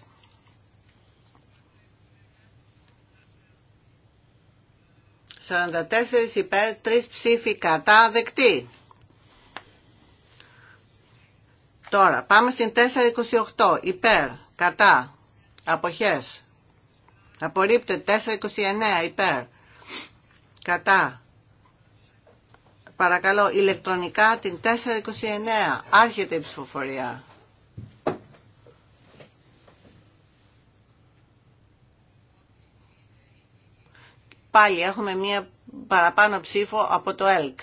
S2: 44 υπέρ, 3 ψήφοι κατά, δεκτή. Τώρα, πάμε στην 428, υπέρ, κατά, αποχές. Απορρίπτε 429, υπέρ, κατά. Παρακαλώ, ηλεκτρονικά την 429, άρχεται η ψηφοφορία. Πάλι έχουμε μία παραπάνω ψήφο από το ΕΛΚ.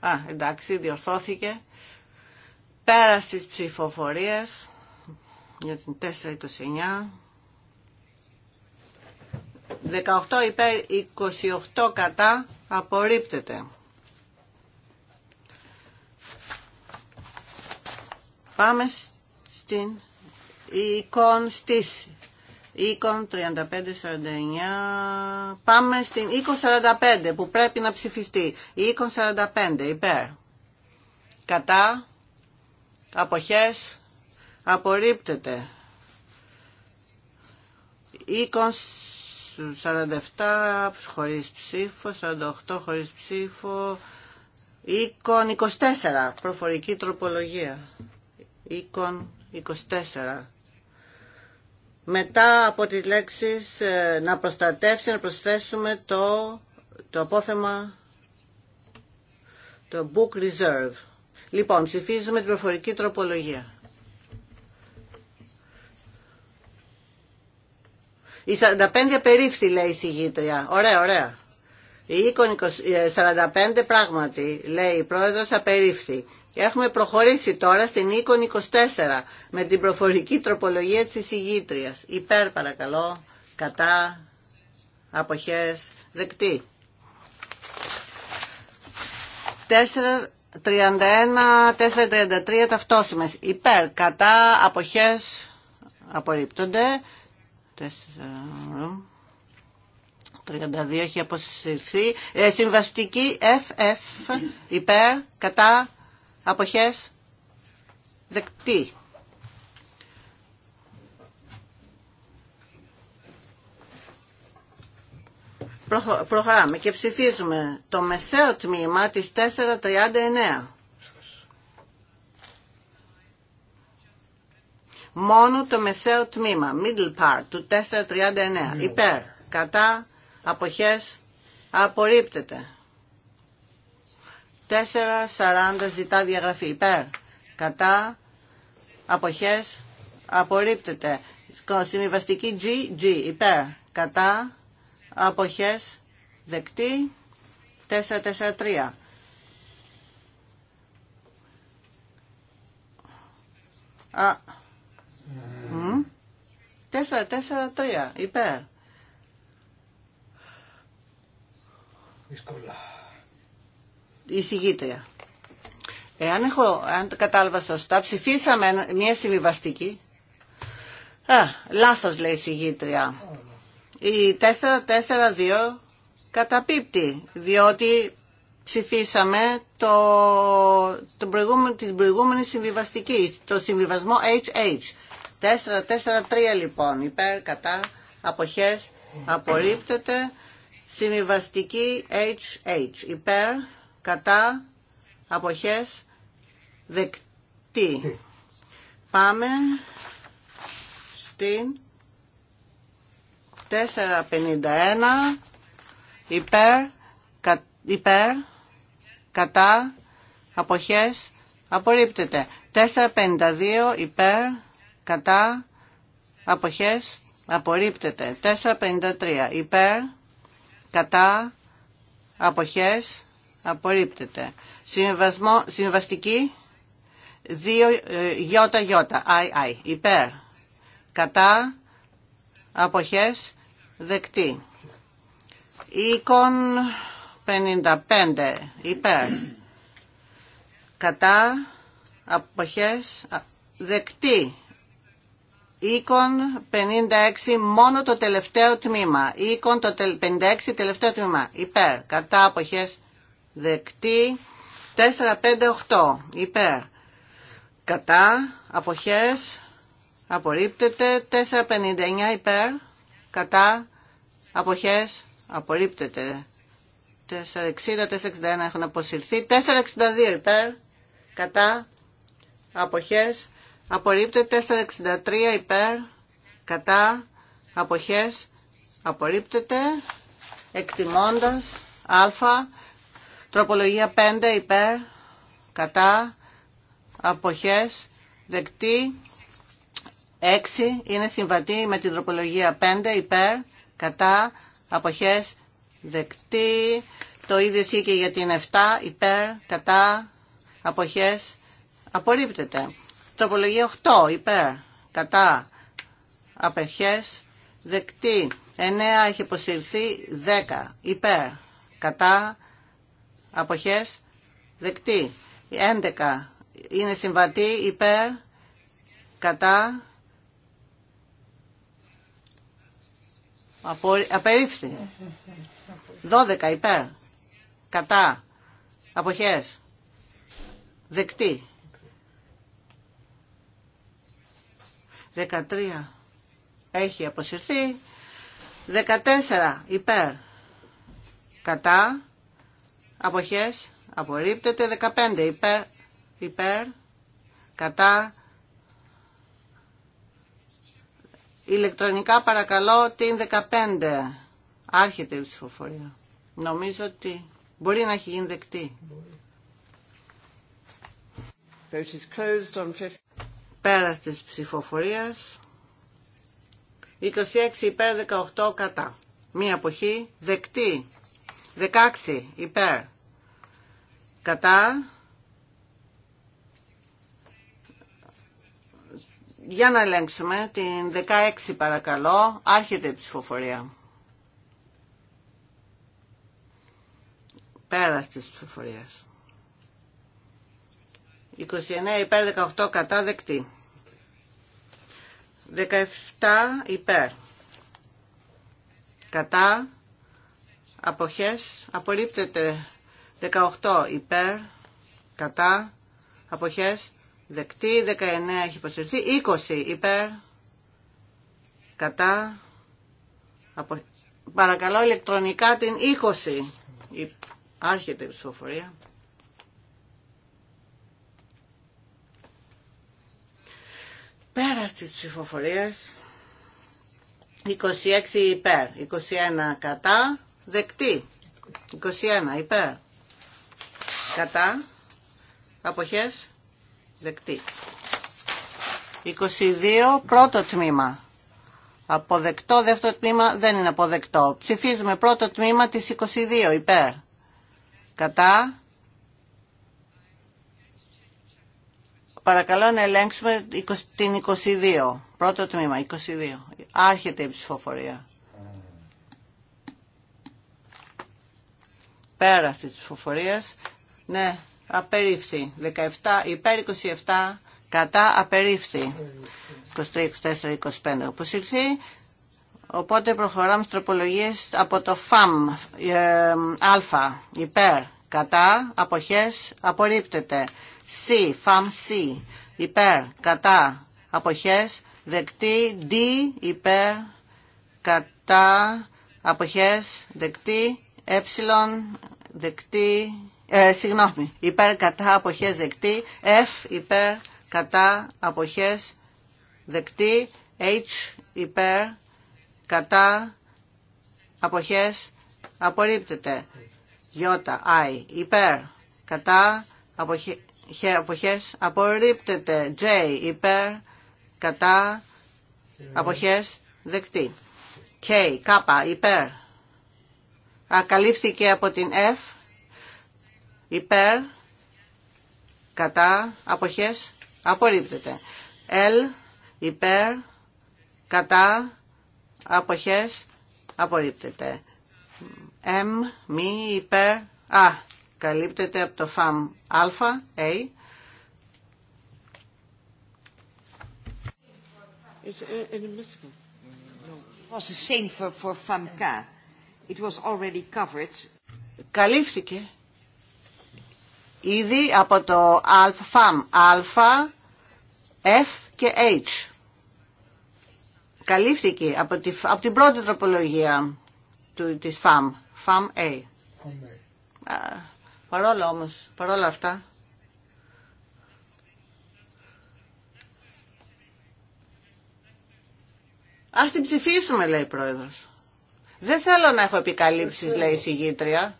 S2: Α, εντάξει, διορθώθηκε. Πέρα στις ψηφοφορίες για την 429. 18 υπέρ 28 κατά απορρίπτεται. Πάμε στην εικόν στις Οίκον 35-49. Πάμε στην Οίκον 45 που πρέπει να ψηφιστεί. Οίκον 45 υπέρ. Κατά. Αποχές. Απορρίπτεται. Οίκον 47 χωρίς ψήφο. 48 χωρίς ψήφο. Οίκον 24. Προφορική τροπολογία. Οίκον 24 μετά από τις λέξεις ε, να προστατεύσει, να προσθέσουμε το, το απόθεμα, το book reserve. Λοιπόν, ψηφίζουμε την προφορική τροπολογία. Η 45 απερίφθη λέει η συγγήτρια. Ωραία, ωραία. Η 45 ε, πράγματι λέει η πρόεδρος απερίφθη έχουμε προχωρήσει τώρα στην οίκον 24 με την προφορική τροπολογία της εισηγήτριας. Υπέρ παρακαλώ, κατά, αποχές, δεκτή. 4.31-4.33 ταυτόσημες. Υπέρ, κατά, αποχές, απορρίπτονται. 4... 32 έχει αποσυρθεί. Ε, συμβαστική FF υπέρ, κατά, Αποχές. Δεκτή. Προχωράμε και ψηφίζουμε το μεσαίο τμήμα της 439. Μόνο το μεσαίο τμήμα, middle part, του 439. Υπέρ, κατά, αποχές, απορρίπτεται. 4.40 ζητά διαγραφή. Υπέρ. Κατά. Αποχές. Απορρίπτεται. Συμβιβαστική G. G. Υπέρ. Κατά. Αποχές. Δεκτή. 4-4-3. Α. Mm. 4-4-3. Υπέρ.
S3: Δύσκολα
S2: συγγήτρια. Εάν έχω, αν το κατάλαβα σωστά, ψηφίσαμε μια συμβιβαστική. Α, λάθος λέει η συγγήτρια. Η 4-4-2 καταπίπτει, διότι ψηφίσαμε το, το την προηγούμενη συμβιβαστική, το συμβιβασμό HH. 4-4-3 λοιπόν, υπέρ, κατά, αποχές, απορρίπτεται, συμβιβαστική HH, υπέρ, κατά, αποχές, δεκτή. Πάμε στην 451 υπέρ, κα, κατά, αποχές, απορρίπτεται. 452 υπέρ, κατά, αποχές, απορρίπτεται. 453 υπέρ, κατά, αποχές, Απορρίπτεται. Συμβασμό, συμβαστική 2 2-Ι-Ι. αι, υπέρ. Κατά. Αποχές. Δεκτή. Οίκον 55. Υπέρ. Κατά. Αποχές. Δεκτή. Οίκον 56 μόνο το τελευταίο τμήμα. Οίκον το 56 τελευταίο τμήμα. Υπέρ. Κατά αποχές δεκτή 4-5-8 υπέρ κατά αποχές απορρίπτεται 4-59 υπέρ κατά αποχές απορρίπτεται 4-60-4-61 έχουν αποσυρθεί 4-62 υπέρ κατά αποχές απορρίπτεται 4-63 υπέρ κατά αποχές απορρίπτεται εκτιμώντας α Τροπολογία 5 υπέρ, κατά, αποχές, δεκτή. 6 είναι συμβατή με την τροπολογία 5 υπέρ, κατά, αποχές, δεκτή. Το ίδιο ισχύει και για την 7 υπέρ, κατά, αποχές, απορρίπτεται. Τροπολογία 8 υπέρ, κατά, αποχές, δεκτή. 9 έχει υποσυρθεί 10 υπέρ, κατά, αποχές δεκτή. 11 είναι συμβατή υπέρ κατά απερίφθη. 12 υπέρ κατά αποχές δεκτή. 13 έχει αποσυρθεί. 14 υπέρ κατά αποχές απορρίπτεται 15 υπέρ, υπέρ κατά ηλεκτρονικά παρακαλώ την 15 άρχεται η ψηφοφορία νομίζω ότι μπορεί να έχει γίνει δεκτή Πέρας της ψηφοφορίας 26 υπέρ 18 κατά. Μία αποχή δεκτή. 16 υπέρ. Κατά. Για να ελέγξουμε την 16 παρακαλώ. Άρχεται η ψηφοφορία. Πέρα της ψηφοφορίας. 29 υπέρ 18 κατά δεκτή. 17 υπέρ. Κατά αποχές απορρίπτεται 18 υπέρ κατά αποχές δεκτή 19 έχει υποσυρθεί 20 υπέρ κατά απο... παρακαλώ ηλεκτρονικά την 20 άρχεται η ψηφοφορία πέρα της ψηφοφορίας 26 υπέρ 21 κατά δεκτή 21 υπέρ κατά αποχές δεκτή 22 πρώτο τμήμα αποδεκτό δεύτερο τμήμα δεν είναι αποδεκτό ψηφίζουμε πρώτο τμήμα της 22 υπέρ κατά Παρακαλώ να ελέγξουμε την 22, πρώτο τμήμα, 22. Άρχεται η ψηφοφορία. Πέραστη της ψηφοφορίας, ναι, απερίφθη. 17 υπέρ 27 κατά απερίφθη. 23, 24, 25 όπως ήρθε. Οπότε προχωράμε στις τροπολογίες από το ΦΑΜ, ε, α, υπέρ, κατά, αποχές, απορρίπτεται. C, ΦΑΜ, C, υπέρ, κατά, αποχές, δεκτή. D, υπέρ, κατά, αποχές, δεκτή ε δεκτή, ε, συγγνώμη, υπέρ κατά αποχές δεκτή, F υπέρ κατά αποχές δεκτή, H υπέρ κατά αποχές απορρίπτεται, J I υπέρ κατά αποχέ, αποχές απορρίπτεται, J υπέρ κατά αποχές δεκτή, K κάπα υπέρ ακαλύφθηκε από την F, υπέρ, κατά, αποχές, απορρίπτεται. L, υπέρ, κατά, αποχές, απορρίπτεται. M, μη, υπέρ, α, καλύπτεται από το φαμ α, α, It's It Καλύφθηκε ήδη από το ΑΦΑΜ, Α, F και H. Καλύφθηκε από, την πρώτη τροπολογία του, της ΦΑΜ, ΦΑΜ
S3: α
S2: Παρόλα όμως, παρόλα αυτά, Ας την ψηφίσουμε, λέει η πρόεδρος. Δεν θέλω να έχω επικαλύψεις, λέει η συγγήτρια.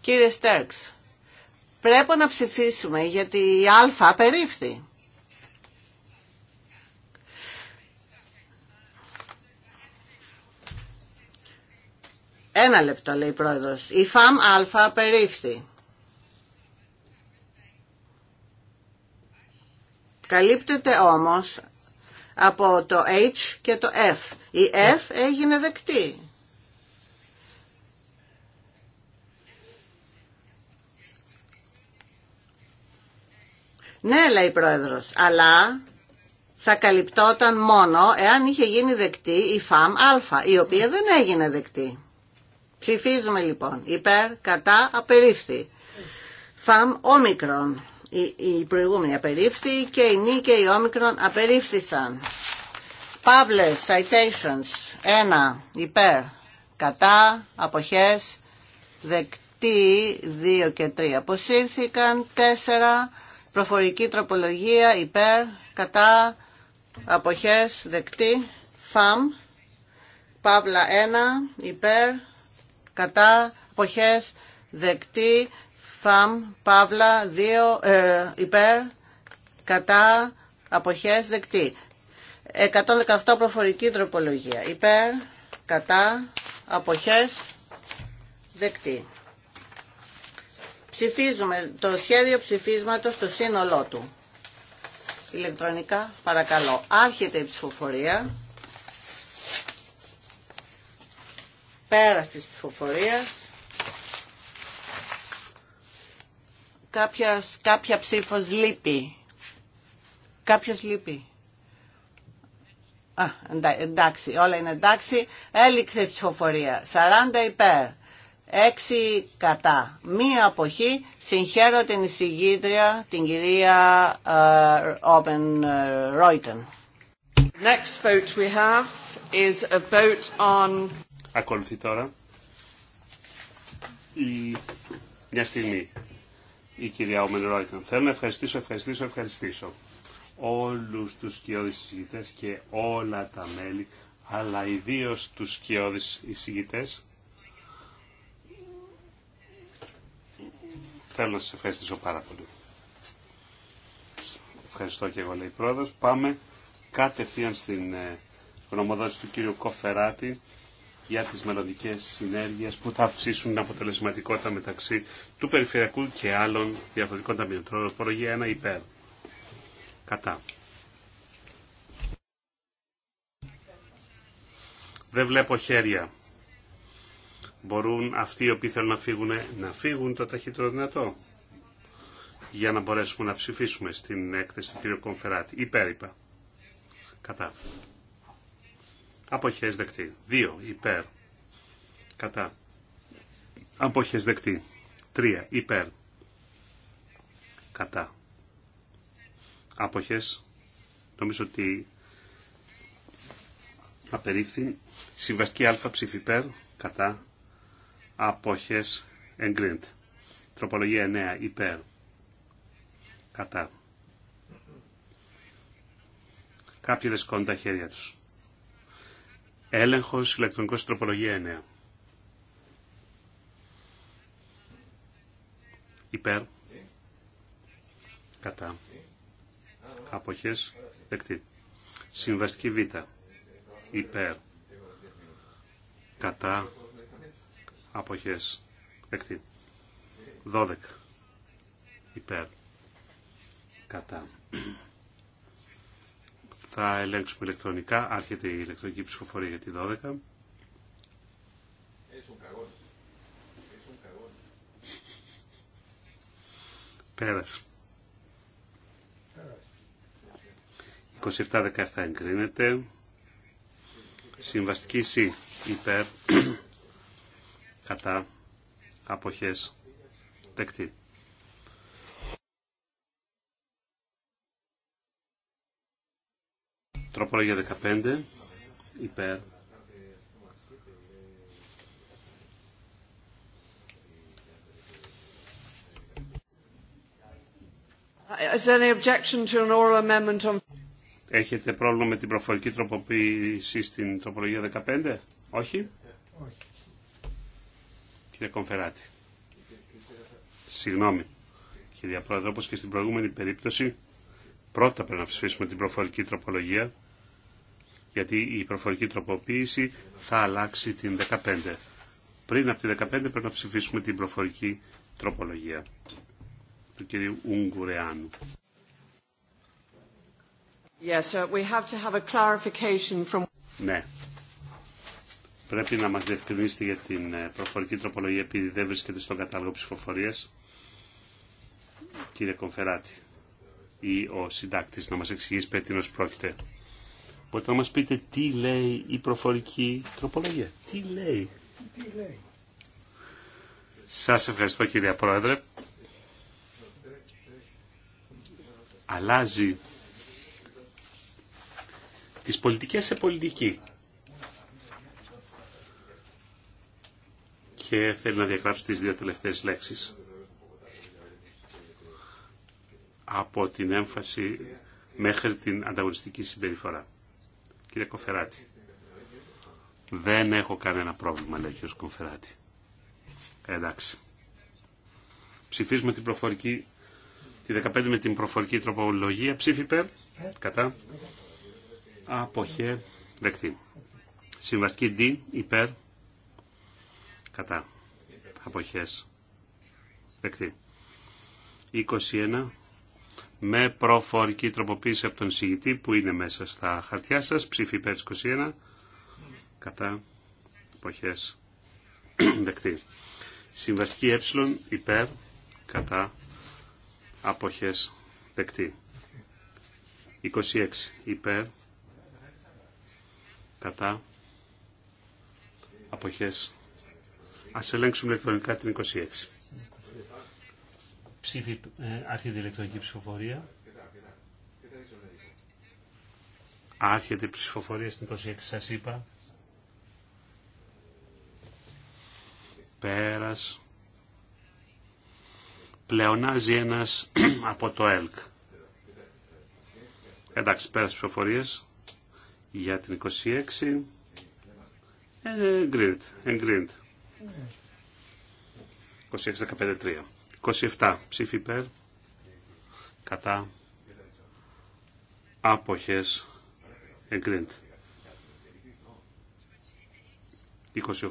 S2: Κύριε Στέρξ, πρέπει να ψηφίσουμε γιατί η Α απερίφθη. Ένα λεπτό λέει η πρόεδρος. Η ΦΑΜ Α απερίφθη. Καλύπτεται όμως από το H και το F. Η ναι. F έγινε δεκτή. Ναι, λέει πρόεδρος, αλλά θα καλυπτόταν μόνο εάν είχε γίνει δεκτή η ΦΑΜ Α, η οποία δεν έγινε δεκτή. Ψηφίζουμε λοιπόν υπέρ, κατά, απερίφθη. ΦΑΜ Ωμικρόν η προηγούμενη απερίφθη και η νη και η όμικρον απερίφθησαν. Παύλε, citations, ένα, υπέρ, κατά, αποχές, δεκτή, δύο και 3 αποσύρθηκαν, τέσσερα, προφορική τροπολογία, υπέρ, κατά, αποχές, δεκτή, φαμ, παύλα ένα, υπέρ, κατά, αποχές, δεκτή, φαμ, παύλα, 2, ε, υπέρ, κατά, αποχές, δεκτή. 118 προφορική τροπολογία. Υπέρ, κατά, αποχές, δεκτή. Ψηφίζουμε το σχέδιο ψηφίσματος στο σύνολό του. Ηλεκτρονικά, παρακαλώ. Άρχεται η ψηφοφορία. Πέρα της ψηφοφορίας. κάποια, κάποια ψήφος λείπει. Κάποιος λείπει. Α, εντάξει, όλα είναι εντάξει. Έληξε η ψηφοφορία. 40 υπέρ. 6 κατά. Μία αποχή. Συγχαίρω την εισηγήτρια, την κυρία Όπεν
S1: Ρόιτεν. Ακολουθεί τώρα η... μια στιγμή η κυρία Ρόιτεν. Θέλω να ευχαριστήσω, ευχαριστήσω, ευχαριστήσω όλους τους σκιώδεις εισηγητές και όλα τα μέλη, αλλά ιδίως τους σκιώδεις εισηγητές. Θέλω να σας ευχαριστήσω πάρα πολύ. Ευχαριστώ και εγώ, λέει η Πάμε κατευθείαν στην ε, γνωμοδότηση του κύριου Κοφεράτη για τις μελλοντικέ συνέργειες που θα αυξήσουν την αποτελεσματικότητα μεταξύ του περιφερειακού και άλλων διαφορετικών ταμείων. Τροπολογία 1 υπέρ. Κατά. Δεν βλέπω χέρια. Μπορούν αυτοί οι οποίοι θέλουν να φύγουν να φύγουν το ταχύτερο δυνατό για να μπορέσουμε να ψηφίσουμε στην έκθεση του κ. Κομφεράτη. Υπέρ είπα. Κατά. Αποχές δεκτή. 2. Υπέρ. Κατά. Αποχές δεκτή. 3. Υπέρ. Κατά. Αποχές. Νομίζω ότι απερίφθη. Συμβαστική α ψήφι υπέρ. Κατά. Αποχές εγκρίντ. Τροπολογία 9. Υπέρ. Κατά. Κάποιοι δεν τα χέρια τους. Έλεγχος ηλεκτρονικός τροπολογία 9. Υπέρ. Κατά. Αποχές. Δεκτή. Συμβαστική Β. Υπέρ. Κατά. Αποχές. Δεκτή. 12. Υπέρ. Κατά. Θα ελέγξουμε ηλεκτρονικά. Άρχεται η ηλεκτρονική ψηφοφορία για τη 12. περασε 27 27-17 εγκρίνεται. Συμβαστική C υπέρ κατά αποχές δεκτή. Τροπολογία 15 υπέρ. Is
S2: there any objection to an oral amendment on...
S1: Έχετε πρόβλημα με την προφορική τροποποίηση στην τροπολογία 15, όχι. όχι. Κύριε Κομφεράτη, συγγνώμη, κύριε Πρόεδρε, όπως και στην προηγούμενη περίπτωση, πρώτα πρέπει να ψηφίσουμε την προφορική τροπολογία γιατί η προφορική τροποποίηση θα αλλάξει την 15. Πριν από την 15 πρέπει να ψηφίσουμε την προφορική τροπολογία του κ. Ουγγουρεάνου. Ναι. Πρέπει να μας διευκρινίσετε για την ε, προφορική τροπολογία επειδή δεν βρίσκεται στον κατάλογο ψηφοφορίας. Κύριε Κονφεράτη ή ο συντάκτης να μας εξηγήσει περί πρόκειται. Μπορείτε να μας πείτε τι λέει η προφορική τροπολογία. Τι λέει. Τι Σας ευχαριστώ κυρία Πρόεδρε. Αλλάζει τις πολιτικές σε πολιτική. Και θέλει να διαγράψει τις δύο τελευταίες λέξεις. Από την έμφαση μέχρι την ανταγωνιστική συμπεριφορά. Κύριε Κοφεράτη. Δεν έχω κανένα πρόβλημα, λέει ο κύριος Κοφεράτη. Ε, εντάξει. Ψηφίζουμε την προφορική, τη 15 με την προφορική τροπολογία. Ψήφι υπέρ, κατά. Αποχέ, δεκτή. Συμβαστική D, υπέρ, κατά. Αποχές, δεκτή. 21 με προφορική τροποποίηση από τον συγητή που είναι μέσα στα χαρτιά σας. Ψήφι υπέρ 21. Κατά. Εποχές. Δεκτή. Συμβαστική ε υπέρ. Κατά. Αποχές. Δεκτή. 26 υπέρ. Κατά. Αποχές. Ας ελέγξουμε ηλεκτρονικά την 26. Ψήφι, ε, άρχεται η ηλεκτρονική ψηφοφορία. Άρχεται η ψηφοφορία στην 26, σας είπα. Πέρας. Πλεονάζει ένας από το ΕΛΚ. Εντάξει, πέρας ψηφοφορίες για την 26. Ε, εγκρίνεται. Εγκρίνεται. 26-15-3. 27 ψήφι υπέρ κατά άποχες Εγκρίντ.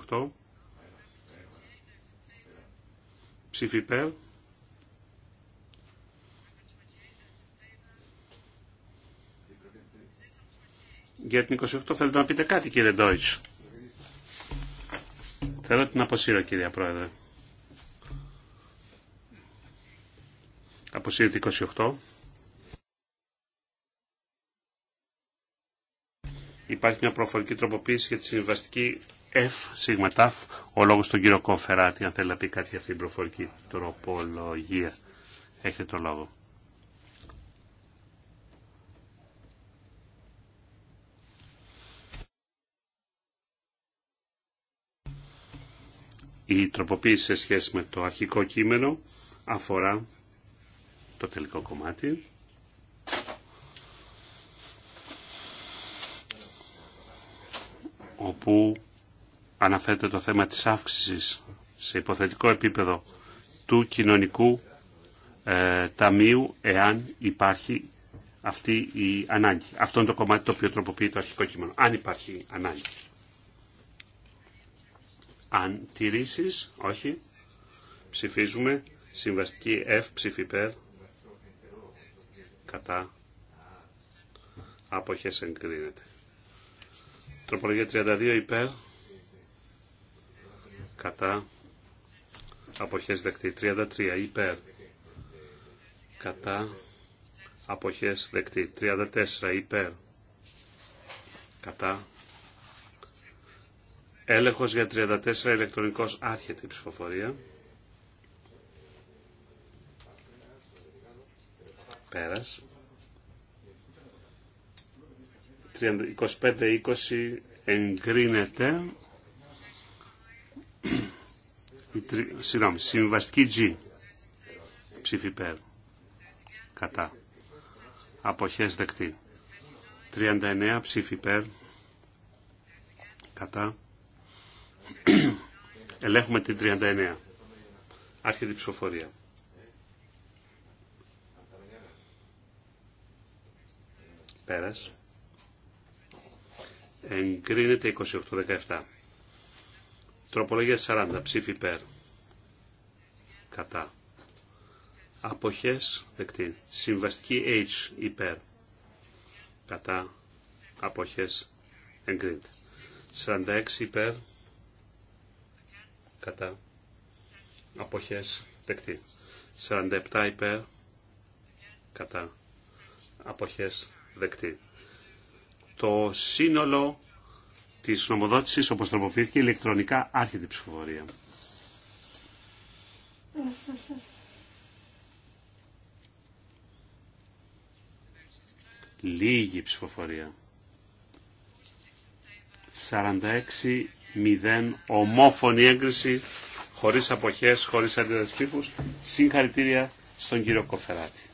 S1: 28 ψήφι υπέρ Για την 28 θέλετε να πείτε κάτι κύριε Ντόιτς. Θέλω την αποσύρω κύριε Πρόεδρε. Αποσύρεται 28. Υπάρχει μια προφορική τροποποίηση για τη συμβαστική F, σίγμα Ο λόγος στον κύριο Κοφεράτη, αν θέλει να πει κάτι για αυτή την προφορική τροπολογία. Έχετε το λόγο. Η τροποποίηση σε σχέση με το αρχικό κείμενο αφορά το τελικό κομμάτι. όπου αναφέρεται το θέμα της αύξησης σε υποθετικό επίπεδο του κοινωνικού ε, ταμείου εάν υπάρχει αυτή η ανάγκη. Αυτό είναι το κομμάτι το οποίο τροποποιεί το αρχικό κείμενο. Αν υπάρχει ανάγκη. Αν τηρήσεις, όχι, ψηφίζουμε συμβαστική F ψηφιπέρ κατά αποχές εγκρίνεται. Τροπολογία 32 υπέρ κατά αποχές δεκτή. 33 υπέρ κατά αποχές δεκτή. 34 υπέρ κατά έλεγχος για 34 ηλεκτρονικός άρχεται η ψηφοφορία. Πέρας. 25-20 εγκρίνεται. Συγγνώμη, συμβαστική G. Ψήφι πέρ. Κατά. Αποχές δεκτή. 39 ψήφι πέρ. Κατά. Ελέγχουμε την 39. Άρχεται η ψηφοφορία. πέρας. Εγκρίνεται 28-17. Τροπολογία 40. Ψήφι υπέρ. Κατά. Αποχές δεκτή. Συμβαστική H υπέρ. Κατά. Αποχές εγκρίνεται. 46 υπέρ. Κατά. Αποχές δεκτή. 47 υπέρ. Κατά. Αποχές δεκτή. Το σύνολο της νομοδότησης όπως τροποποιήθηκε ηλεκτρονικά άρχεται ψηφοφορία. Λίγη ψηφοφορία. 46-0 ομόφωνη έγκριση χωρίς αποχές, χωρίς αντιδρασπίπους. Συγχαρητήρια στον κύριο Κοφεράτη.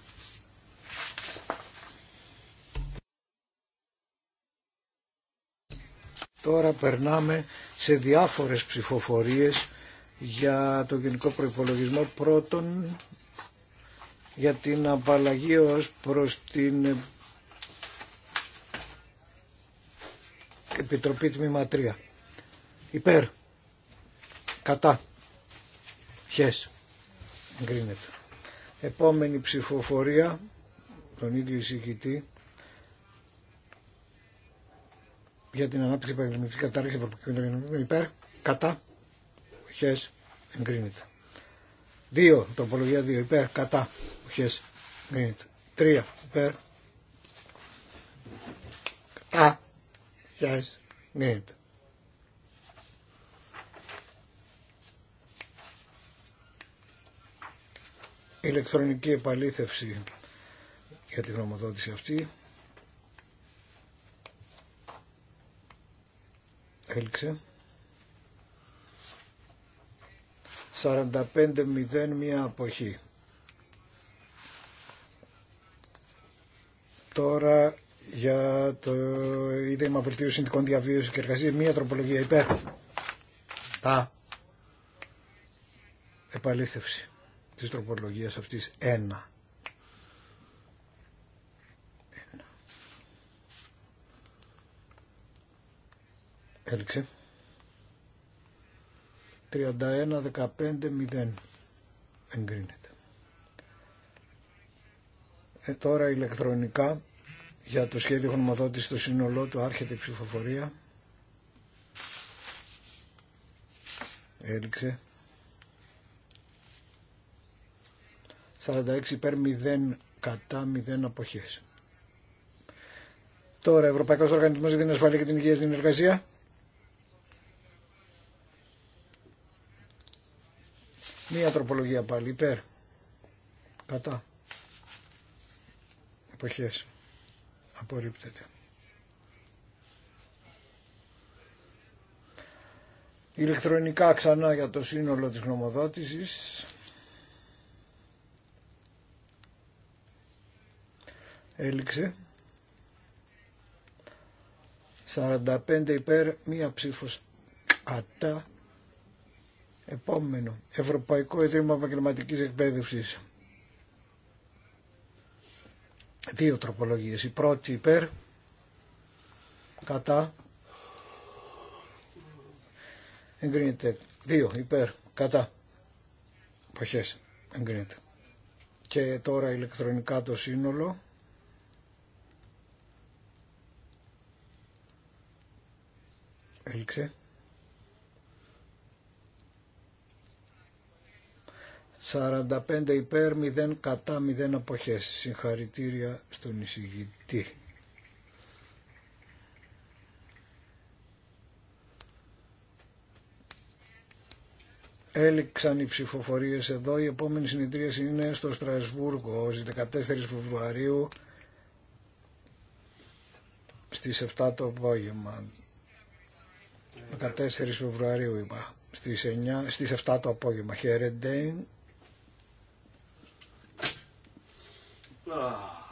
S3: Τώρα περνάμε σε διάφορες ψηφοφορίες για το γενικό προϋπολογισμό πρώτον για την απαλλαγή ως προς την Επιτροπή Τμήμα 3. Υπέρ. Κατά. Χες. Εγκρίνεται. Επόμενη ψηφοφορία, τον ίδιο εισηγητή, για την ανάπτυξη επαγγελματική του Ευρωπαϊκού Κοινοβουλίου υπέρ, κατά, χε, εγκρίνεται. δύο Τροπολογία δύο Υπέρ, κατά, χε, εγκρίνεται. τρία Υπέρ, κατά, χε, εγκρίνεται. ηλεκτρονική επαλήθευση για τη γνωμοδότηση αυτή. Έληξε. 45-0 μία αποχή. Τώρα για το ίδρυμα βελτίου συνδικών διαβίωσης και εργασίας μία τροπολογία υπέρ. Τα. Επαλήθευση της τροπολογίας αυτής 1. Έληξε. 31-15-0. Εγκρίνεται. Ε, τώρα ηλεκτρονικά για το σχέδιο γνωμοδότηση στο σύνολό του άρχεται η ψηφοφορία. Έληξε. 46 υπέρ 0 κατά 0 αποχές. Τώρα, Ευρωπαϊκός Οργανισμός για την Ασφαλή και την Υγεία στην Εργασία. Μία τροπολογία πάλι υπέρ. Κατά. Εποχές. Απορρίπτεται. Ηλεκτρονικά ξανά για το σύνολο της γνωμοδότησης. Έληξε. 45 υπέρ, μία ψήφος κατά Επόμενο, Ευρωπαϊκό Ιδρύμα Επαγγελματική Εκπαίδευση. Δύο τροπολογίες. Η πρώτη υπέρ, κατά, εγκρίνεται. Δύο υπέρ, κατά, εποχές, εγκρίνεται. Και τώρα ηλεκτρονικά το σύνολο. Έλξε. 45 υπέρ, 0 κατά, 0 αποχές. Συγχαρητήρια στον εισηγητή. Έληξαν οι ψηφοφορίε εδώ. Η επόμενη συνεδρίαση είναι στο Στρασβούργο, στι 14 Φεβρουαρίου, Στι 7 το απόγευμα. 14 Φεβρουαρίου είπα, στι 7 το απόγευμα. Χαίρετε.
S1: Ah.